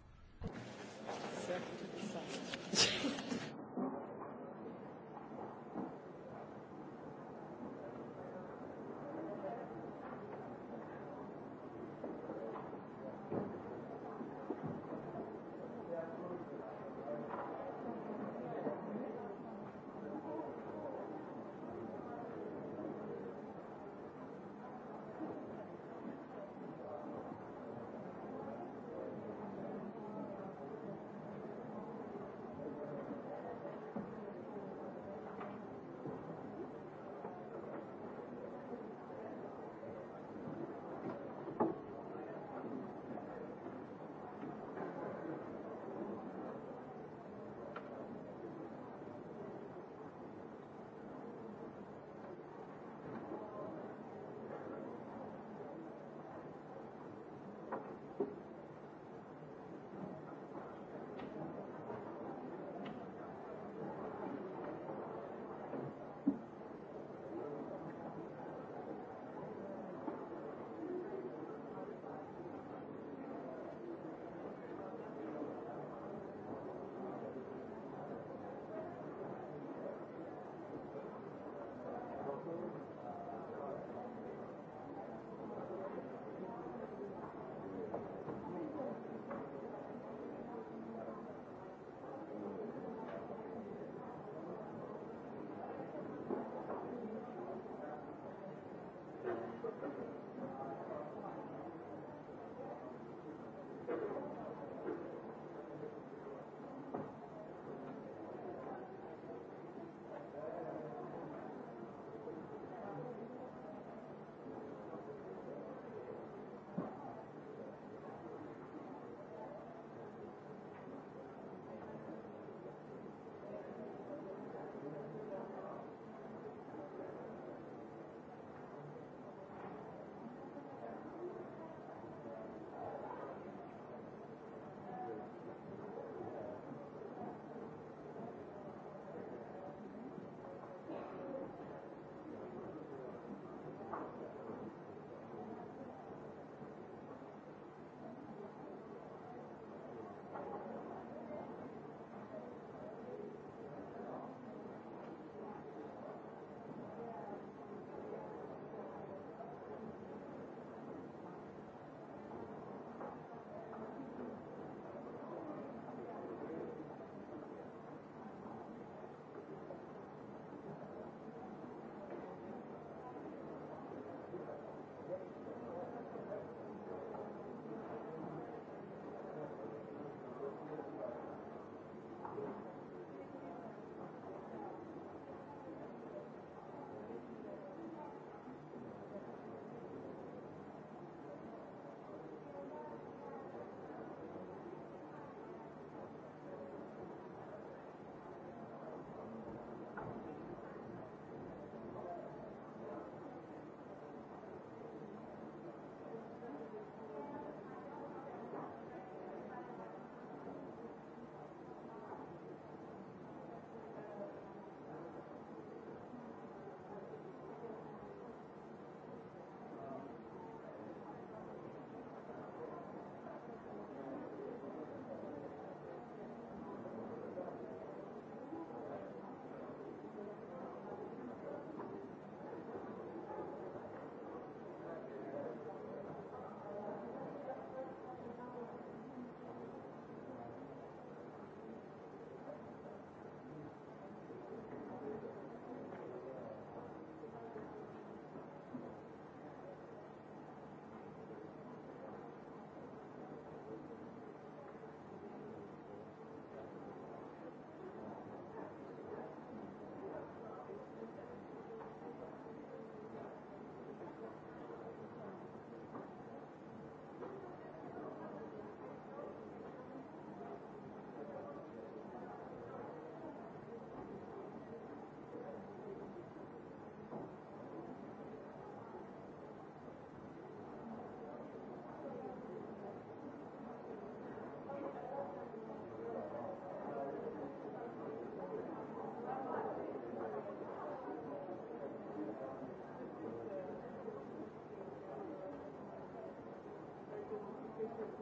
Thank you.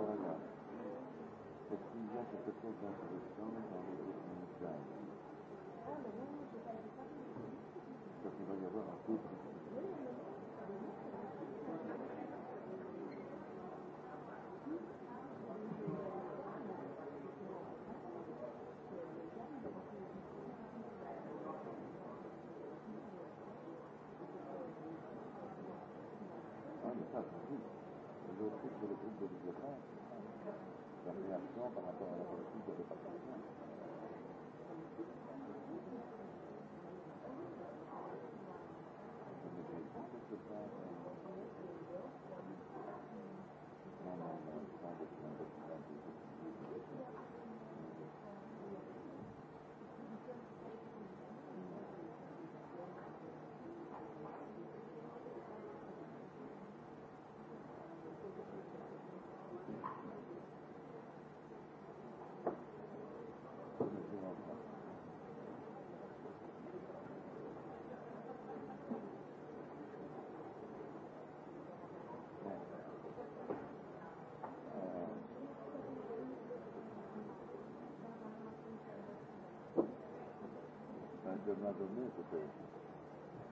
kolega. Se kříža se teplou za zvyšovnou záleží ministrání. To chyba je velká kultura. que le groupe de développement, la réaction par rapport à la politique de répartition. domů toto.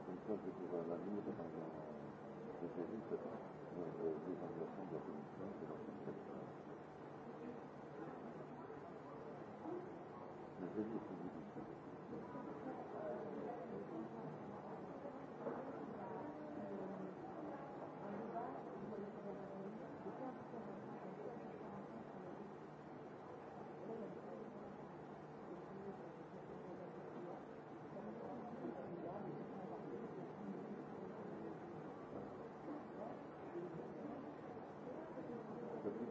Comme ça, je pourrais la lire dans Je sais les de la commission, c'est dans une Mais je dis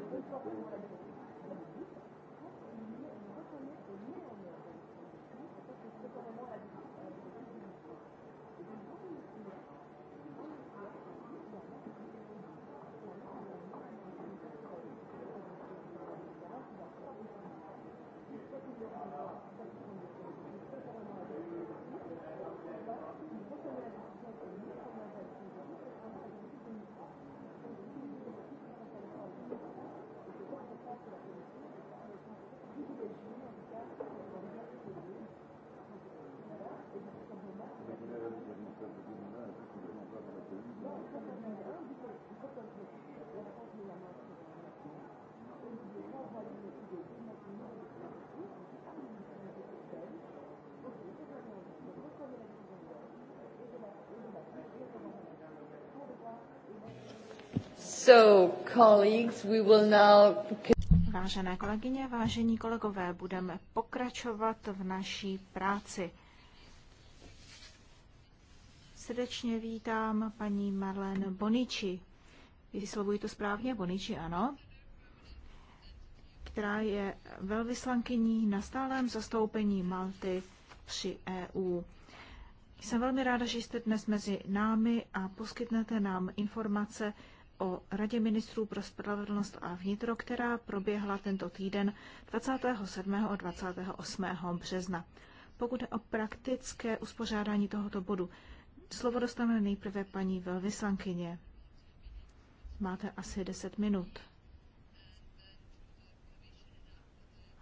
Je ne So, colleagues, we will now... Vážené kolegyně, vážení kolegové, budeme pokračovat v naší práci. Srdečně vítám paní Marlene Boniči. Vyslovuji to správně, Boniči, ano? Která je velvyslankyní na stálém zastoupení Malty při EU. Jsem velmi ráda, že jste dnes mezi námi a poskytnete nám informace o Radě ministrů pro spravedlnost a vnitro, která proběhla tento týden 27. a 28. března. Pokud je o praktické uspořádání tohoto bodu, slovo dostane nejprve paní velvyslankyně. Máte asi 10 minut.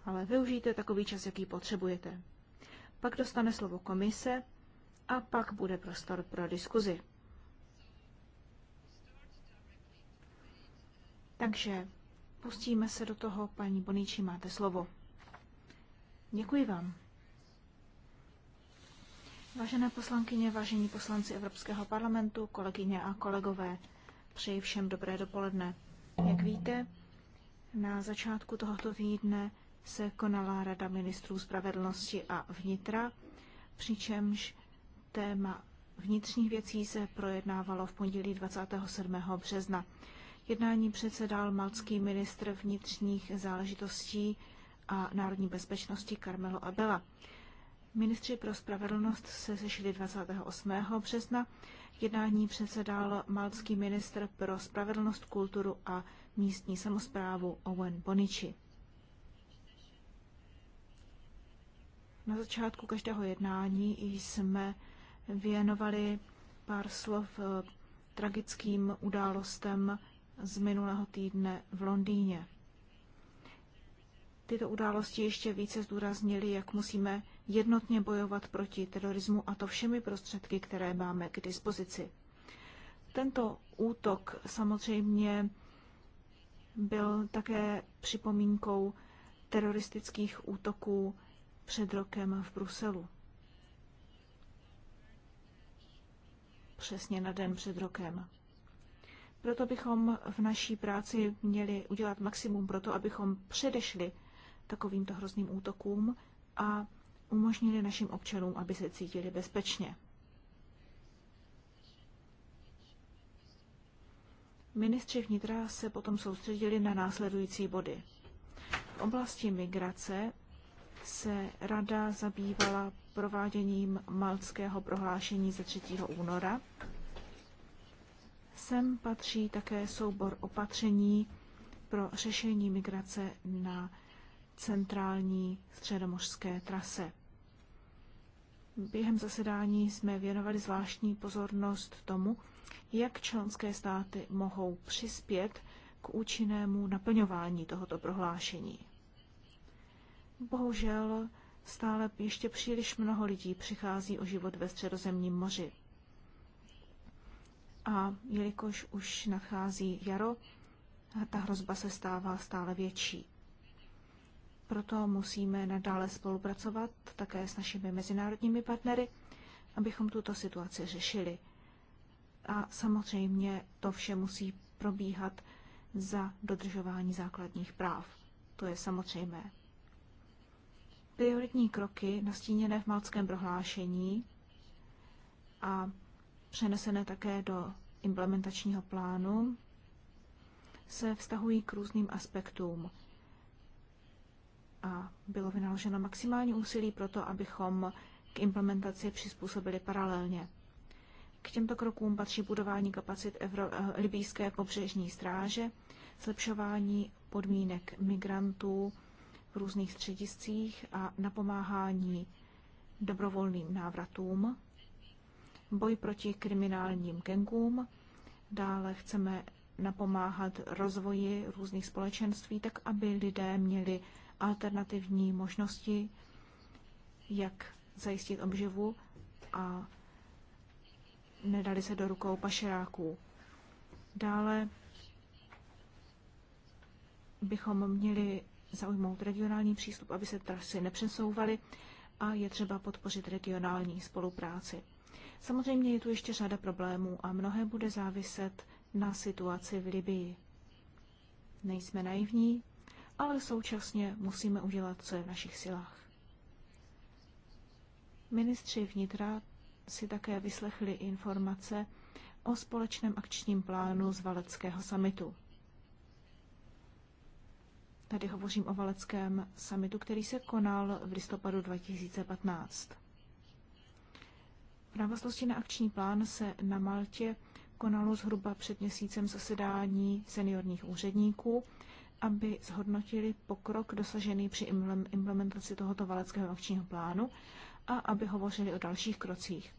Ale využijte takový čas, jaký potřebujete. Pak dostane slovo komise a pak bude prostor pro diskuzi. Takže pustíme se do toho. Paní Boníči, máte slovo. Děkuji vám. Vážené poslankyně, vážení poslanci Evropského parlamentu, kolegyně a kolegové, přeji všem dobré dopoledne. Jak víte, na začátku tohoto týdne se konala Rada ministrů spravedlnosti a vnitra, přičemž téma vnitřních věcí se projednávalo v pondělí 27. března. Jednání předsedal malcký ministr vnitřních záležitostí a národní bezpečnosti Carmelo Abela. Ministři pro spravedlnost se sešli 28. března. Jednání předsedal malcký ministr pro spravedlnost, kulturu a místní samozprávu Owen Bonici. Na začátku každého jednání jsme věnovali pár slov eh, tragickým událostem z minulého týdne v Londýně. Tyto události ještě více zdůraznily, jak musíme jednotně bojovat proti terorismu a to všemi prostředky, které máme k dispozici. Tento útok samozřejmě byl také připomínkou teroristických útoků před rokem v Bruselu. Přesně na den před rokem. Proto bychom v naší práci měli udělat maximum pro to, abychom předešli takovýmto hrozným útokům a umožnili našim občanům, aby se cítili bezpečně. Ministři vnitra se potom soustředili na následující body. V oblasti migrace se rada zabývala prováděním malckého prohlášení ze 3. února Sem patří také soubor opatření pro řešení migrace na centrální středomořské trase. Během zasedání jsme věnovali zvláštní pozornost tomu, jak členské státy mohou přispět k účinnému naplňování tohoto prohlášení. Bohužel stále ještě příliš mnoho lidí přichází o život ve středozemním moři. A jelikož už nachází jaro, ta hrozba se stává stále větší. Proto musíme nadále spolupracovat také s našimi mezinárodními partnery, abychom tuto situaci řešili. A samozřejmě to vše musí probíhat za dodržování základních práv. To je samozřejmé. Prioritní kroky nastíněné v Malckém prohlášení a přenesené také do implementačního plánu, se vztahují k různým aspektům. A bylo vynaloženo maximální úsilí pro to, abychom k implementaci přizpůsobili paralelně. K těmto krokům patří budování kapacit Evro- eh, libýské pobřežní stráže, zlepšování podmínek migrantů v různých střediscích a napomáhání dobrovolným návratům boj proti kriminálním gengům, dále chceme napomáhat rozvoji různých společenství, tak aby lidé měli alternativní možnosti, jak zajistit obživu a nedali se do rukou pašeráků. Dále bychom měli zaujmout regionální přístup, aby se trasy nepřesouvaly a je třeba podpořit regionální spolupráci. Samozřejmě je tu ještě řada problémů a mnohé bude záviset na situaci v Libii. Nejsme naivní, ale současně musíme udělat, co je v našich silách. Ministři vnitra si také vyslechli informace o společném akčním plánu z Valeckého samitu. Tady hovořím o Valeckém samitu, který se konal v listopadu 2015. V návaznosti na akční plán se na Maltě konalo zhruba před měsícem zasedání seniorních úředníků, aby zhodnotili pokrok dosažený při implementaci tohoto valeckého akčního plánu a aby hovořili o dalších krocích.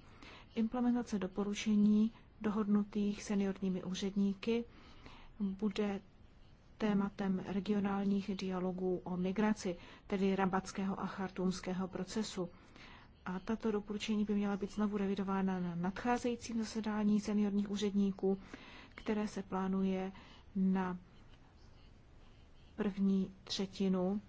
Implementace doporučení dohodnutých seniorními úředníky bude tématem regionálních dialogů o migraci, tedy rabatského a chartumského procesu, a tato doporučení by měla být znovu revidována na nadcházejícím zasedání seniorních úředníků, které se plánuje na první třetinu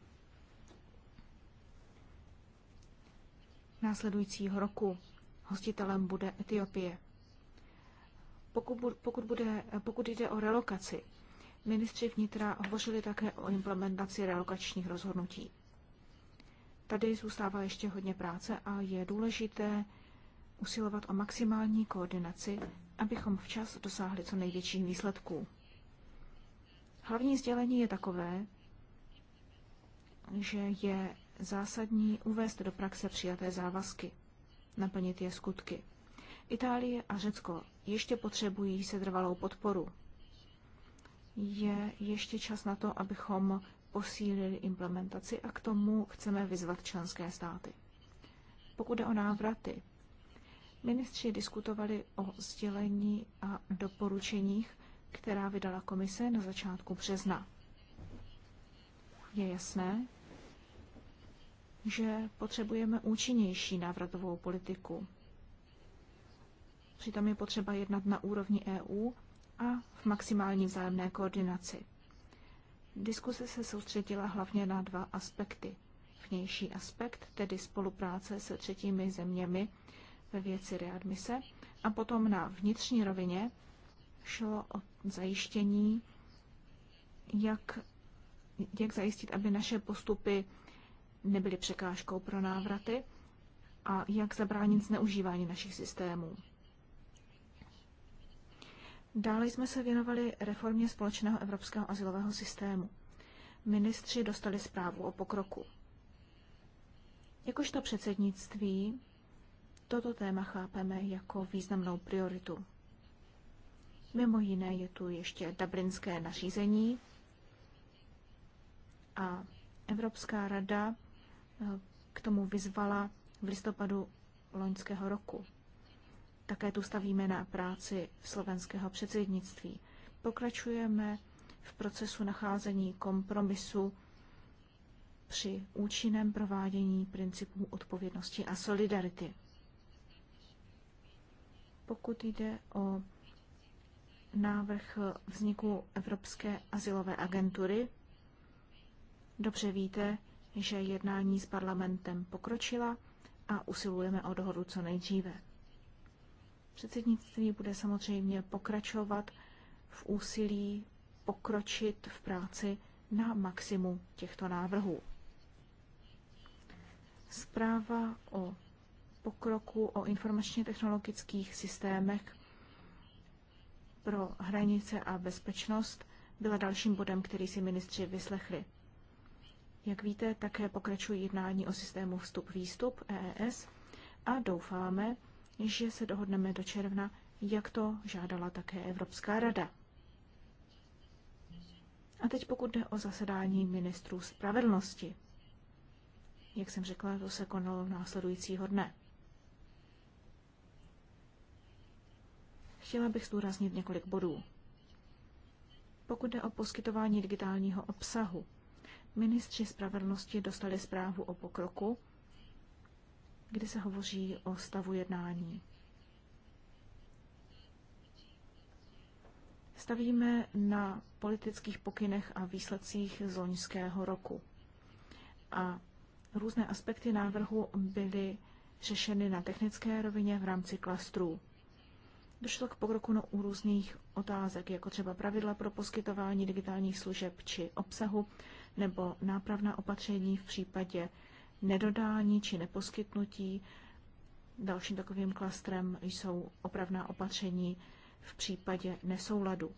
následujícího roku. Hostitelem bude Etiopie. Pokud, pokud, bude, pokud jde o relokaci, ministři vnitra hovořili také o implementaci relokačních rozhodnutí. Tady zůstává ještě hodně práce a je důležité usilovat o maximální koordinaci, abychom včas dosáhli co největších výsledků. Hlavní sdělení je takové, že je zásadní uvést do praxe přijaté závazky, naplnit je skutky. Itálie a Řecko ještě potřebují setrvalou podporu. Je ještě čas na to, abychom posílili implementaci a k tomu chceme vyzvat členské státy. Pokud jde o návraty, ministři diskutovali o sdělení a doporučeních, která vydala komise na začátku března. Je jasné, že potřebujeme účinnější návratovou politiku. Přitom je potřeba jednat na úrovni EU a v maximální vzájemné koordinaci. Diskuse se soustředila hlavně na dva aspekty. Vnější aspekt, tedy spolupráce se třetími zeměmi ve věci readmise, a potom na vnitřní rovině šlo o zajištění, jak, jak zajistit, aby naše postupy nebyly překážkou pro návraty a jak zabránit zneužívání našich systémů. Dále jsme se věnovali reformě společného evropského asilového systému. Ministři dostali zprávu o pokroku. Jakožto předsednictví toto téma chápeme jako významnou prioritu. Mimo jiné je tu ještě dublinské nařízení a Evropská rada eh, k tomu vyzvala v listopadu loňského roku. Také tu stavíme na práci slovenského předsednictví. Pokračujeme v procesu nacházení kompromisu při účinném provádění principů odpovědnosti a solidarity. Pokud jde o návrh vzniku Evropské asilové agentury, dobře víte, že jednání s parlamentem pokročila a usilujeme o dohodu co nejdříve. Předsednictví bude samozřejmě pokračovat v úsilí pokročit v práci na maximum těchto návrhů. Zpráva o pokroku o informačně technologických systémech pro hranice a bezpečnost byla dalším bodem, který si ministři vyslechli. Jak víte, také pokračují jednání o systému vstup-výstup EES a doufáme, že se dohodneme do června, jak to žádala také Evropská rada. A teď pokud jde o zasedání ministrů spravedlnosti. Jak jsem řekla, to se konalo následujícího dne. Chtěla bych zdůraznit několik bodů. Pokud jde o poskytování digitálního obsahu, ministři spravedlnosti dostali zprávu o pokroku kdy se hovoří o stavu jednání. Stavíme na politických pokynech a výsledcích z loňského roku. A různé aspekty návrhu byly řešeny na technické rovině v rámci klastrů. Došlo k pokroku na různých otázek, jako třeba pravidla pro poskytování digitálních služeb či obsahu, nebo nápravná opatření v případě nedodání či neposkytnutí. Dalším takovým klastrem jsou opravná opatření v případě nesouladu.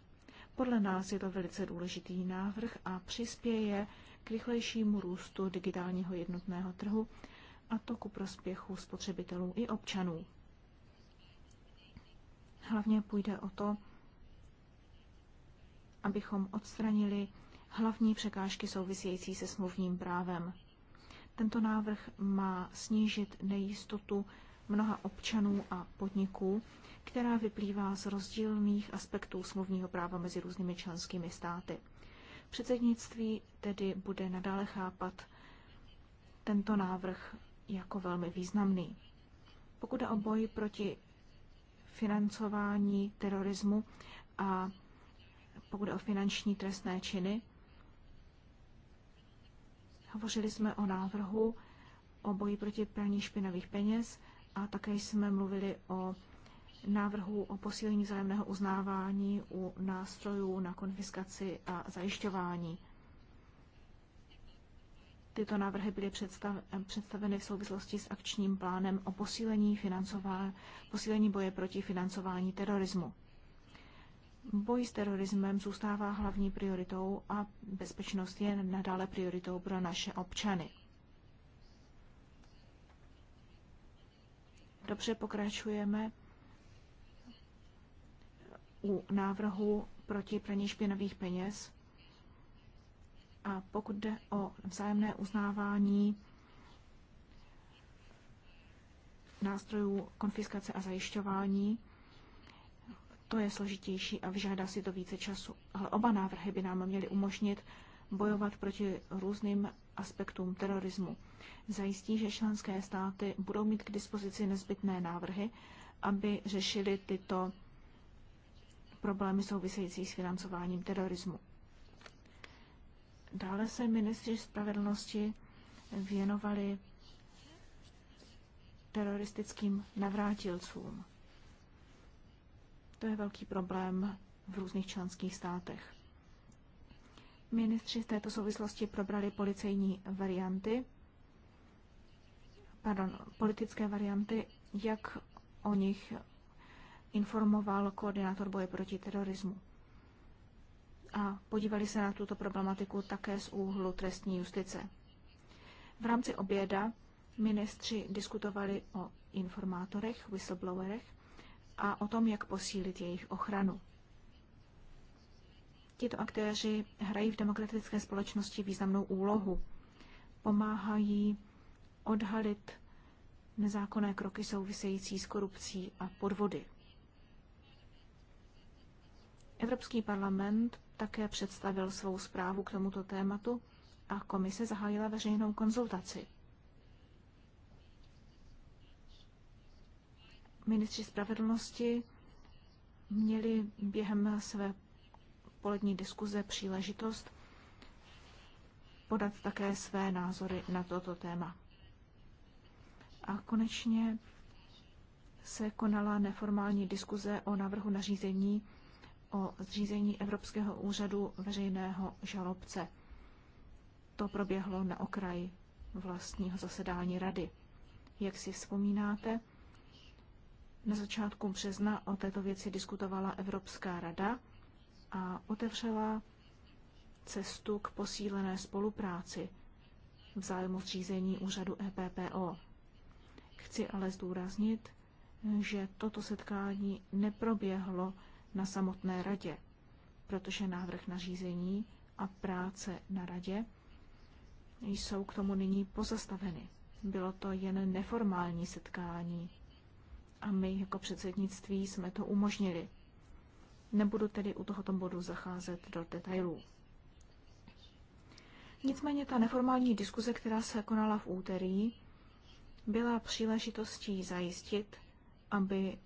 Podle nás je to velice důležitý návrh a přispěje k rychlejšímu růstu digitálního jednotného trhu a to ku prospěchu spotřebitelů i občanů. Hlavně půjde o to, abychom odstranili hlavní překážky související se smluvním právem. Tento návrh má snížit nejistotu mnoha občanů a podniků, která vyplývá z rozdílných aspektů smluvního práva mezi různými členskými státy. Předsednictví tedy bude nadále chápat tento návrh jako velmi významný. Pokud jde o boj proti financování terorismu a pokud jde o finanční trestné činy, Hovořili jsme o návrhu o boji proti praní špinavých peněz a také jsme mluvili o návrhu o posílení vzájemného uznávání u nástrojů na konfiskaci a zajišťování. Tyto návrhy byly představeny v souvislosti s akčním plánem o posílení, posílení boje proti financování terorismu. Boj s terorismem zůstává hlavní prioritou a bezpečnost je nadále prioritou pro naše občany. Dobře pokračujeme u návrhu proti praní špinavých peněz. A pokud jde o vzájemné uznávání nástrojů konfiskace a zajišťování, to je složitější a vyžádá si to více času. Ale oba návrhy by nám měly umožnit bojovat proti různým aspektům terorismu. Zajistí, že členské státy budou mít k dispozici nezbytné návrhy, aby řešili tyto problémy související s financováním terorismu. Dále se ministři spravedlnosti věnovali teroristickým navrátilcům. To je velký problém v různých členských státech. Ministři v této souvislosti probrali policejní varianty, pardon, politické varianty, jak o nich informoval koordinátor boje proti terorismu. A podívali se na tuto problematiku také z úhlu trestní justice. V rámci oběda ministři diskutovali o informátorech, whistleblowerech a o tom, jak posílit jejich ochranu. Tito aktéři hrají v demokratické společnosti významnou úlohu. Pomáhají odhalit nezákonné kroky související s korupcí a podvody. Evropský parlament také představil svou zprávu k tomuto tématu a komise zahájila veřejnou konzultaci. ministři spravedlnosti měli během své polední diskuze příležitost podat také své názory na toto téma. A konečně se konala neformální diskuze o návrhu nařízení o zřízení Evropského úřadu veřejného žalobce. To proběhlo na okraji vlastního zasedání rady. Jak si vzpomínáte, na začátku března o této věci diskutovala Evropská rada a otevřela cestu k posílené spolupráci v zájmu zřízení úřadu EPPO. Chci ale zdůraznit, že toto setkání neproběhlo na samotné radě, protože návrh nařízení a práce na radě jsou k tomu nyní pozastaveny. Bylo to jen neformální setkání a my jako předsednictví jsme to umožnili. Nebudu tedy u tohoto bodu zacházet do detailů. Nicméně ta neformální diskuze, která se konala v úterý, byla příležitostí zajistit, aby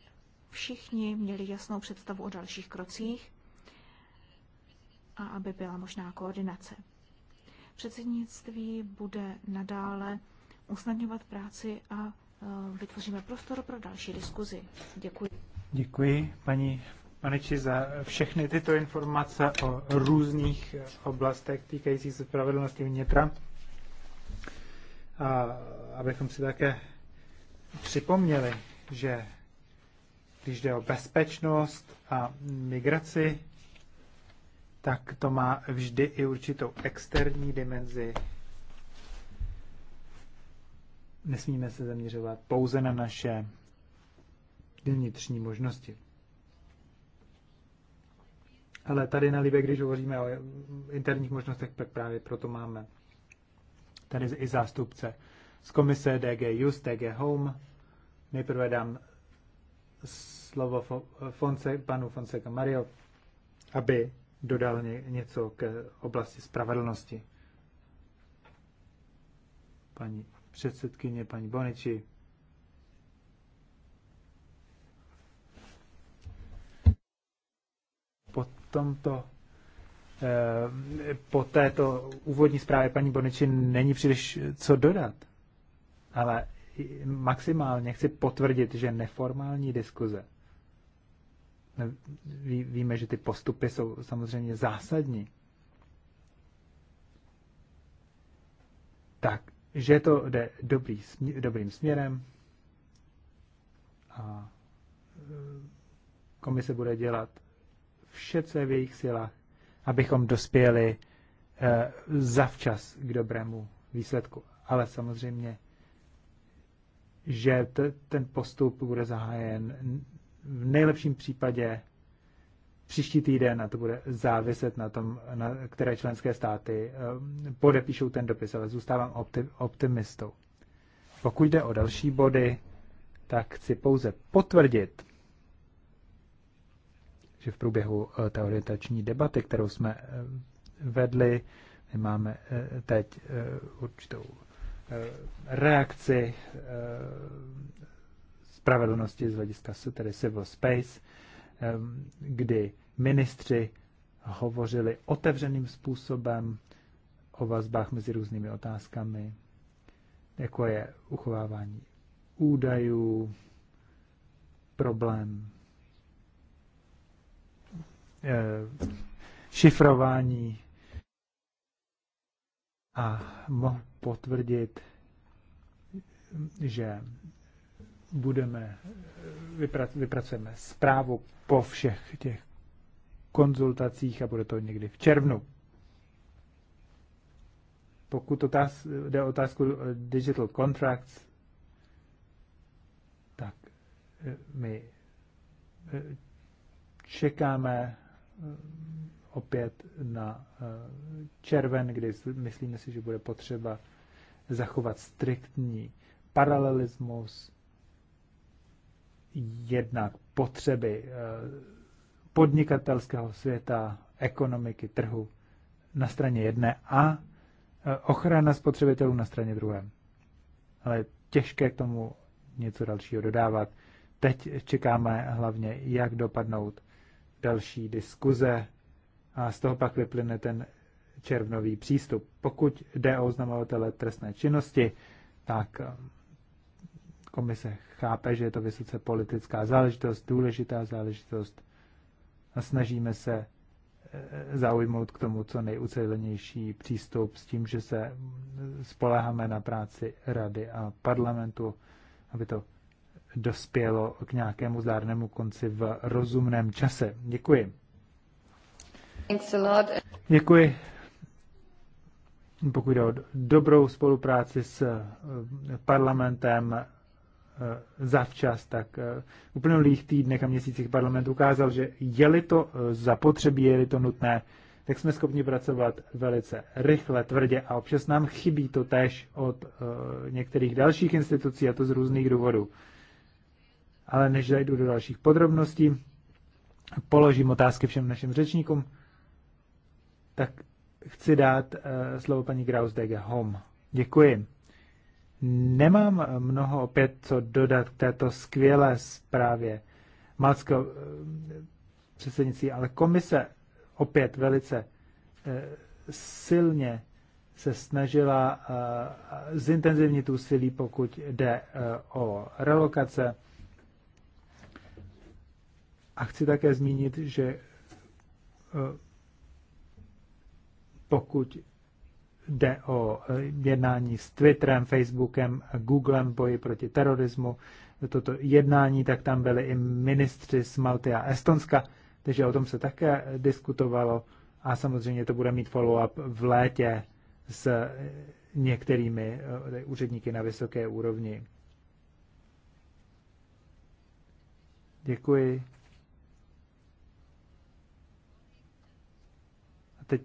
všichni měli jasnou představu o dalších krocích a aby byla možná koordinace. Předsednictví bude nadále usnadňovat práci a Eh, vytvoříme prostor pro další diskuzi. Děkuji. Děkuji, paní Paneči, za všechny tyto informace o různých eh, oblastech týkajících se spravedlnosti vnitra. A abychom si také připomněli, že když jde o bezpečnost a migraci, tak to má vždy i určitou externí dimenzi, Nesmíme se zaměřovat pouze na naše vnitřní možnosti. Ale tady na Libě, když hovoříme o interních možnostech, tak právě proto máme tady i zástupce z komise DG Just, DG Home. Nejprve dám slovo Fonse, panu Fonseca Mario, aby dodal něco k oblasti spravedlnosti. Paní předsedkyně paní Boniči. Po tomto eh, po této úvodní zprávě paní Boniči není příliš co dodat, ale maximálně chci potvrdit, že neformální diskuze Ví, víme, že ty postupy jsou samozřejmě zásadní, tak že to jde dobrý, dobrým směrem a e, komise bude dělat vše, co je v jejich silách, abychom dospěli eh, zavčas k dobrému výsledku. Ale samozřejmě, že ten postup bude zahájen v nejlepším případě příští týden, a to bude záviset na tom, na které členské státy eh, podepíšou ten dopis, ale zůstávám optimistou. Pokud jde o další body, tak chci pouze potvrdit, že v průběhu eh, té orientační debaty, kterou jsme eh, vedli, my máme teď určitou reakci spravedlnosti z hlediska tedy civil space, kdy ministři hovořili otevřeným způsobem o vazbách mezi různými otázkami, jako je uchovávání údajů, problém eh, šifrování a mohu potvrdit, že budeme, vypracujeme zprávu po všech těch konzultacích a bude to někdy v červnu. Pokud otáz, jde o otázku eh, digital contracts, tak eh, my eh, čekáme opět na červen, kdy myslíme si, že bude potřeba zachovat striktní paralelismus jednak potřeby eh, podnikatelského světa, ekonomiky, trhu na straně jedné a eh, ochrana spotřebitelů na straně druhé. Ale těžké k tomu něco dalšího dodávat. Teď čekáme hlavně, jak dopadnout další diskuze a z toho pak vyplyne ten červnový přístup. Pokud jde o oznamovatele trestné činnosti, tak eh, Komise chápe, že je to vysoce politická záležitost, důležitá záležitost a snažíme se e, e, zaujmout k tomu co nejucelenější přístup s tím, že se spoleháme na práci rady a parlamentu, aby to dospělo k nějakému zdárnému konci v rozumném čase. Děkuji. Děkuji. Pokud jde o dobrou spolupráci s e, parlamentem, Eh, zavčas, tak eh, v uplynulých týdnech a měsících parlament ukázal, že je-li to eh, zapotřebí, je-li to nutné, tak jsme schopni pracovat velice rychle, tvrdě a občas nám chybí to tež od některých dalších institucí a to z různých důvodů. Ale než zajdu do dalších podrobností, položím otázky všem našim řečníkům, tak chci dát slovo paní Grausdege Hom. Děkuji. Nemám mnoho opět co dodat k této skvělé zprávě malckého eh, předsednictví, ale komise opět velice eh, silně se snažila eh, zintenzivnit úsilí, pokud jde o relokace. A chci také zmínit, že pokud jde o eh, jednání s Twitterem, Facebookem, Googlem, boji proti terorismu, toto jednání, tak tam byli i ministři z Malty a Estonska, takže o tom se také diskutovalo a samozřejmě to bude mít follow-up v létě s eh, některými eh, úředníky na vysoké úrovni. Děkuji. A teď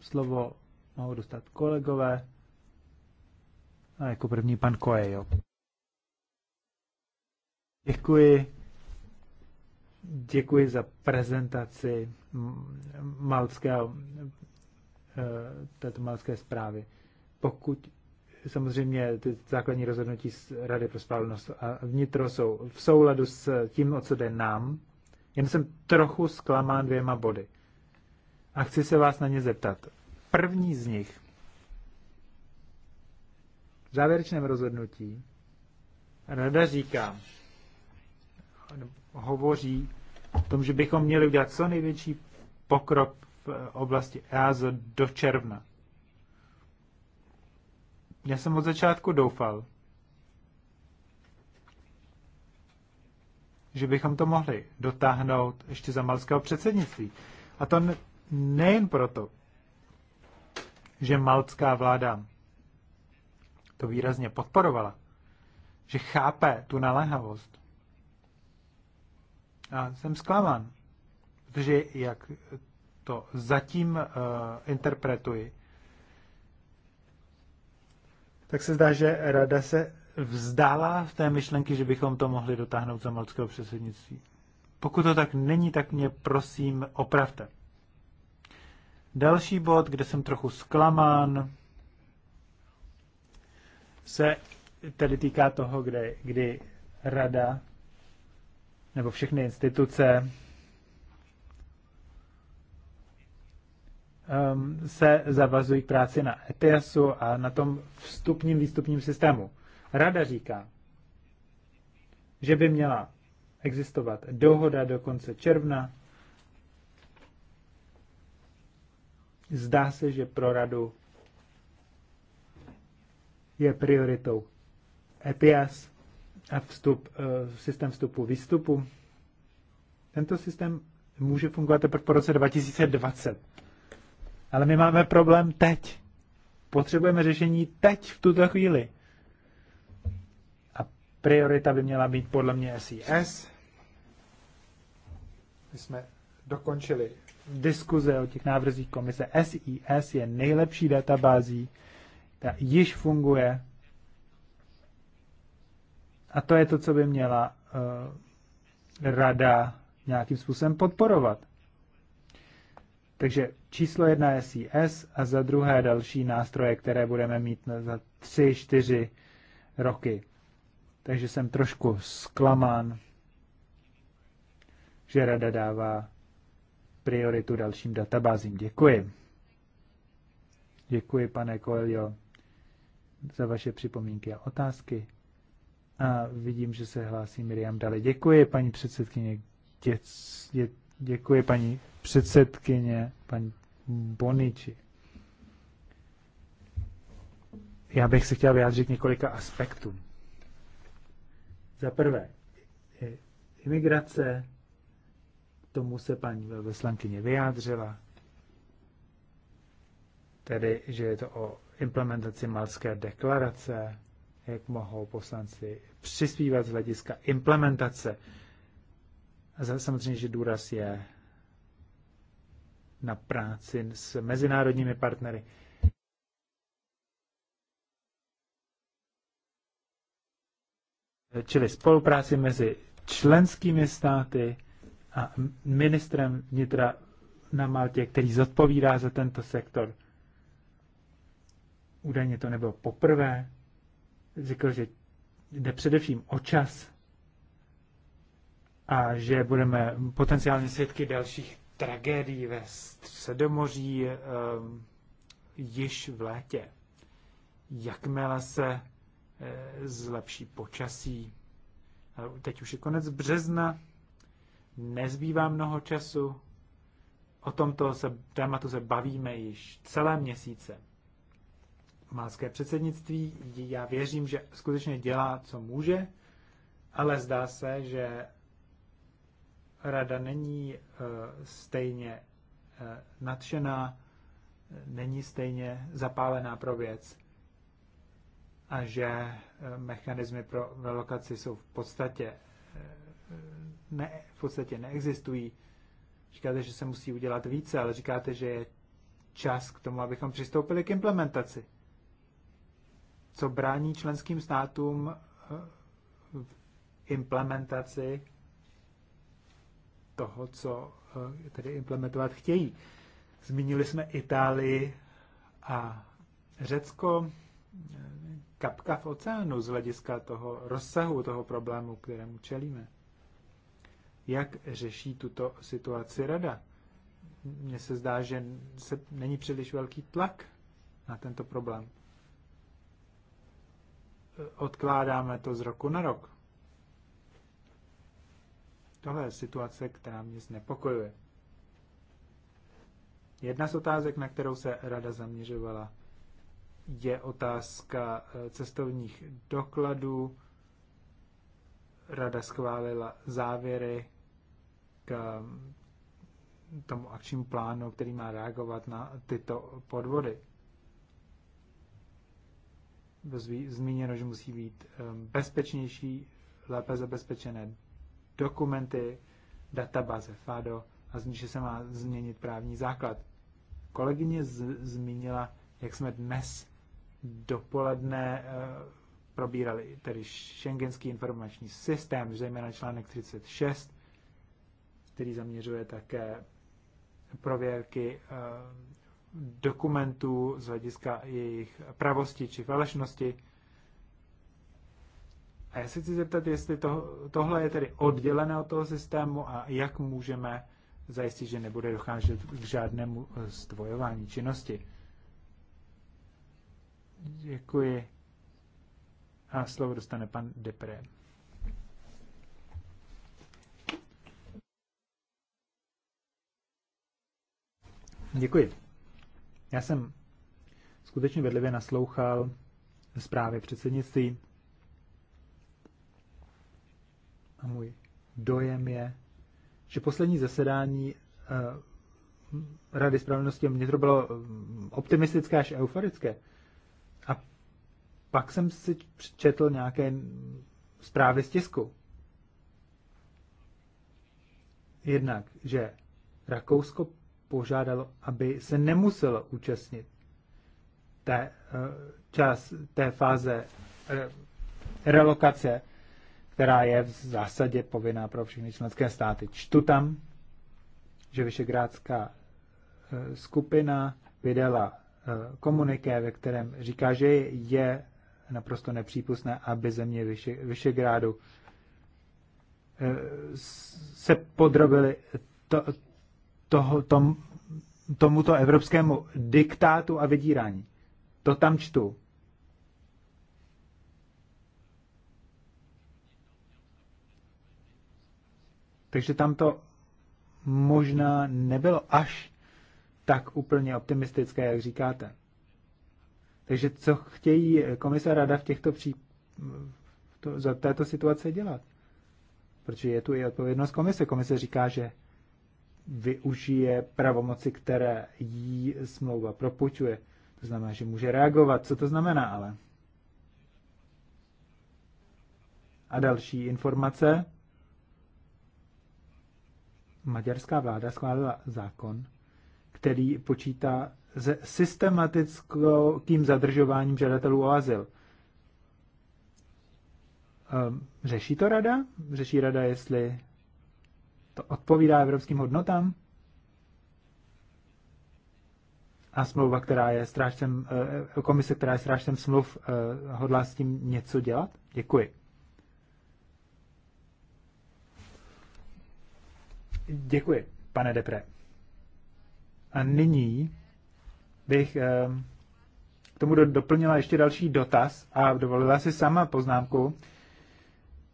slovo mohou dostat kolegové. A jako první pan jo. Děkuji. Děkuji za prezentaci malské, eh, této malské zprávy. Pokud samozřejmě ty základní rozhodnutí z Rady pro spravedlnost a vnitro jsou v souladu s tím, o co jde nám, jen jsem trochu zklamán dvěma body a chci se vás na ně zeptat. První z nich. V závěrečném rozhodnutí rada říká, hovoří o tom, že bychom měli udělat co největší pokrok v oblasti EASO do června. Já jsem od začátku doufal, že bychom to mohli dotáhnout ještě za malského předsednictví. A to nejen proto, že maltská vláda to výrazně podporovala, že chápe tu naléhavost. A jsem zklamán, protože jak to zatím uh, interpretuji, tak se zdá, že rada se vzdala v té myšlenky, že bychom to mohli dotáhnout za malckého předsednictví. Pokud to tak není, tak mě prosím opravte. Další bod, kde jsem trochu zklamán, se tedy týká toho, kde, kdy rada nebo všechny instituce um, se zavazují k práci na ETSu a na tom vstupním výstupním systému. Rada říká, že by měla existovat dohoda do konce června Zdá se, že pro radu je prioritou EPS a vstup, eh, systém vstupu výstupu. Tento systém může fungovat teprve po roce 2020. Ale my máme problém teď. Potřebujeme řešení teď, v tuto chvíli. A priorita by měla být podle mě SIS. My jsme dokončili diskuze o těch návrzích komise SIS je nejlepší databází, ta již funguje. A to je to, co by měla uh, rada nějakým způsobem podporovat. Takže číslo jedna je SIS a za druhé další nástroje, které budeme mít za tři, čtyři roky. Takže jsem trošku zklamán, že rada dává prioritu dalším databázím. Děkuji. Děkuji, pane Coelho, za vaše připomínky a otázky. A vidím, že se hlásí Miriam Dali. Děkuji, paní předsedkyně. Dě, dě, děkuji, paní předsedkyně, paní Boniči. Já bych se chtěl vyjádřit několika aspektům. Za prvé, imigrace tomu se paní veslankyně vyjádřila, tedy, že je to o implementaci Malské deklarace, jak mohou poslanci přispívat z hlediska implementace. A samozřejmě, že důraz je na práci s mezinárodními partnery. Čili spolupráci mezi členskými státy, a ministrem vnitra na Maltě, který zodpovídá za tento sektor. Údajně to nebylo poprvé. Řekl, že jde především o čas a že budeme potenciálně svědky dalších tragédií ve Středomoří um, již v létě. Jakmile se e, zlepší počasí, teď už je konec března, nezbývá mnoho času. O tomto se, tématu se bavíme již celé měsíce. Malské předsednictví, já věřím, že skutečně dělá, co může, ale zdá se, že rada není eh, stejně eh, nadšená, není stejně zapálená pro věc a že eh, mechanismy pro relokaci jsou v podstatě ne, v podstatě neexistují. Říkáte, že se musí udělat více, ale říkáte, že je čas k tomu, abychom přistoupili k implementaci. Co brání členským státům eh, v implementaci toho, co eh, tedy implementovat chtějí. Zmínili jsme Itálii a Řecko. Kapka v oceánu z hlediska toho rozsahu toho problému, kterému čelíme. Jak řeší tuto situaci rada? Mně se zdá, že se, není příliš velký tlak na tento problém. Odkládáme to z roku na rok. Tohle je situace, která mě znepokojuje. Jedna z otázek, na kterou se rada zaměřovala, je otázka eh, cestovních dokladů. Rada schválila závěry k eh, tomu akčnímu plánu, který má reagovat na tyto podvody. Bylo zmíněno, že musí být eh, bezpečnější, lépe zabezpečené dokumenty, databáze FADO a že se má změnit právní základ. Kolegyně z- zmínila, jak jsme dnes dopoledne e, probírali tedy šengenský informační systém, zejména článek 36, který zaměřuje také prověrky eh, dokumentů z hlediska jejich pravosti či falešnosti. A já se chci zeptat, jestli to, tohle je tedy oddělené od toho systému a jak můžeme zajistit, že nebude docházet k žádnému eh, zdvojování činnosti. Děkuji. A slovo dostane pan Depré. Děkuji. Já jsem skutečně vedlivě naslouchal zprávě předsednictví a můj dojem je, že poslední zasedání eh, Rady spravedlnosti, mě to bylo eh, optimistické až euforické. A pak jsem si četl nějaké zprávy z tisku. Jednak, že Rakousko požádal, aby se nemuselo účastnit té, eh, čas, té fáze eh, relokace, která je v zásadě povinná pro všechny členské státy. Čtu tam, že Vyšegrádská eh, skupina vydala komuniké, ve kterém říká, že je naprosto nepřípustné, aby země Vyšegrádu se podrobily toho, tom, tomuto evropskému diktátu a vydírání. To tam čtu. Takže tam to možná nebylo až tak úplně optimistické, jak říkáte. Takže co chtějí komise rada v těchto pří... to, za této situace dělat? Protože je tu i odpovědnost komise. Komise říká, že využije pravomoci, které jí smlouva propučuje. To znamená, že může reagovat. Co to znamená ale? A další informace. Maďarská vláda schválila zákon, který počítá se systematickým zadržováním žadatelů o azyl. Ehm, řeší to rada? Řeší rada, jestli to odpovídá evropským hodnotám? A smlouva, která je strážcem, eh, komise, která je strážcem smluv, eh, hodlá s tím něco dělat? Děkuji. Děkuji, pane Depre. A nyní bych eh, k tomu doplnila ještě další dotaz a dovolila si sama poznámku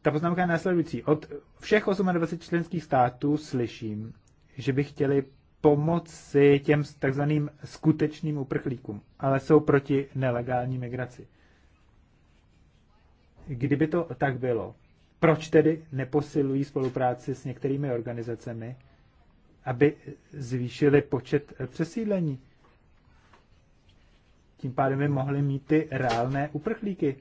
ta poznámka je následující. Od všech 28 členských států slyším, že by chtěli pomoci těm takzvaným skutečným uprchlíkům, ale jsou proti nelegální migraci. Kdyby to tak bylo, proč tedy neposilují spolupráci s některými organizacemi, aby zvýšili počet přesídlení? Tím pádem by mohli mít ty reálné uprchlíky,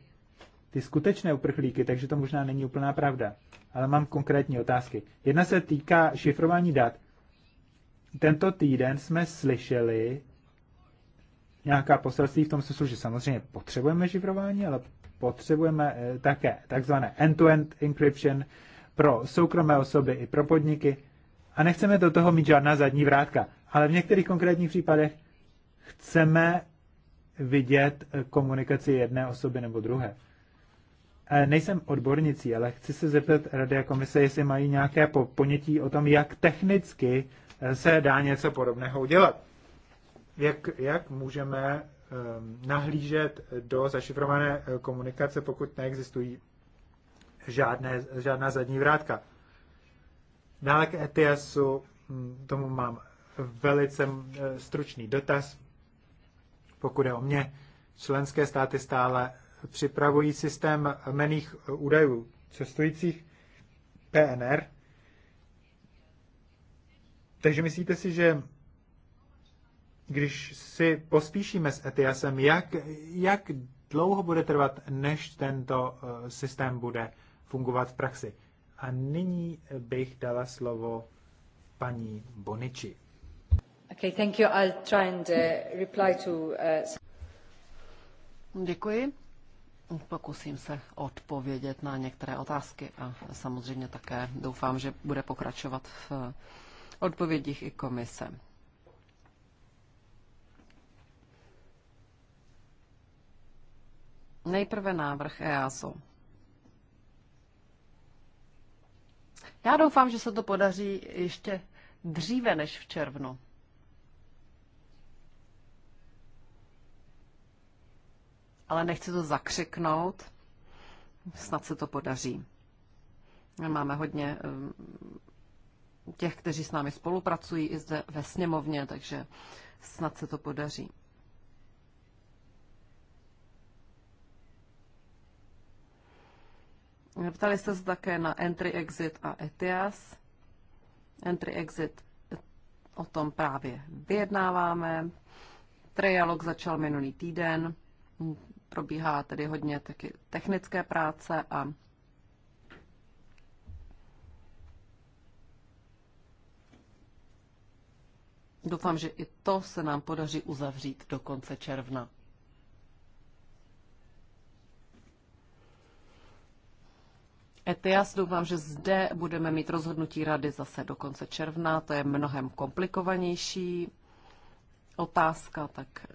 ty skutečné uprchlíky, takže to možná není úplná pravda. Ale mám konkrétní otázky. Jedna se týká šifrování dat. Tento týden jsme slyšeli nějaká poselství v tom smyslu, že samozřejmě potřebujeme šifrování, ale potřebujeme eh, také takzvané end-to-end encryption pro soukromé osoby i pro podniky. A nechceme do toho mít žádná zadní vrátka. Ale v některých konkrétních případech chceme vidět eh, komunikaci jedné osoby nebo druhé. Eh, nejsem odbornicí, ale chci se zeptat Rady a komise, jestli mají nějaké ponětí o tom, jak technicky eh, se dá něco podobného udělat. Jak, jak můžeme ehm, nahlížet do zašifrované eh, komunikace, pokud neexistují žádné, žádná zadní vrátka. Dále k ETSu, hm, tomu mám velice hm, stručný dotaz. Pokud je o mě, členské státy stále připravují systém mených eh, údajů cestujících PNR. Takže myslíte si, že když si pospíšíme s ETIASem, jak, jak dlouho bude trvat, než tento eh, systém bude fungovat v praxi? A nyní bych dala slovo paní Boniči. Okay, thank you. I'll try and uh, reply to. Uh... Děkuji. Pokusím se odpovědět na některé otázky a samozřejmě také doufám, že bude pokračovat v odpovědích i komise. Nejprve návrh EASO. Já doufám, že se to podaří ještě dříve než v červnu. ale nechci to zakřiknout. Snad se to podaří. Máme hodně eh, těch, kteří s námi spolupracují i zde ve sněmovně, takže snad se to podaří. Ptali jste se také na Entry Exit a ETIAS. Entry Exit o tom právě vyjednáváme. Trialog začal minulý týden probíhá tedy hodně taky technické práce a Doufám, že i to se nám podaří uzavřít do konce června. ETIAS doufám, že zde budeme mít rozhodnutí rady zase do konce června. To je mnohem komplikovanější otázka, tak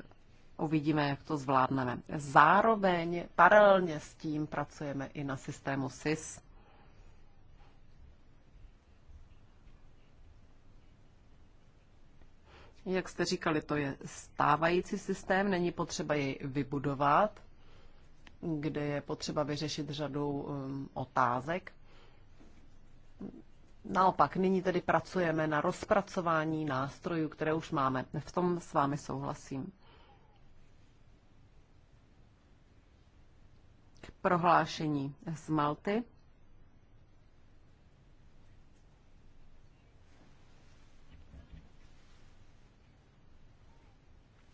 uvidíme, jak to zvládneme. Zároveň paralelně s tím pracujeme i na systému SIS. Jak jste říkali, to je stávající systém, není potřeba jej vybudovat, kde je potřeba vyřešit řadu um, otázek. Naopak, nyní tedy pracujeme na rozpracování nástrojů, které už máme. V tom s vámi souhlasím. prohlášení z Malty.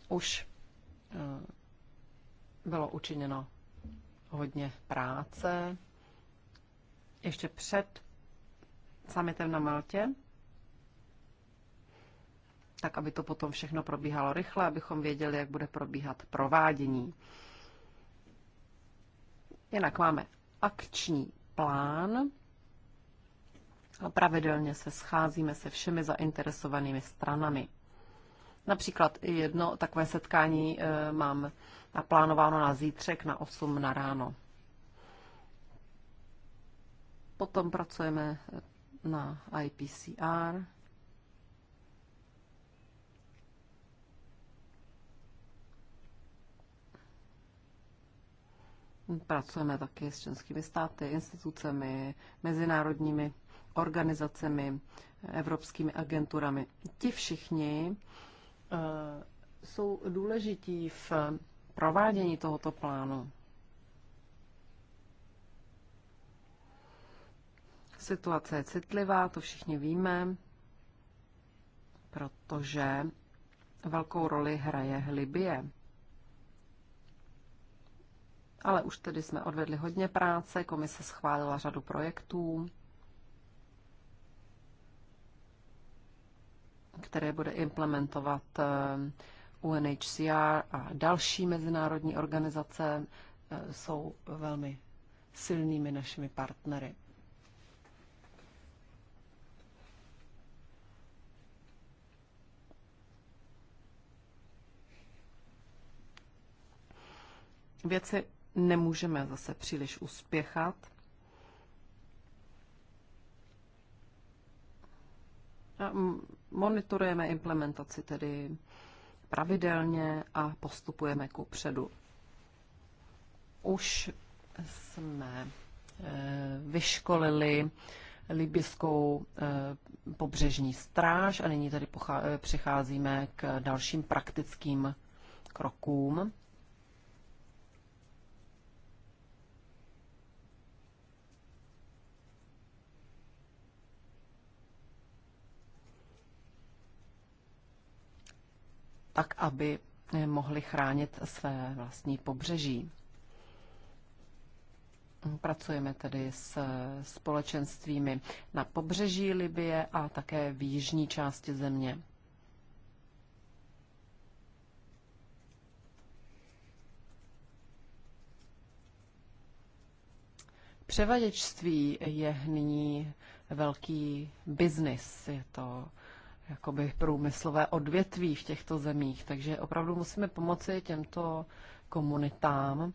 Už eh, bylo učiněno hodně práce. Ještě před summitem na Maltě, tak aby to potom všechno probíhalo rychle, abychom věděli, jak bude probíhat provádění. Jinak máme akční plán. A pravidelně se scházíme se všemi zainteresovanými stranami. Například jedno takové setkání eh, mám naplánováno na zítřek na 8 na ráno. Potom pracujeme na IPCR, Pracujeme také s členskými státy, institucemi, mezinárodními organizacemi, evropskými agenturami. Ti všichni eh, jsou důležití v provádění tohoto plánu. Situace je citlivá, to všichni víme, protože velkou roli hraje Libie. Ale už tedy jsme odvedli hodně práce, komise schválila řadu projektů, které bude implementovat eh, UNHCR a další mezinárodní organizace eh, jsou velmi silnými našimi partnery. Věci nemůžeme zase příliš uspěchat. A monitorujeme implementaci tedy pravidelně a postupujeme ku předu. Už jsme e, vyškolili libyskou e, pobřežní stráž a nyní tady e, přecházíme k dalším praktickým krokům. tak aby mohli chránit své vlastní pobřeží. Pracujeme tedy s společenstvími na pobřeží Libie a také v jižní části země. Převaděčství je nyní velký biznis. Je to jakoby průmyslové odvětví v těchto zemích. Takže opravdu musíme pomoci těmto komunitám,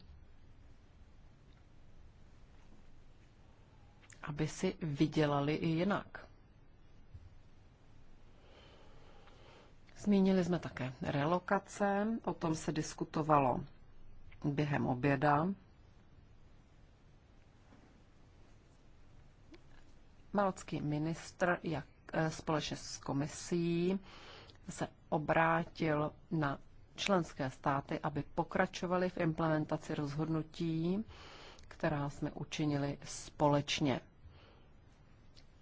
aby si vydělali i jinak. Zmínili jsme také relokace, o tom se diskutovalo během oběda. Malcký ministr, jak Eh, společně s komisí se obrátil na členské státy, aby pokračovali v implementaci rozhodnutí, která jsme učinili společně.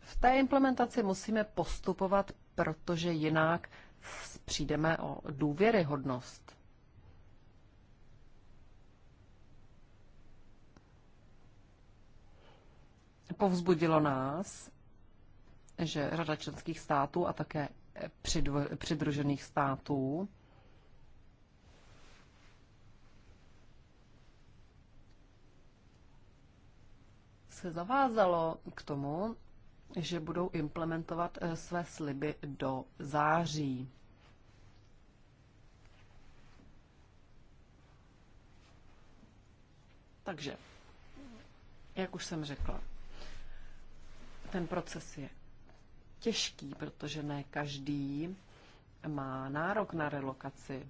V té implementaci musíme postupovat, protože jinak přijdeme o důvěryhodnost. Povzbudilo nás, že řada členských států a také přidružených států se zavázalo k tomu, že budou implementovat eh, své sliby do září. Takže, jak už jsem řekla, ten proces je těžký, protože ne každý má nárok na relokaci.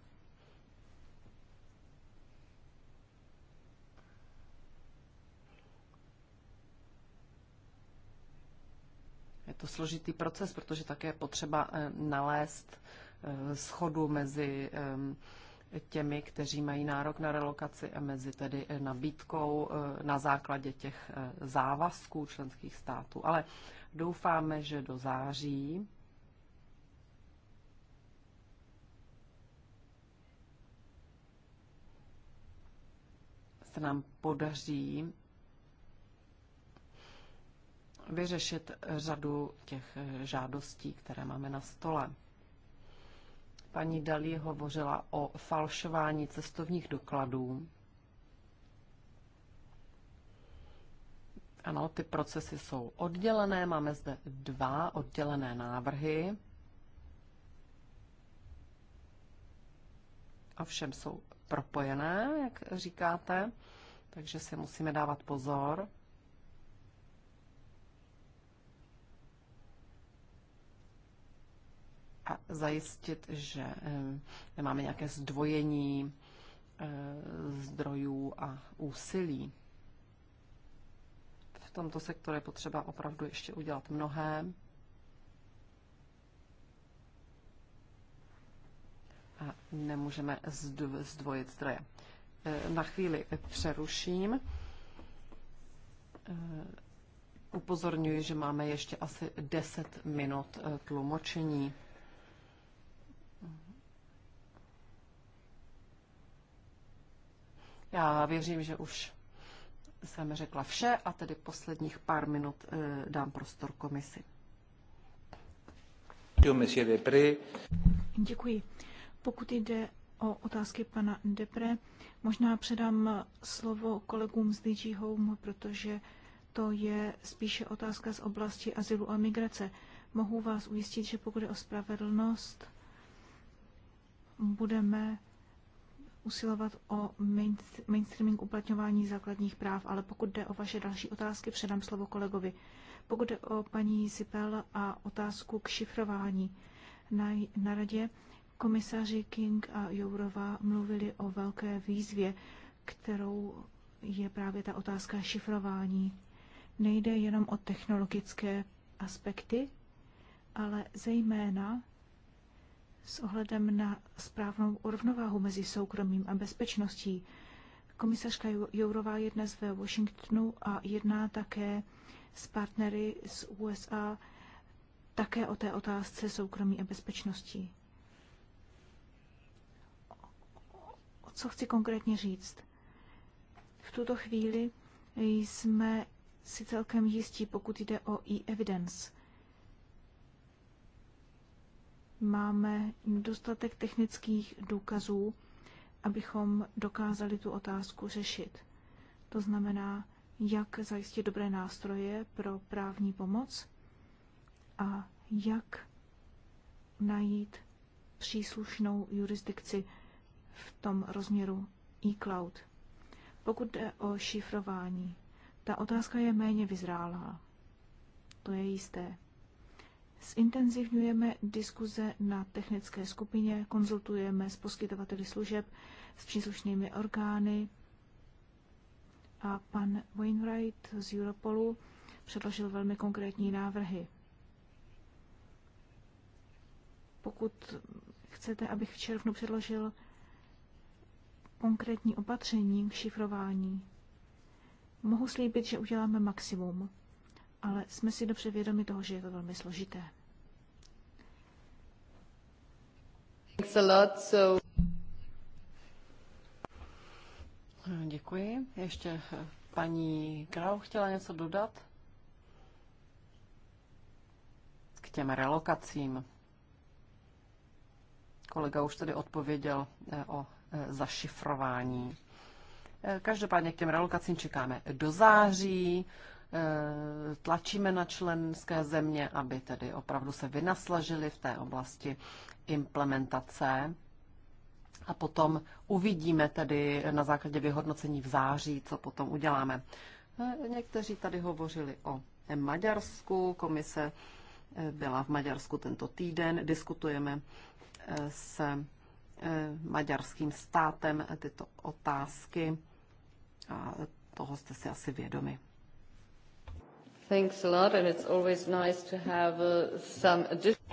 Je to složitý proces, protože také je potřeba eh, nalézt eh, schodu mezi eh, těmi, kteří mají nárok na relokaci a mezi tedy nabídkou na základě těch závazků členských států. Ale Doufáme, že do září. se nám podaří vyřešit řadu těch žádostí, které máme na stole. Paní Dalí hovořila o falšování cestovních dokladů. Ano, ty procesy jsou oddělené. Máme zde dva oddělené návrhy. Ovšem jsou propojené, jak říkáte, takže si musíme dávat pozor. A zajistit, že eh, nemáme nějaké zdvojení eh, zdrojů a úsilí tomto sektoru je potřeba opravdu ještě udělat mnohé. A nemůžeme zdvojit zdroje. E, na chvíli přeruším. E, upozorňuji, že máme ještě asi 10 minut e, tlumočení. Já věřím, že už jsem řekla vše a tedy posledních pár minut eh, dám prostor komisi. Děkuji. Pokud jde o otázky pana Depre, možná předám slovo kolegům z DG Home, protože to je spíše otázka z oblasti azylu a migrace. Mohu vás ujistit, že pokud je o spravedlnost, budeme usilovat o mainstreaming uplatňování základních práv, ale pokud jde o vaše další otázky, předám slovo kolegovi. Pokud jde o paní Zipel a otázku k šifrování na, na radě, komisaři King a Jourova mluvili o velké výzvě, kterou je právě ta otázka šifrování. Nejde jenom o technologické aspekty, ale zejména s ohledem na správnou rovnováhu mezi soukromím a bezpečností. Komisařka Jourová je dnes ve Washingtonu a jedná také s partnery z USA také o té otázce soukromí a bezpečnosti. O co chci konkrétně říct? V tuto chvíli jsme si celkem jistí, pokud jde o e-evidence – máme dostatek technických důkazů, abychom dokázali tu otázku řešit. To znamená, jak zajistit dobré nástroje pro právní pomoc a jak najít příslušnou jurisdikci v tom rozměru e-cloud. Pokud jde o šifrování, ta otázka je méně vyzrálá. To je jisté. Zintenzivňujeme diskuze na technické skupině, konzultujeme s poskytovateli služeb, s příslušnými orgány. A pan Wainwright z Europolu předložil velmi konkrétní návrhy. Pokud chcete, abych v červnu předložil konkrétní opatření k šifrování, mohu slíbit, že uděláme maximum ale jsme si dobře vědomi toho, že je to velmi složité. Děkuji. Ještě eh, paní Grau chtěla něco dodat k těm relokacím. Kolega už tady odpověděl eh, o eh, zašifrování. Každopádně k těm relokacím čekáme do září. Eh, tlačíme na členské země, aby tedy opravdu se vynaslažili v té oblasti implementace. A potom uvidíme tedy na základě vyhodnocení v září, co potom uděláme. Eh, někteří tady hovořili o Maďarsku. Komise eh, byla v Maďarsku tento týden. Diskutujeme s maďarským státem tyto otázky a toho jste si asi vědomi.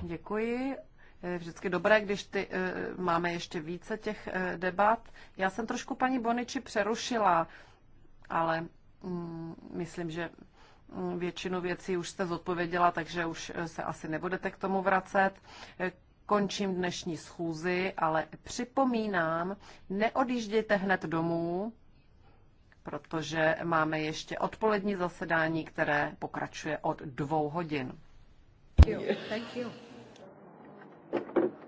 Děkuji. Je vždycky dobré, když ty, eh, máme ještě více těch eh, debat. Já jsem trošku paní Boniči přerušila, ale mm, myslím, že mm, většinu věcí už jste zodpověděla, takže už eh, se asi nebudete k tomu vracet. Končím dnešní schůzi, ale připomínám, neodjížděte hned domů, protože máme ještě odpolední zasedání, které pokračuje od dvou hodin. Thank you. Thank you.